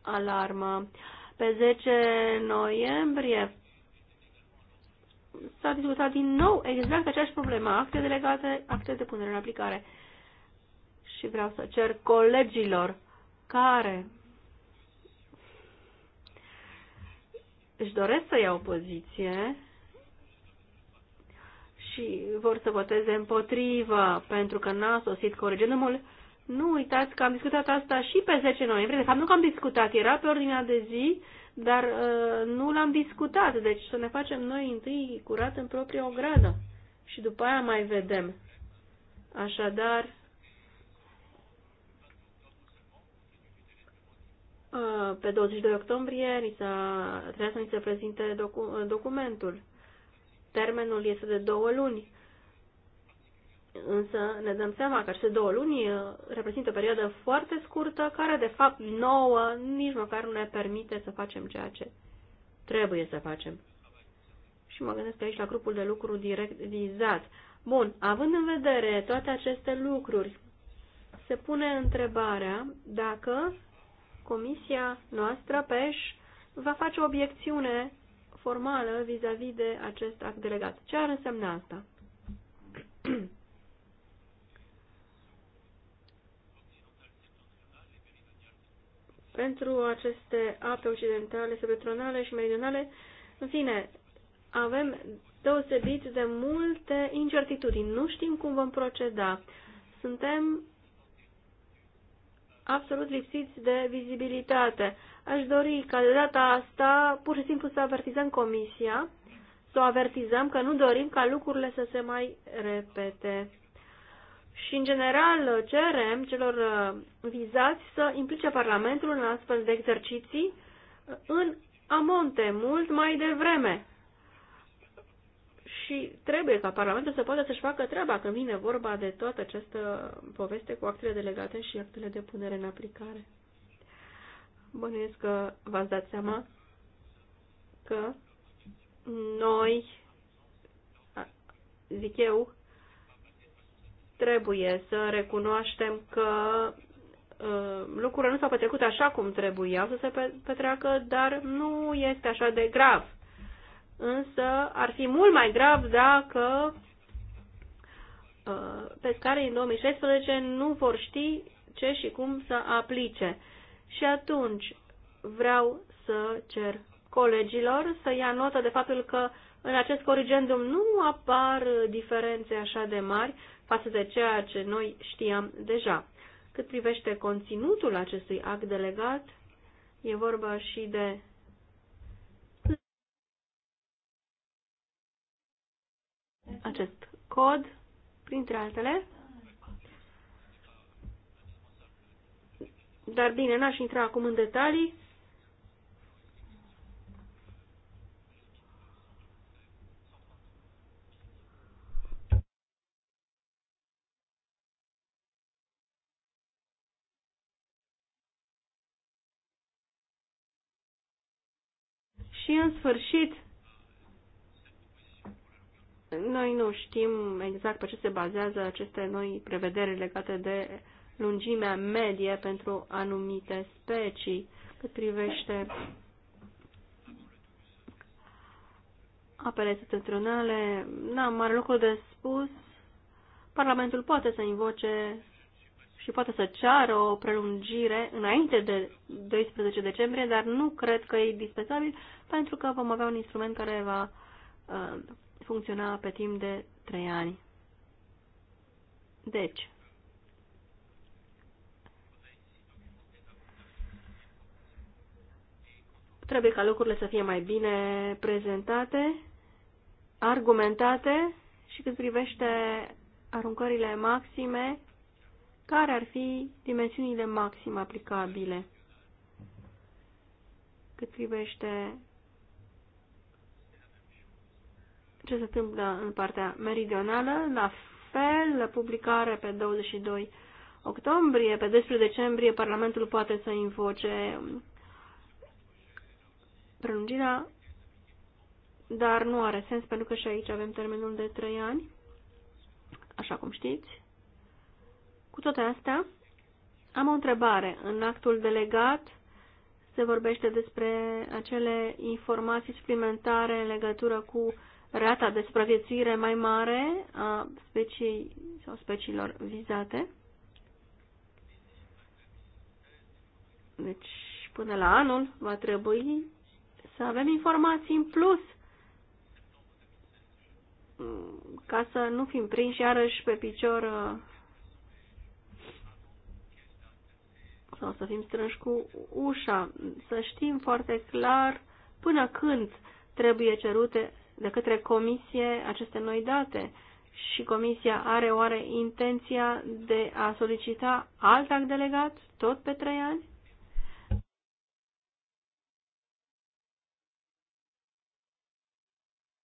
alarmă. Pe 10 noiembrie, s-a discutat din nou exact aceeași problemă, acte delegate, acte de punere în aplicare. Și vreau să cer colegilor care își doresc să ia o poziție și vor să voteze împotrivă pentru că n-a sosit coregenumul, nu uitați că am discutat asta și pe 10 noiembrie. De fapt, nu că am discutat, era pe ordinea de zi dar uh, nu l-am discutat, deci să ne facem noi întâi curat în propria ogradă și după aia mai vedem. Așadar, uh, pe 22 octombrie ni să ni se prezinte docu- documentul. Termenul este de două luni. Însă ne dăm seama că aceste două luni uh, reprezintă o perioadă foarte scurtă care, de fapt, nouă nici măcar nu ne permite să facem ceea ce trebuie să facem. Și mă gândesc aici la grupul de lucru direct vizat. Bun, având în vedere toate aceste lucruri, se pune întrebarea dacă comisia noastră PEș va face o obiecțiune formală vis-a-vis -vis de acest act delegat. Ce ar însemna asta? pentru aceste ape occidentale, septentrionale și meridionale. În fine, avem deosebit de multe incertitudini. Nu știm cum vom proceda. Suntem absolut lipsiți de vizibilitate. Aș dori ca de data asta pur și simplu să avertizăm comisia, să o avertizăm că nu dorim ca lucrurile să se mai repete și, în general, cerem celor uh, vizați să implice Parlamentul în astfel de exerciții uh, în amonte, mult mai devreme. Și trebuie ca Parlamentul să poată să-și facă treaba când vine vorba de toată această poveste cu actele delegate și actele de punere în aplicare. Bănuiesc că v-ați dat seama că noi, zic eu, trebuie să recunoaștem că uh, lucrurile nu s-au petrecut așa cum trebuiau să se petreacă, dar nu este așa de grav. Însă ar fi mult mai grav dacă uh, pescarii în 2016 nu vor ști ce și cum să aplice. Și atunci vreau să cer colegilor să ia notă de faptul că în acest corigendum nu apar diferențe așa de mari față de ceea ce noi știam deja. Cât privește conținutul acestui act delegat, e vorba și de acest cod, printre altele. Dar bine, n-aș intra acum în detalii. Și în sfârșit, noi nu știm exact pe ce se bazează aceste noi prevederi legate de lungimea medie pentru anumite specii cât privește apele sătătrânale. N-am mare lucru de spus. Parlamentul poate să invoce și poate să ceară o prelungire înainte de 12 decembrie, dar nu cred că e dispensabil pentru că vom avea un instrument care va uh, funcționa pe timp de 3 ani. Deci, trebuie ca lucrurile să fie mai bine prezentate, argumentate și cât privește aruncările maxime, care ar fi dimensiunile maxim aplicabile cât privește ce se întâmplă în partea meridională, la fel, publicare pe 22 octombrie, pe 12 decembrie, Parlamentul poate să invoce prelungirea, dar nu are sens pentru că și aici avem termenul de 3 ani, așa cum știți. Cu toate astea, am o întrebare. În actul delegat se vorbește despre acele informații suplimentare în legătură cu rata de supraviețuire mai mare a speciei sau speciilor vizate. Deci, până la anul va trebui să avem informații în plus ca să nu fim prinși iarăși pe picior sau să fim strânși cu ușa, să știm foarte clar până când trebuie cerute de către comisie aceste noi date și comisia are oare intenția de a solicita alt act delegat tot pe trei ani?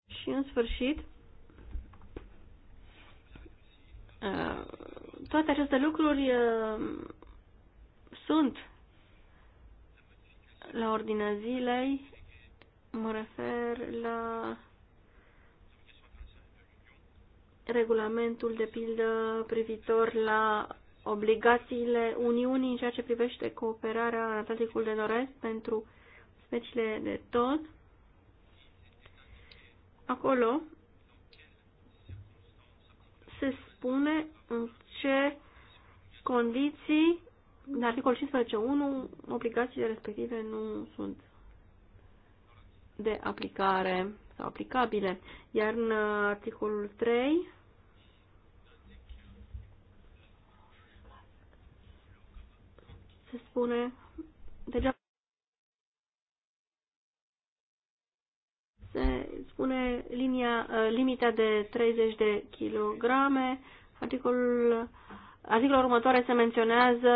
Și în sfârșit, uh, toate aceste lucruri uh, sunt la ordinea zilei, mă refer la regulamentul de pildă privitor la obligațiile Uniunii în ceea ce privește cooperarea în Atlanticul de Nord-Est pentru speciile de tot. Acolo se spune în ce condiții, în articolul 15.1, obligațiile respective nu sunt de aplicare sau aplicabile, iar în articolul 3 se spune. Deja se spune linia, uh, limita de 30 de kilograme. Articolul, articolul următoare se menționează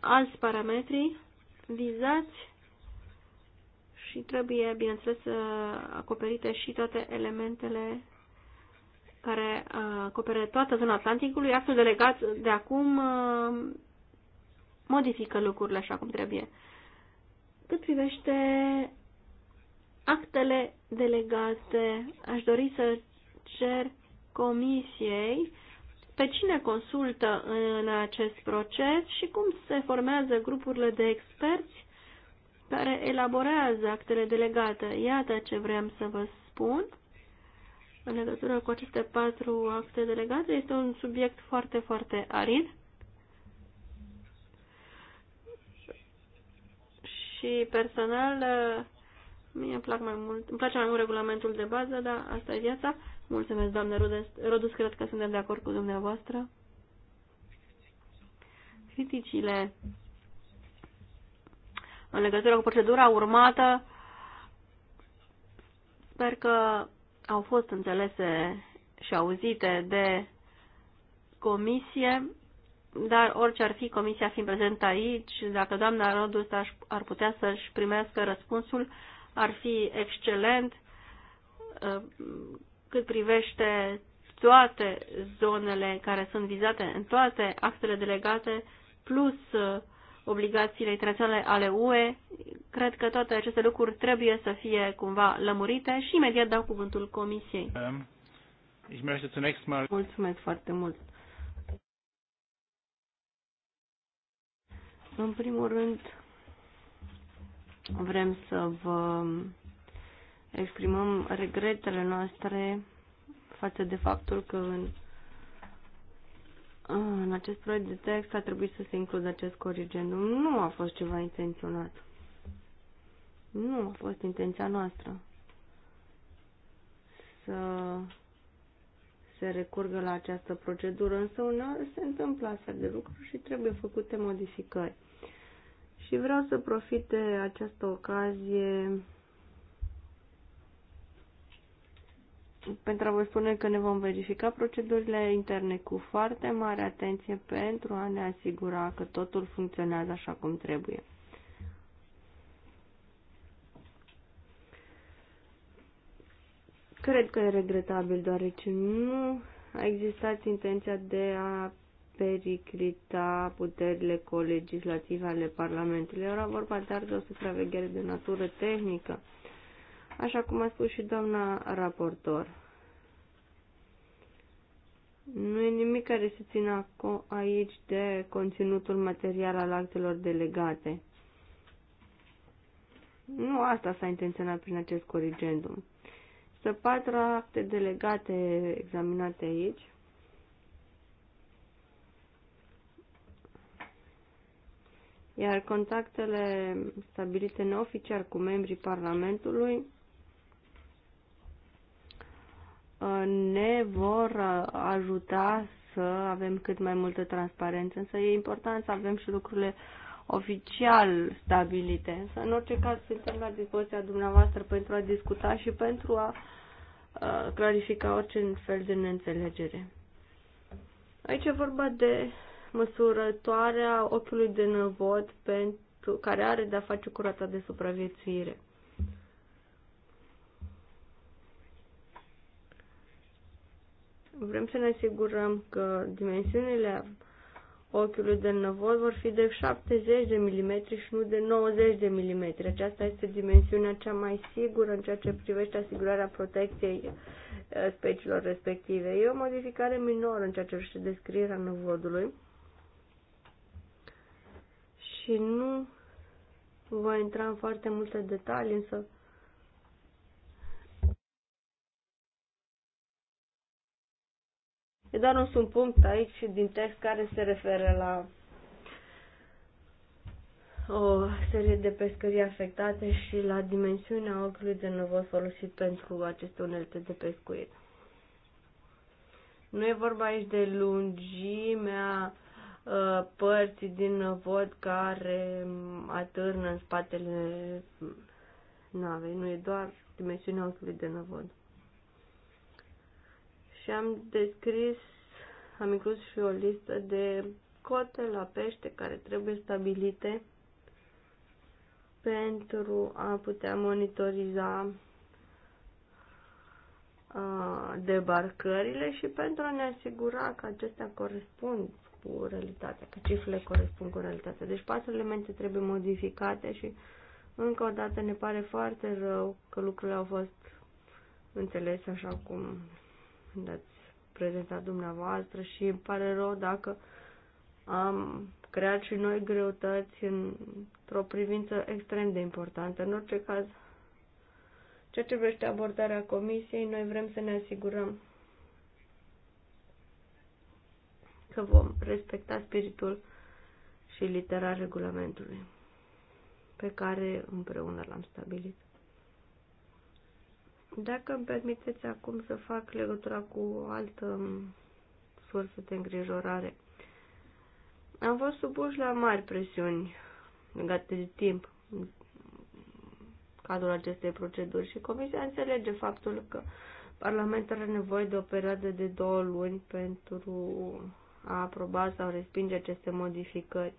alți parametri vizați și trebuie, bineînțeles, acoperite și toate elementele care uh, acoperă toată zona Atlanticului. Actul delegat de acum uh, modifică lucrurile așa cum trebuie. Cât privește actele delegate, aș dori să cer comisiei pe cine consultă în acest proces și cum se formează grupurile de experți care elaborează actele delegate. Iată ce vreau să vă spun în legătură cu aceste patru acte delegate. Este un subiect foarte, foarte arid și personal uh, mie îmi, plac mai mult, îmi place mai mult regulamentul de bază, dar asta e viața. Mulțumesc, doamnă Rudes. Rodus cred că suntem de acord cu dumneavoastră. Criticile în legătură cu procedura urmată sper că au fost înțelese și auzite de comisie dar orice ar fi comisia fiind prezentă aici, dacă doamna Rodus ar putea să-și primească răspunsul, ar fi excelent uh, cât privește toate zonele care sunt vizate în toate actele delegate, plus uh, obligațiile internaționale ale UE. Cred că toate aceste lucruri trebuie să fie cumva lămurite și imediat dau cuvântul Comisiei. Um, Mulțumesc foarte mult. În primul rând, vrem să vă exprimăm regretele noastre față de faptul că în, în acest proiect de text a trebuit să se includă acest corigendum. Nu a fost ceva intenționat. Nu a fost intenția noastră să se recurgă la această procedură, însă uneori se întâmplă astfel de lucruri și trebuie făcute modificări. Și vreau să profit de această ocazie pentru a vă spune că ne vom verifica procedurile interne cu foarte mare atenție pentru a ne asigura că totul funcționează așa cum trebuie. Cred că e regretabil, deoarece nu a existat intenția de a periclita puterile colegislative ale Parlamentului. Era vorba doar de o supraveghere de natură tehnică, așa cum a spus și doamna raportor. Nu e nimic care se țină aici de conținutul material al actelor delegate. Nu asta s-a intenționat prin acest corigendum. Sunt patru acte delegate examinate aici. Iar contactele stabilite neoficial cu membrii Parlamentului uh, ne vor uh, ajuta să avem cât mai multă transparență, însă e important să avem și lucrurile oficial stabilite. Însă, în orice caz, suntem la dispoziția dumneavoastră pentru a discuta și pentru a clarifica orice fel de neînțelegere. Aici e vorba de măsurătoarea ochiului de năvod pentru, care are de-a face cu rata de supraviețuire. Vrem să ne asigurăm că dimensiunile ochiului de năvol vor fi de 70 de mm și nu de 90 de mm. Aceasta este dimensiunea cea mai sigură în ceea ce privește asigurarea protecției uh, speciilor respective. E o modificare minoră în ceea ce privește descrierea năvodului și nu voi intra în foarte multe detalii, însă E doar un punct aici din text care se referă la o serie de pescării afectate și la dimensiunea ochiului de nevoi folosit pentru aceste unelte de pescuit. Nu e vorba aici de lungimea uh, părții din vod care atârnă în spatele navei, nu e doar dimensiunea ochiului de năvod și am descris, am inclus și o listă de cote la pește care trebuie stabilite pentru a putea monitoriza debarcările și pentru a ne asigura că acestea corespund cu realitatea, că cifrele corespund cu realitatea. Deci patru elemente trebuie modificate și încă o dată ne pare foarte rău că lucrurile au fost înțelese așa cum când ați prezentat dumneavoastră și îmi pare rău dacă am creat și noi greutăți într-o privință extrem de importantă. În orice caz, ceea ce vrește abordarea comisiei, noi vrem să ne asigurăm că vom respecta spiritul și litera regulamentului pe care împreună l-am stabilit. Dacă îmi permiteți acum să fac legătura cu o altă um, sursă de îngrijorare. Am fost supuși la mari presiuni legate de timp în cadrul acestei proceduri și Comisia înțelege faptul că Parlamentul are nevoie de o perioadă de două luni pentru a aproba sau respinge aceste modificări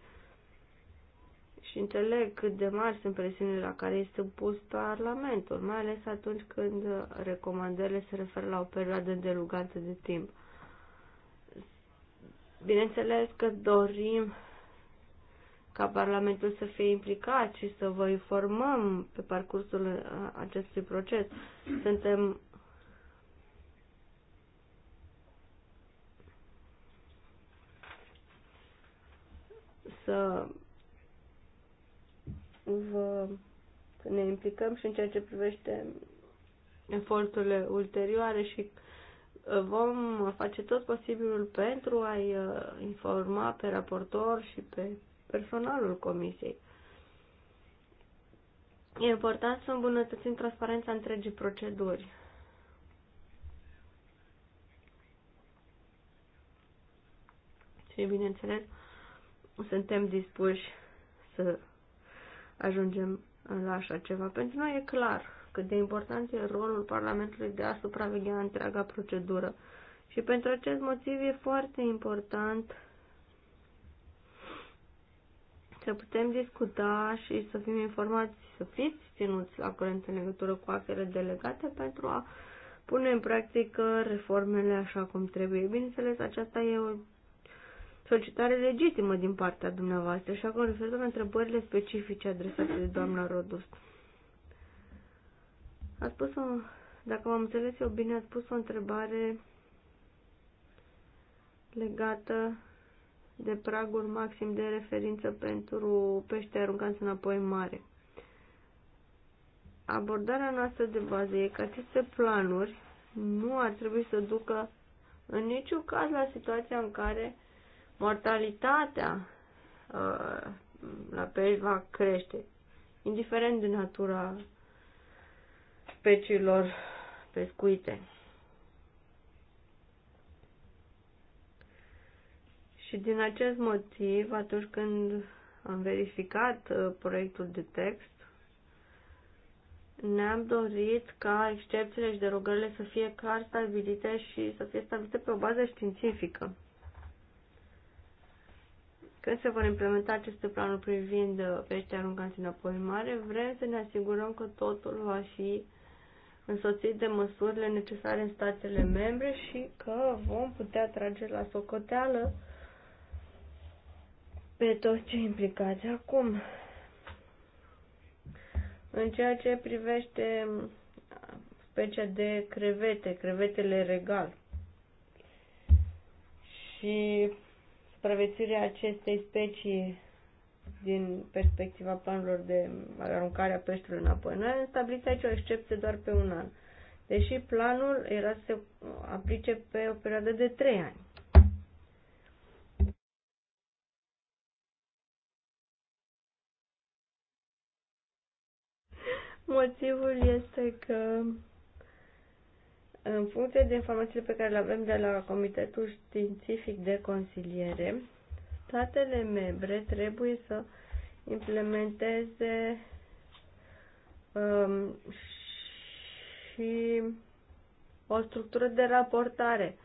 și înțeleg cât de mari sunt presiunile la care este pus Parlamentul, mai ales atunci când recomandările se referă la o perioadă îndelugată de timp. Bineînțeles că dorim ca Parlamentul să fie implicat și să vă informăm pe parcursul uh, acestui proces. Suntem să vă, ne implicăm și în ceea ce privește eforturile ulterioare și uh, vom face tot posibilul pentru a-i uh, informa pe raportor și pe personalul comisiei. E important să îmbunătățim transparența întregii proceduri. Și, bineînțeles, suntem dispuși să ajungem la așa ceva. Pentru noi e clar cât de important e rolul Parlamentului de a supraveghea întreaga procedură. Și pentru acest motiv e foarte important să putem discuta și să fim informați, să fiți ținuți la curent în legătură cu actele delegate pentru a pune în practică reformele așa cum trebuie. Bineînțeles, aceasta e o solicitare legitimă din partea dumneavoastră și acum referitor la întrebările specifice adresate de doamna Rodus. A spus o, dacă m-am înțeles eu bine, a spus o întrebare legată de pragul maxim de referință pentru pește aruncați înapoi în mare. Abordarea noastră de bază e că aceste planuri nu ar trebui să ducă în niciun caz la situația în care mortalitatea uh, la pești va crește, indiferent de natura speciilor pescuite. Și din acest motiv, atunci când am verificat uh, proiectul de text, ne-am dorit ca excepțiile și derogările să fie clar stabilite și să fie stabilite pe o bază științifică. Când se vor implementa aceste planuri privind uh, peștii aruncați înapoi în mare, vrem să ne asigurăm că totul va fi însoțit de măsurile necesare în statele membre și că vom putea trage la socoteală pe toți cei implicați acum. În ceea ce privește uh, specia de crevete, crevetele regal. Și supraviețuirea acestei specii din perspectiva planurilor de aruncare a peștelor în apă. Noi am stabilit aici o excepție doar pe un an, deși planul era să se aplice pe o perioadă de 3 ani. Motivul este că în funcție de informațiile pe care le avem de la Comitetul Științific de Consiliere, statele membre trebuie să implementeze um, și o structură de raportare.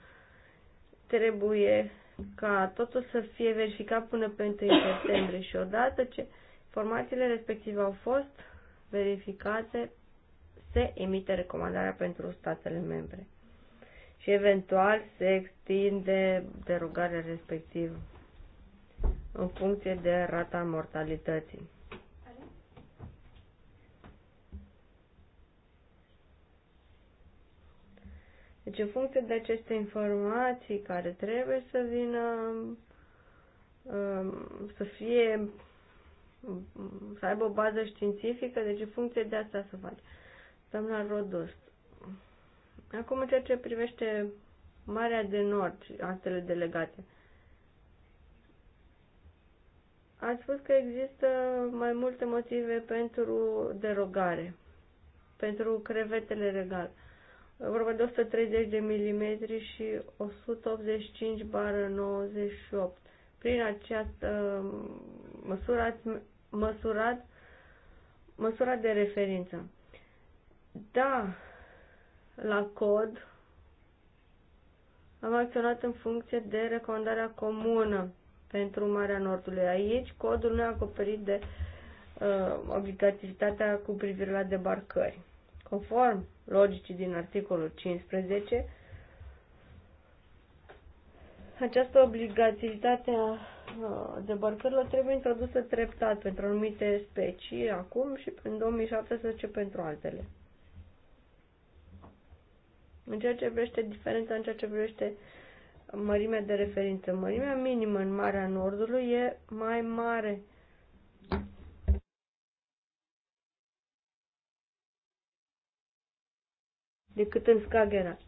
Trebuie ca totul să fie verificat până pe 1 septembrie și odată ce informațiile respective au fost verificate, se emite recomandarea pentru statele membre și eventual se extinde derogarea respectivă în funcție de rata mortalității. Deci, în funcție de aceste informații care trebuie să vină, um, să fie, să aibă o bază științifică, deci în funcție de asta să faci doamna rodos. Acum, în ceea ce privește Marea de Nord și actele delegate, ați spus că există mai multe motive pentru derogare, pentru crevetele regal. Vorba de 130 de mm și 185 bară 98. Prin această măsură um, ați măsurat măsura de referință da la cod, am acționat în funcție de recomandarea comună pentru Marea Nordului. Aici codul nu e acoperit de uh, obligativitatea cu privire la debarcări. Conform logicii din articolul 15, această obligativitate a debarcărilor trebuie introdusă treptat pentru anumite specii acum și în 2017 pentru altele. În ceea ce privește diferența, în ceea ce privește mărimea de referință, mărimea minimă în Marea Nordului e mai mare decât în Skagerrak.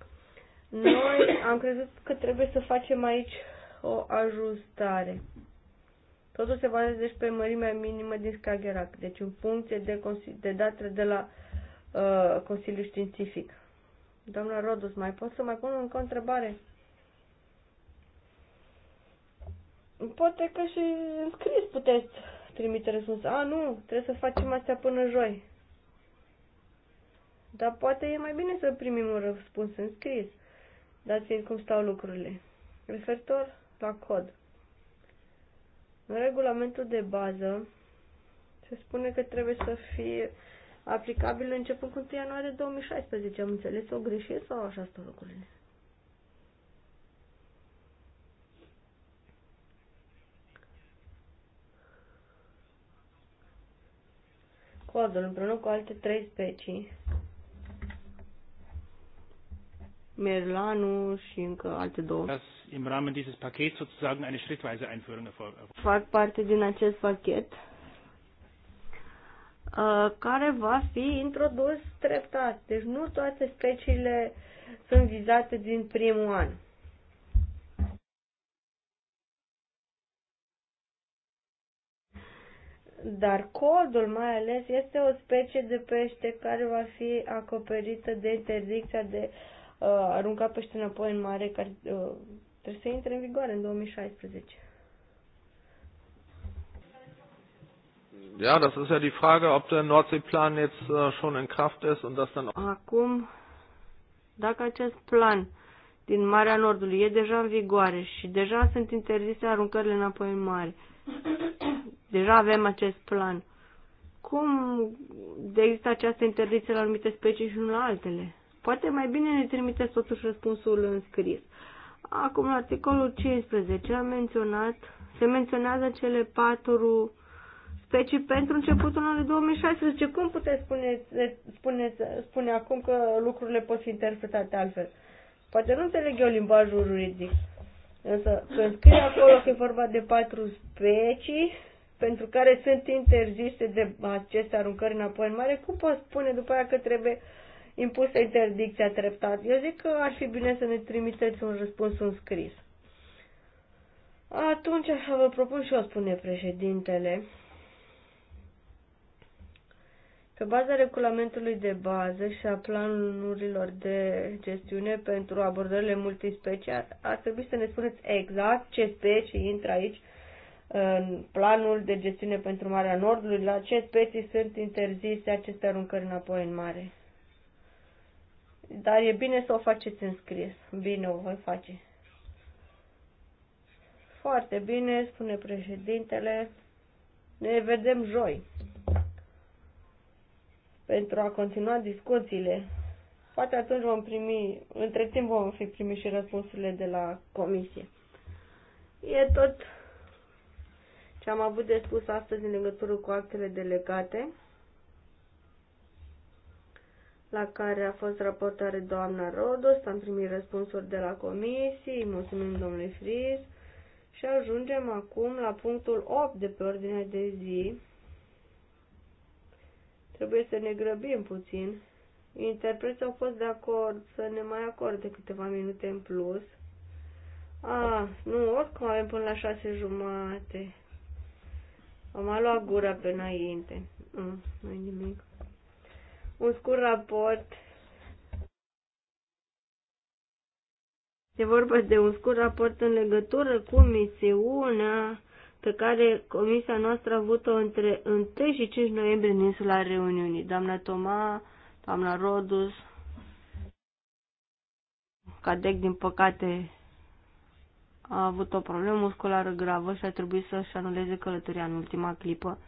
Noi am crezut că trebuie să facem aici o ajustare. Totul se bazează deci pe mărimea minimă din Skagerrak, deci în funcție de, de datele de la uh, Consiliul Științific. Domnul Rodus, mai pot să mai pun încă o întrebare? Poate că și în scris puteți trimite răspuns. A, nu, trebuie să facem asta până joi. Dar poate e mai bine să primim un răspuns în scris, dat fiind cum stau lucrurile. Referitor la cod. În regulamentul de bază se spune că trebuie să fie aplicabil începând cu 1 ianuarie 2016. Am înțeles o greșit sau așa stau lucrurile? Codul împreună cu alte trei specii, Merlanu și încă alte două. Das im Rahmen dieses Pakets sozusagen eine schrittweise Einführung erfolgt. Fac parte din acest pachet Uh, care va fi introdus treptat. Deci nu toate speciile sunt vizate din primul an. Dar codul mai ales este o specie de pește care va fi acoperită de interdicția de uh, arunca pește înapoi în mare care uh, trebuie să intre în vigoare în 2016. Ja, das ist ja die Frage, ob der Nordseeplan jetzt äh, schon in Kraft ist und das dann auch. Acum, dacă acest plan din Marea Nordului e deja în vigoare și deja sunt interzise aruncările înapoi în mare, deja avem acest plan, cum există această interdicție la anumite specii și nu la altele? Poate mai bine ne trimiteți totuși răspunsul în scris. Acum, la articolul 15 a menționat, se menționează cele patru specii pentru începutul anului 2016. Cum puteți spune, spune, spune acum că lucrurile pot fi interpretate altfel? Poate nu înțeleg eu limbajul juridic, însă când scrie acolo că e vorba de patru specii pentru care sunt interzise de aceste aruncări înapoi în mare, cum pot spune după aia că trebuie impusă interdicția treptat? Eu zic că ar fi bine să ne trimiteți un răspuns în scris. Atunci așa vă propun și o spune președintele, pe baza regulamentului de bază și a planurilor de gestiune pentru abordările multispecie, ar, trebui să ne spuneți exact ce specii intră aici în planul de gestiune pentru Marea Nordului, la ce specii sunt interzise aceste aruncări înapoi în mare. Dar e bine să o faceți în scris. Bine, o voi face. Foarte bine, spune președintele. Ne vedem joi pentru a continua discuțiile. Poate atunci vom primi, între timp vom fi primi și răspunsurile de la comisie. E tot ce am avut de spus astăzi în legătură cu actele delegate la care a fost raportare doamna Rodos, am primit răspunsuri de la comisie, mulțumim domnului Friz și ajungem acum la punctul 8 de pe ordinea de zi, Trebuie să ne grăbim puțin. Interpreții au fost de acord să ne mai acorde câteva minute în plus. A, nu, oricum avem până la șase jumate. Am mai luat gura pe înainte. Nu, nu nimic. Un scurt raport E vorba de un scurt raport în legătură cu misiunea pe care comisia noastră a avut-o între 1 și 5 noiembrie în insula Reuniunii. Doamna Toma, doamna Rodus, Cadec, din păcate, a avut o problemă musculară gravă și a trebuit să-și anuleze călătoria în ultima clipă.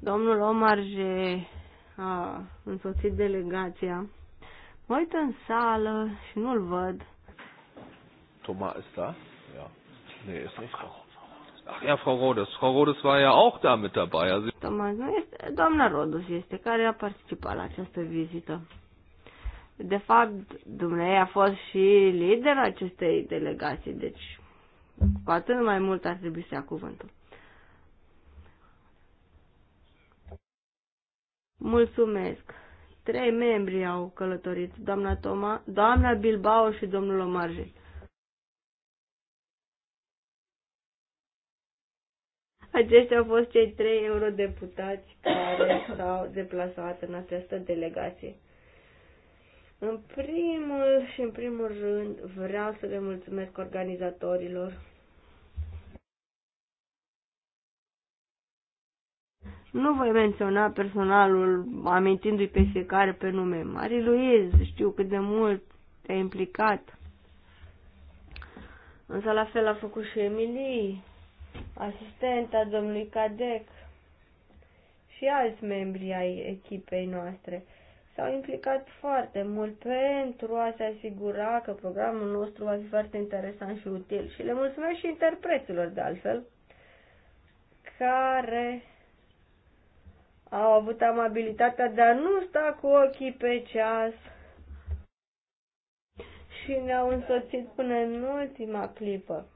Domnul Omarje a însoțit delegația. Mă uit în sală și nu-l văd. Toma ăsta? Nee, ist nicht Frau Rodes. Ach ja, Frau Rodes. Frau Rodes war ja auch da mit dabei. Also... Tocmai, nu este, doamna Rodos este care a participat la această vizită. De fapt, dumneavoastră a fost și lider acestei delegații, deci cu atât mai mult ar trebui să ia cuvântul. Mulțumesc. Trei membri au călătorit, doamna Toma, doamna Bilbao și domnul Omarje. Aceștia au fost cei trei eurodeputați care s-au deplasat în această delegație. În primul și în primul rând vreau să le mulțumesc organizatorilor. Nu voi menționa personalul amintindu-i pe fiecare pe nume. Marie Luiz, știu cât de mult te-ai implicat. Însă la fel a făcut și Emilie asistenta domnului Cadec și alți membri ai echipei noastre s-au implicat foarte mult pentru a se asigura că programul nostru va fi foarte interesant și util. Și le mulțumesc și interpreților, de altfel, care au avut amabilitatea de a nu sta cu ochii pe ceas și ne-au însoțit până în ultima clipă.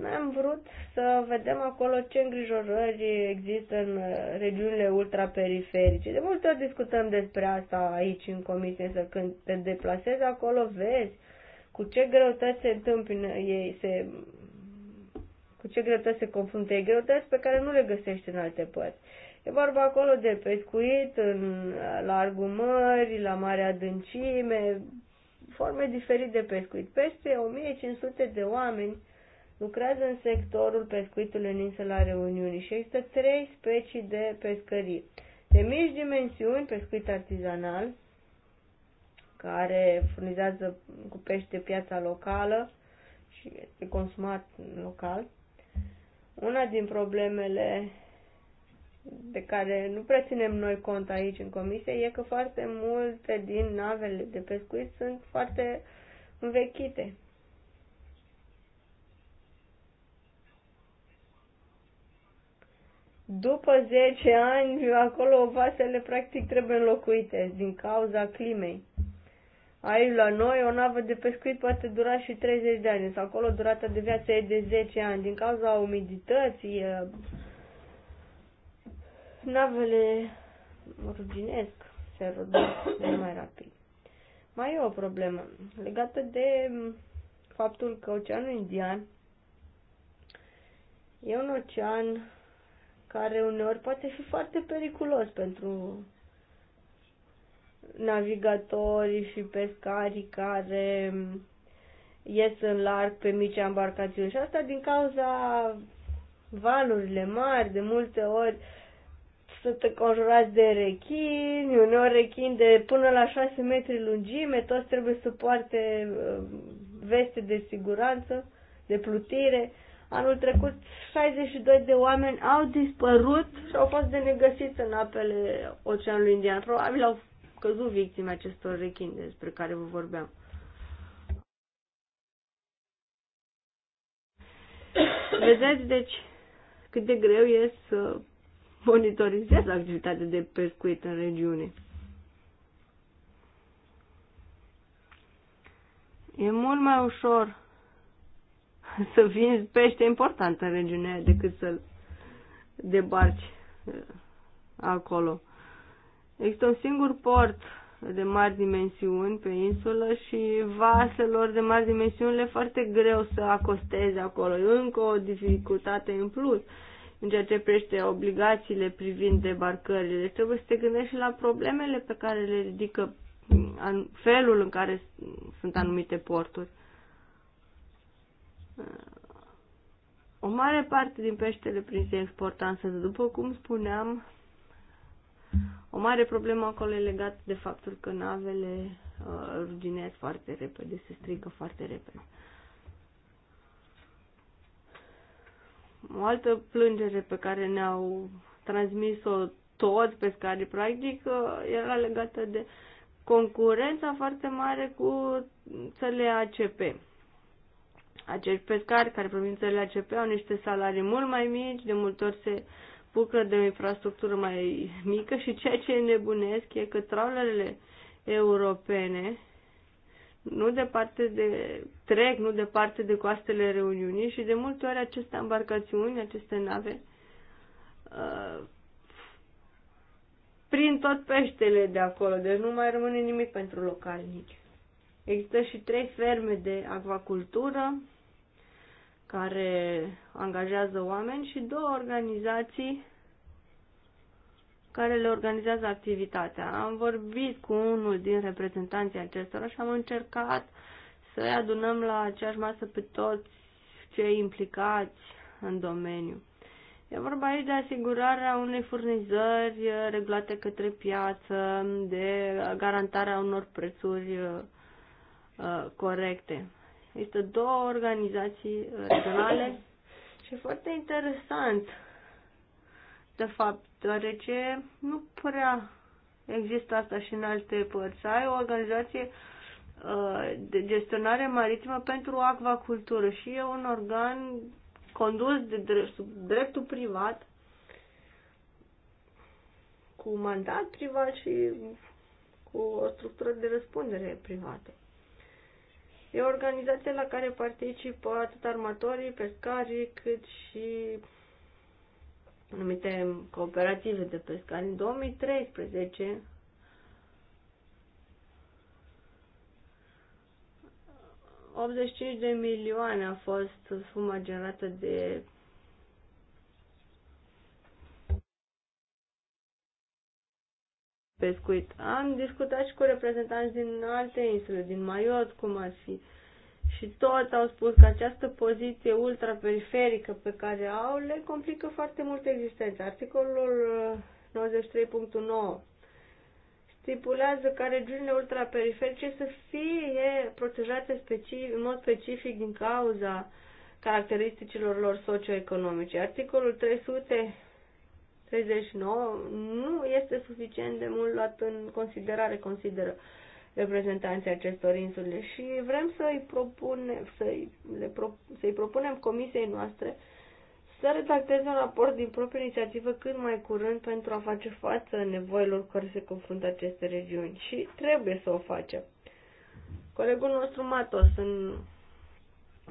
Noi am vrut să vedem acolo ce îngrijorări există în uh, regiunile ultraperiferice. De multe ori discutăm despre asta aici în comisie, să când te deplasezi acolo vezi cu ce greutăți se întâmplă ei, se, cu ce greutăți se confruntă ei, greutăți pe care nu le găsești în alte părți. E vorba acolo de pescuit în uh, largul mării, la mare adâncime, forme diferite de pescuit. Peste 1500 de oameni lucrează în sectorul pescuitului în insula Reuniunii și există trei specii de pescării. De mici dimensiuni, pescuit artizanal, care furnizează cu pește piața locală și este consumat local. Una din problemele de care nu prea ținem noi cont aici în comisie e că foarte multe din navele de pescuit sunt foarte învechite După 10 ani, acolo vasele practic trebuie înlocuite din cauza climei. Aici la noi o navă de pescuit poate dura și 30 de ani, sau acolo durata de viață e de 10 ani. Din cauza umidității, navele ruginesc, se rodesc mai rapid. Mai e o problemă legată de faptul că Oceanul Indian e un ocean care uneori poate fi foarte periculos pentru navigatorii și pescarii care ies în larg pe mici embarcațiuni. Și asta din cauza valurile mari, de multe ori să te conjurați de rechini, uneori rechini de până la 6 metri lungime, toți trebuie să poarte uh, veste de siguranță, de plutire. Anul trecut 62 de oameni au dispărut și au fost de negăsiți în apele Oceanului Indian. Probabil au căzut victime acestor rechini despre care vă vorbeam. Vedeți, deci, cât de greu e să monitorizez activitatea de pescuit în regiune. E mult mai ușor să vinzi pește important în regiunea decât să-l debarci uh, acolo. Există un singur port de mari dimensiuni pe insulă și vaselor de mari dimensiuni le foarte greu să acosteze acolo. E încă o dificultate în plus în ceea ce privește obligațiile privind debarcările. Deci trebuie să te gândești și la problemele pe care le ridică mm, felul în care sunt anumite porturi. O mare parte din peștele prins e exportat, însă, după cum spuneam, o mare problemă acolo e legată de faptul că navele uh, ruginesc foarte repede, se strică foarte repede. O altă plângere pe care ne-au transmis-o toți pescarii, practic, uh, era legată de concurența foarte mare cu țările ACP. Acești pescari care provin țările ACP au niște salarii mult mai mici, de multe ori se bucură de o infrastructură mai mică și ceea ce e nebunesc e că traulerele europene nu departe de, trec nu departe de coastele Reuniunii și de multe ori aceste embarcațiuni, aceste nave, uh, prin tot peștele de acolo, deci nu mai rămâne nimic pentru localnici. Există și trei ferme de acvacultură care angajează oameni și două organizații care le organizează activitatea. Am vorbit cu unul din reprezentanții acestora și am încercat să-i adunăm la aceeași masă pe toți cei implicați în domeniu. E vorba aici de asigurarea unei furnizări uh, regulate către piață, de garantarea unor prețuri uh, uh, corecte. Există două organizații uh, regionale și e foarte interesant, de fapt, deoarece nu prea există asta și în alte părți. Ai o organizație uh, de gestionare maritimă pentru acvacultură și e un organ condus de drept, dreptul privat cu mandat privat și cu o structură de răspundere privată. E o organizație la care participă atât armatorii, pescarii, cât și anumite cooperative de pescari. În 2013 85 de milioane a fost suma generată de pescuit. Am discutat și cu reprezentanți din alte insule, din Maiot, cum ar fi. Și toți au spus că această poziție ultraperiferică pe care au le complică foarte mult existența. Articolul 93.9 uh, stipulează ca regiunile ultraperiferice să fie protejate specific, în mod specific din cauza caracteristicilor lor socioeconomice. Articolul 300 39 nu este suficient de mult luat în considerare, consideră reprezentanții acestor insule și vrem să-i propune, să-i, le pro, să-i propunem comisiei noastre să redacteze un raport din proprie inițiativă cât mai curând pentru a face față nevoilor cu care se confruntă aceste regiuni și trebuie să o facem. Colegul nostru Matos în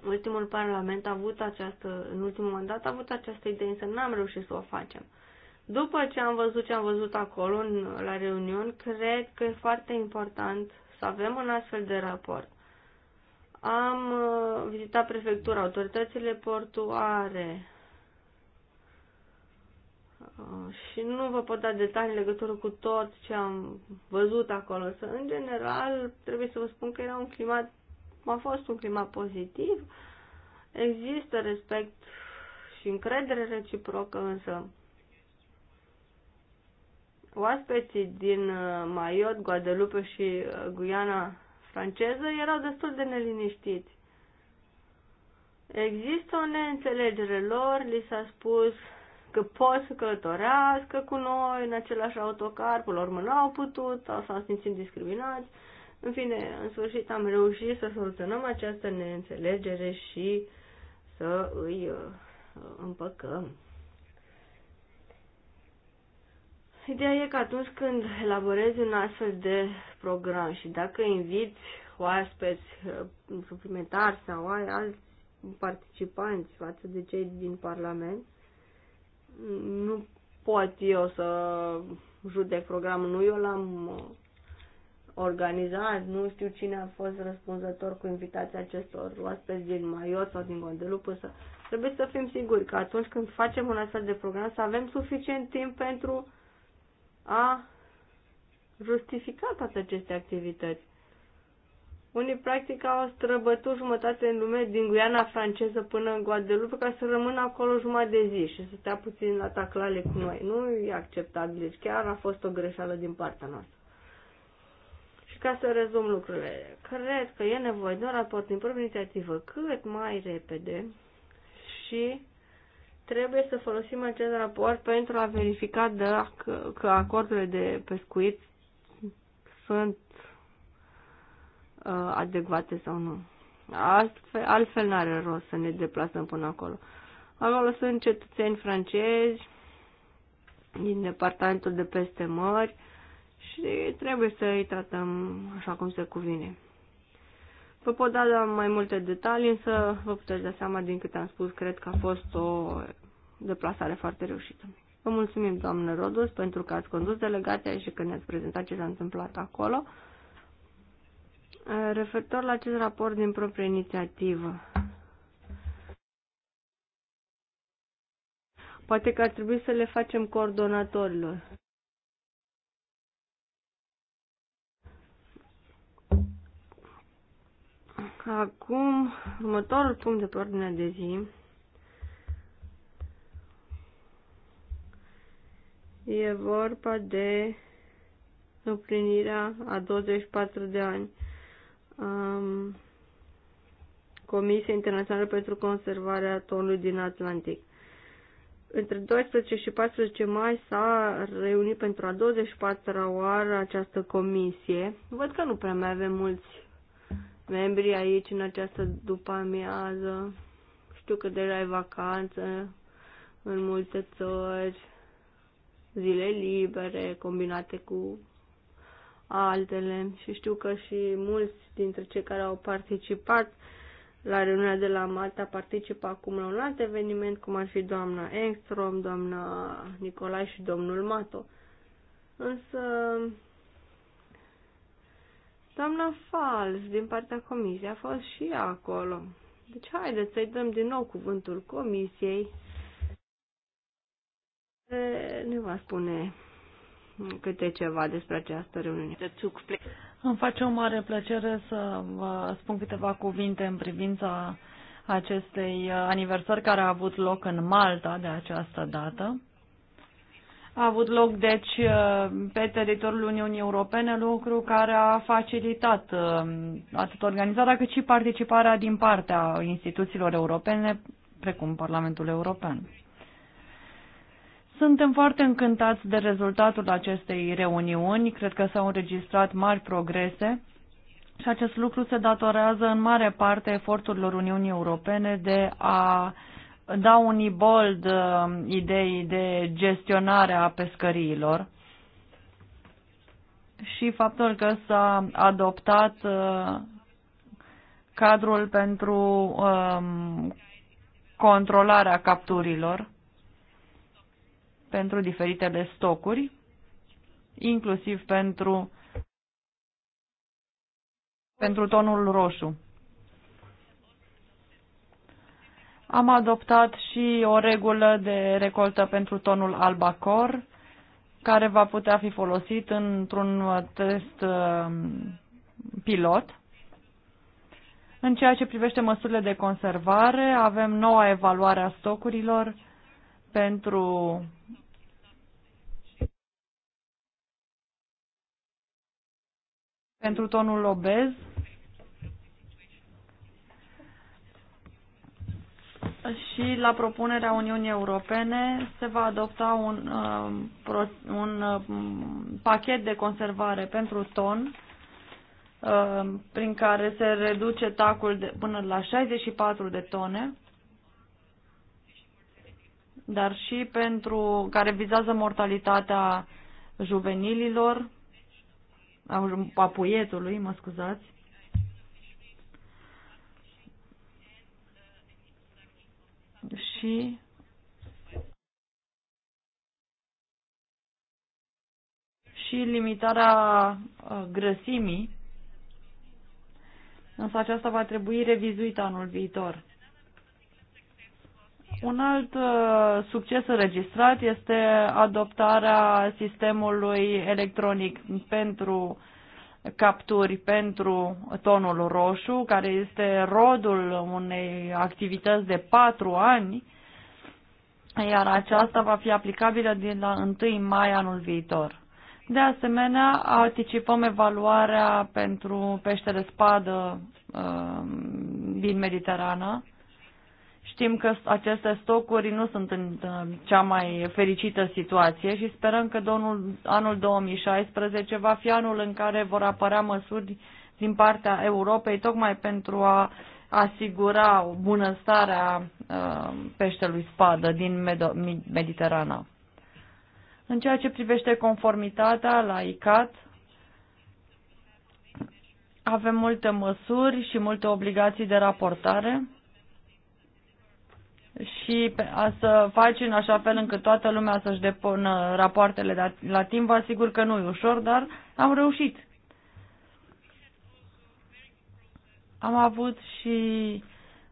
ultimul parlament a avut această, în ultimul mandat a avut această idee, însă n-am reușit să o facem. După ce am văzut ce am văzut acolo, în, la reuniuni, cred că e foarte important să avem un astfel de raport. Am uh, vizitat prefectura, autoritățile portuare uh, și nu vă pot da detalii în legătură cu tot ce am văzut acolo, Să, în general trebuie să vă spun că era un climat, a fost un climat pozitiv, există respect și încredere reciprocă, însă Oaspeții din uh, Maiot, Guadalupe și uh, Guiana franceză erau destul de neliniștiți. Există o neînțelegere lor, li s-a spus că pot să călătorească cu noi în același autocar, până la urmă au putut, sau s-au simțit discriminați. În fine, în sfârșit am reușit să soluționăm această neînțelegere și să îi uh, împăcăm. Ideea e că atunci când elaborezi un astfel de program și dacă inviți oaspeți uh, suplimentari sau ai alți participanți față de cei din Parlament, nu pot eu să judec programul, nu eu l-am uh, organizat, nu știu cine a fost răspunzător cu invitația acestor oaspeți din Maiot sau din Guadeloupe, să trebuie să fim siguri că atunci când facem un astfel de program să avem suficient timp pentru a justificat toate aceste activități. Unii practic au străbătut jumătate în lume din Guiana franceză până în Guadeloupe ca să rămână acolo jumătate de zi și să stea puțin la taclale cu noi. Nu e acceptabil, deci chiar a fost o greșeală din partea noastră. Și ca să rezum lucrurile, cred că e nevoie de un raport din proprie inițiativă cât mai repede și Trebuie să folosim acest raport pentru a verifica dacă că acordurile de pescuit sunt uh, adecvate sau nu. Altfel, altfel nu are rost să ne deplasăm până acolo. Acolo sunt cetățeni francezi din departamentul de peste mări și trebuie să îi tratăm așa cum se cuvine. Vă pot da mai multe detalii, însă vă puteți da seama din câte am spus, cred că a fost o deplasare foarte reușită. Vă mulțumim, doamnă Rodos, pentru că ați condus delegația și că ne-ați prezentat ce s-a întâmplat acolo. Referitor la acest raport din proprie inițiativă, poate că ar trebui să le facem coordonatorilor. Acum, următorul punct de pe ordinea de zi e vorba de împlinirea a 24 de ani um, Comisia Internațională pentru Conservarea Tonului din Atlantic. Între 12 și 14 mai s-a reunit pentru a 24-a oară această comisie. Văd că nu prea mai avem mulți membri aici în această după-amiază. Știu că deja ai vacanță în multe țări, zile libere combinate cu altele și știu că și mulți dintre cei care au participat la reuniunea de la Malta participă acum la un alt eveniment, cum ar fi doamna Engstrom, doamna Nicolai și domnul Mato. Însă Doamna Fals, din partea comisiei, a fost și ea acolo. Deci haideți să-i dăm din nou cuvântul comisiei. Ne va spune câte ceva despre această reuniune. Îmi face o mare plăcere să vă spun câteva cuvinte în privința acestei aniversări care a avut loc în Malta de această dată. A avut loc, deci, uh, pe teritoriul Uniunii Europene, lucru care a facilitat uh, atât organizarea cât și participarea din partea instituțiilor europene, precum Parlamentul European. Suntem foarte încântați de rezultatul acestei reuniuni. Cred că s-au înregistrat mari progrese și acest lucru se datorează în mare parte eforturilor Uniunii Europene de a dau bold uh, idei de gestionare a pescăriilor și faptul că s-a adoptat uh, cadrul pentru uh, controlarea capturilor pentru diferitele stocuri, inclusiv pentru, pentru tonul roșu. Am adoptat și o regulă de recoltă pentru tonul albacor, care va putea fi folosit într-un uh, test um, pilot. În ceea ce privește măsurile de conservare, avem noua evaluare a stocurilor pentru pentru tonul obez și la propunerea Uniunii Europene se va adopta un, um, un um, pachet de conservare pentru ton um, prin care se reduce tacul de, până la 64 de tone, dar și pentru care vizează mortalitatea juvenililor, a puietului, mă scuzați, și și limitarea uh, grăsimii, însă aceasta va trebui revizuită anul viitor. Un alt uh, succes înregistrat este adoptarea sistemului electronic pentru capturi pentru tonul roșu, care este rodul unei activități de patru ani, iar aceasta va fi aplicabilă din la 1 mai anul viitor. De asemenea, anticipăm evaluarea pentru peștele spadă uh, din Mediterana, Știm că aceste stocuri nu sunt în uh, cea mai fericită situație și sperăm că domnul, anul 2016 va fi anul în care vor apărea măsuri din partea Europei tocmai pentru a asigura bunăstarea uh, peștelui spadă din Mediterana. În ceea ce privește conformitatea la ICAT, avem multe măsuri și multe obligații de raportare și a să faci în așa fel încât toată lumea să-și depună rapoartele la, timp, vă asigur că nu e ușor, dar am reușit. Am avut și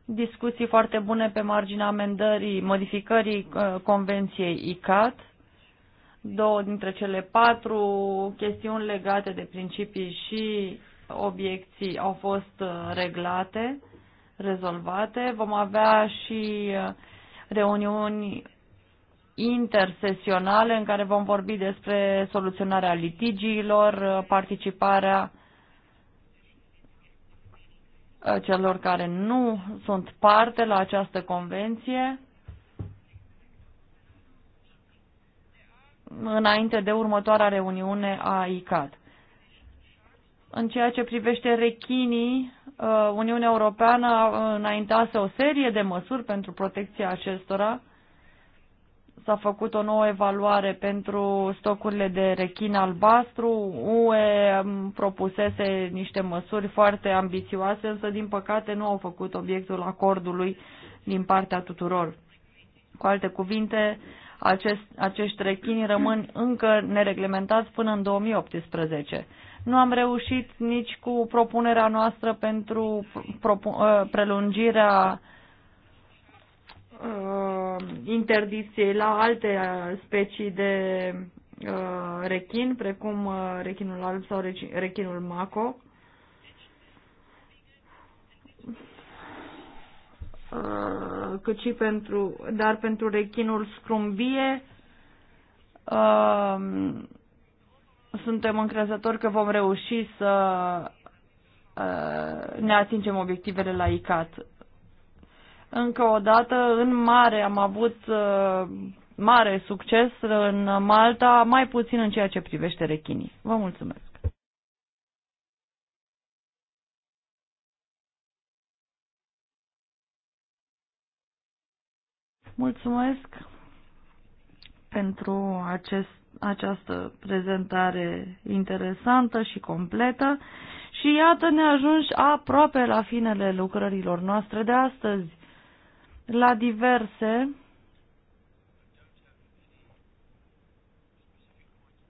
discuții foarte bune pe marginea amendării, modificării uh, Convenției ICAT, două dintre cele patru chestiuni legate de principii și obiecții au fost uh, reglate rezolvate. Vom avea și uh, reuniuni intersesionale în care vom vorbi despre soluționarea litigiilor, uh, participarea uh, celor care nu sunt parte la această convenție înainte de următoarea reuniune a ICAT. În ceea ce privește rechinii, Uh, Uniunea Europeană înaintase o serie de măsuri pentru protecția acestora. S-a făcut o nouă evaluare pentru stocurile de rechin albastru. UE propusese niște măsuri foarte ambițioase, însă din păcate nu au făcut obiectul acordului din partea tuturor. Cu alte cuvinte, acest, acești rechini rămân încă nereglementați până în 2018. Nu am reușit nici cu propunerea noastră pentru ă, prelungirea ă, interdicției la alte specii de ă, rechin, precum rechinul alb sau rechinul maco. cât și pentru, dar pentru rechinul scrumbie, suntem încrezători că vom reuși să ă, ne atingem obiectivele la ICAT. Încă o dată, în mare am avut ă, mare succes în Malta, mai puțin în ceea ce privește rechinii. Vă mulțumesc! Mulțumesc pentru acest această prezentare interesantă și completă și iată ne ajungi aproape la finele lucrărilor noastre de astăzi. La diverse,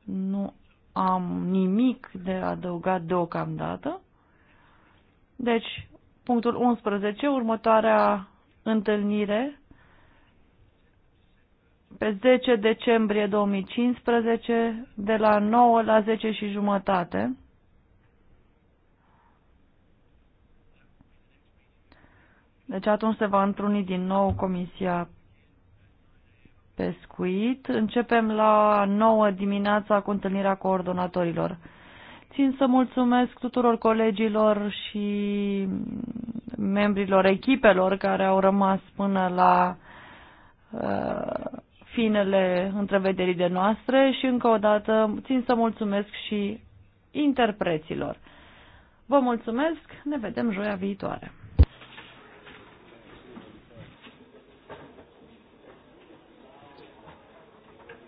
nu am nimic de adăugat deocamdată. Deci, punctul 11, următoarea întâlnire pe 10 decembrie 2015 de la 9 la 10 și jumătate. Deci atunci se va întruni din nou Comisia Pescuit. Începem la 9 dimineața cu întâlnirea coordonatorilor. Țin să mulțumesc tuturor colegilor și membrilor echipelor care au rămas până la uh, finele întrevederii de noastre și încă o dată țin să mulțumesc și interpreților. Vă mulțumesc, ne vedem joia viitoare.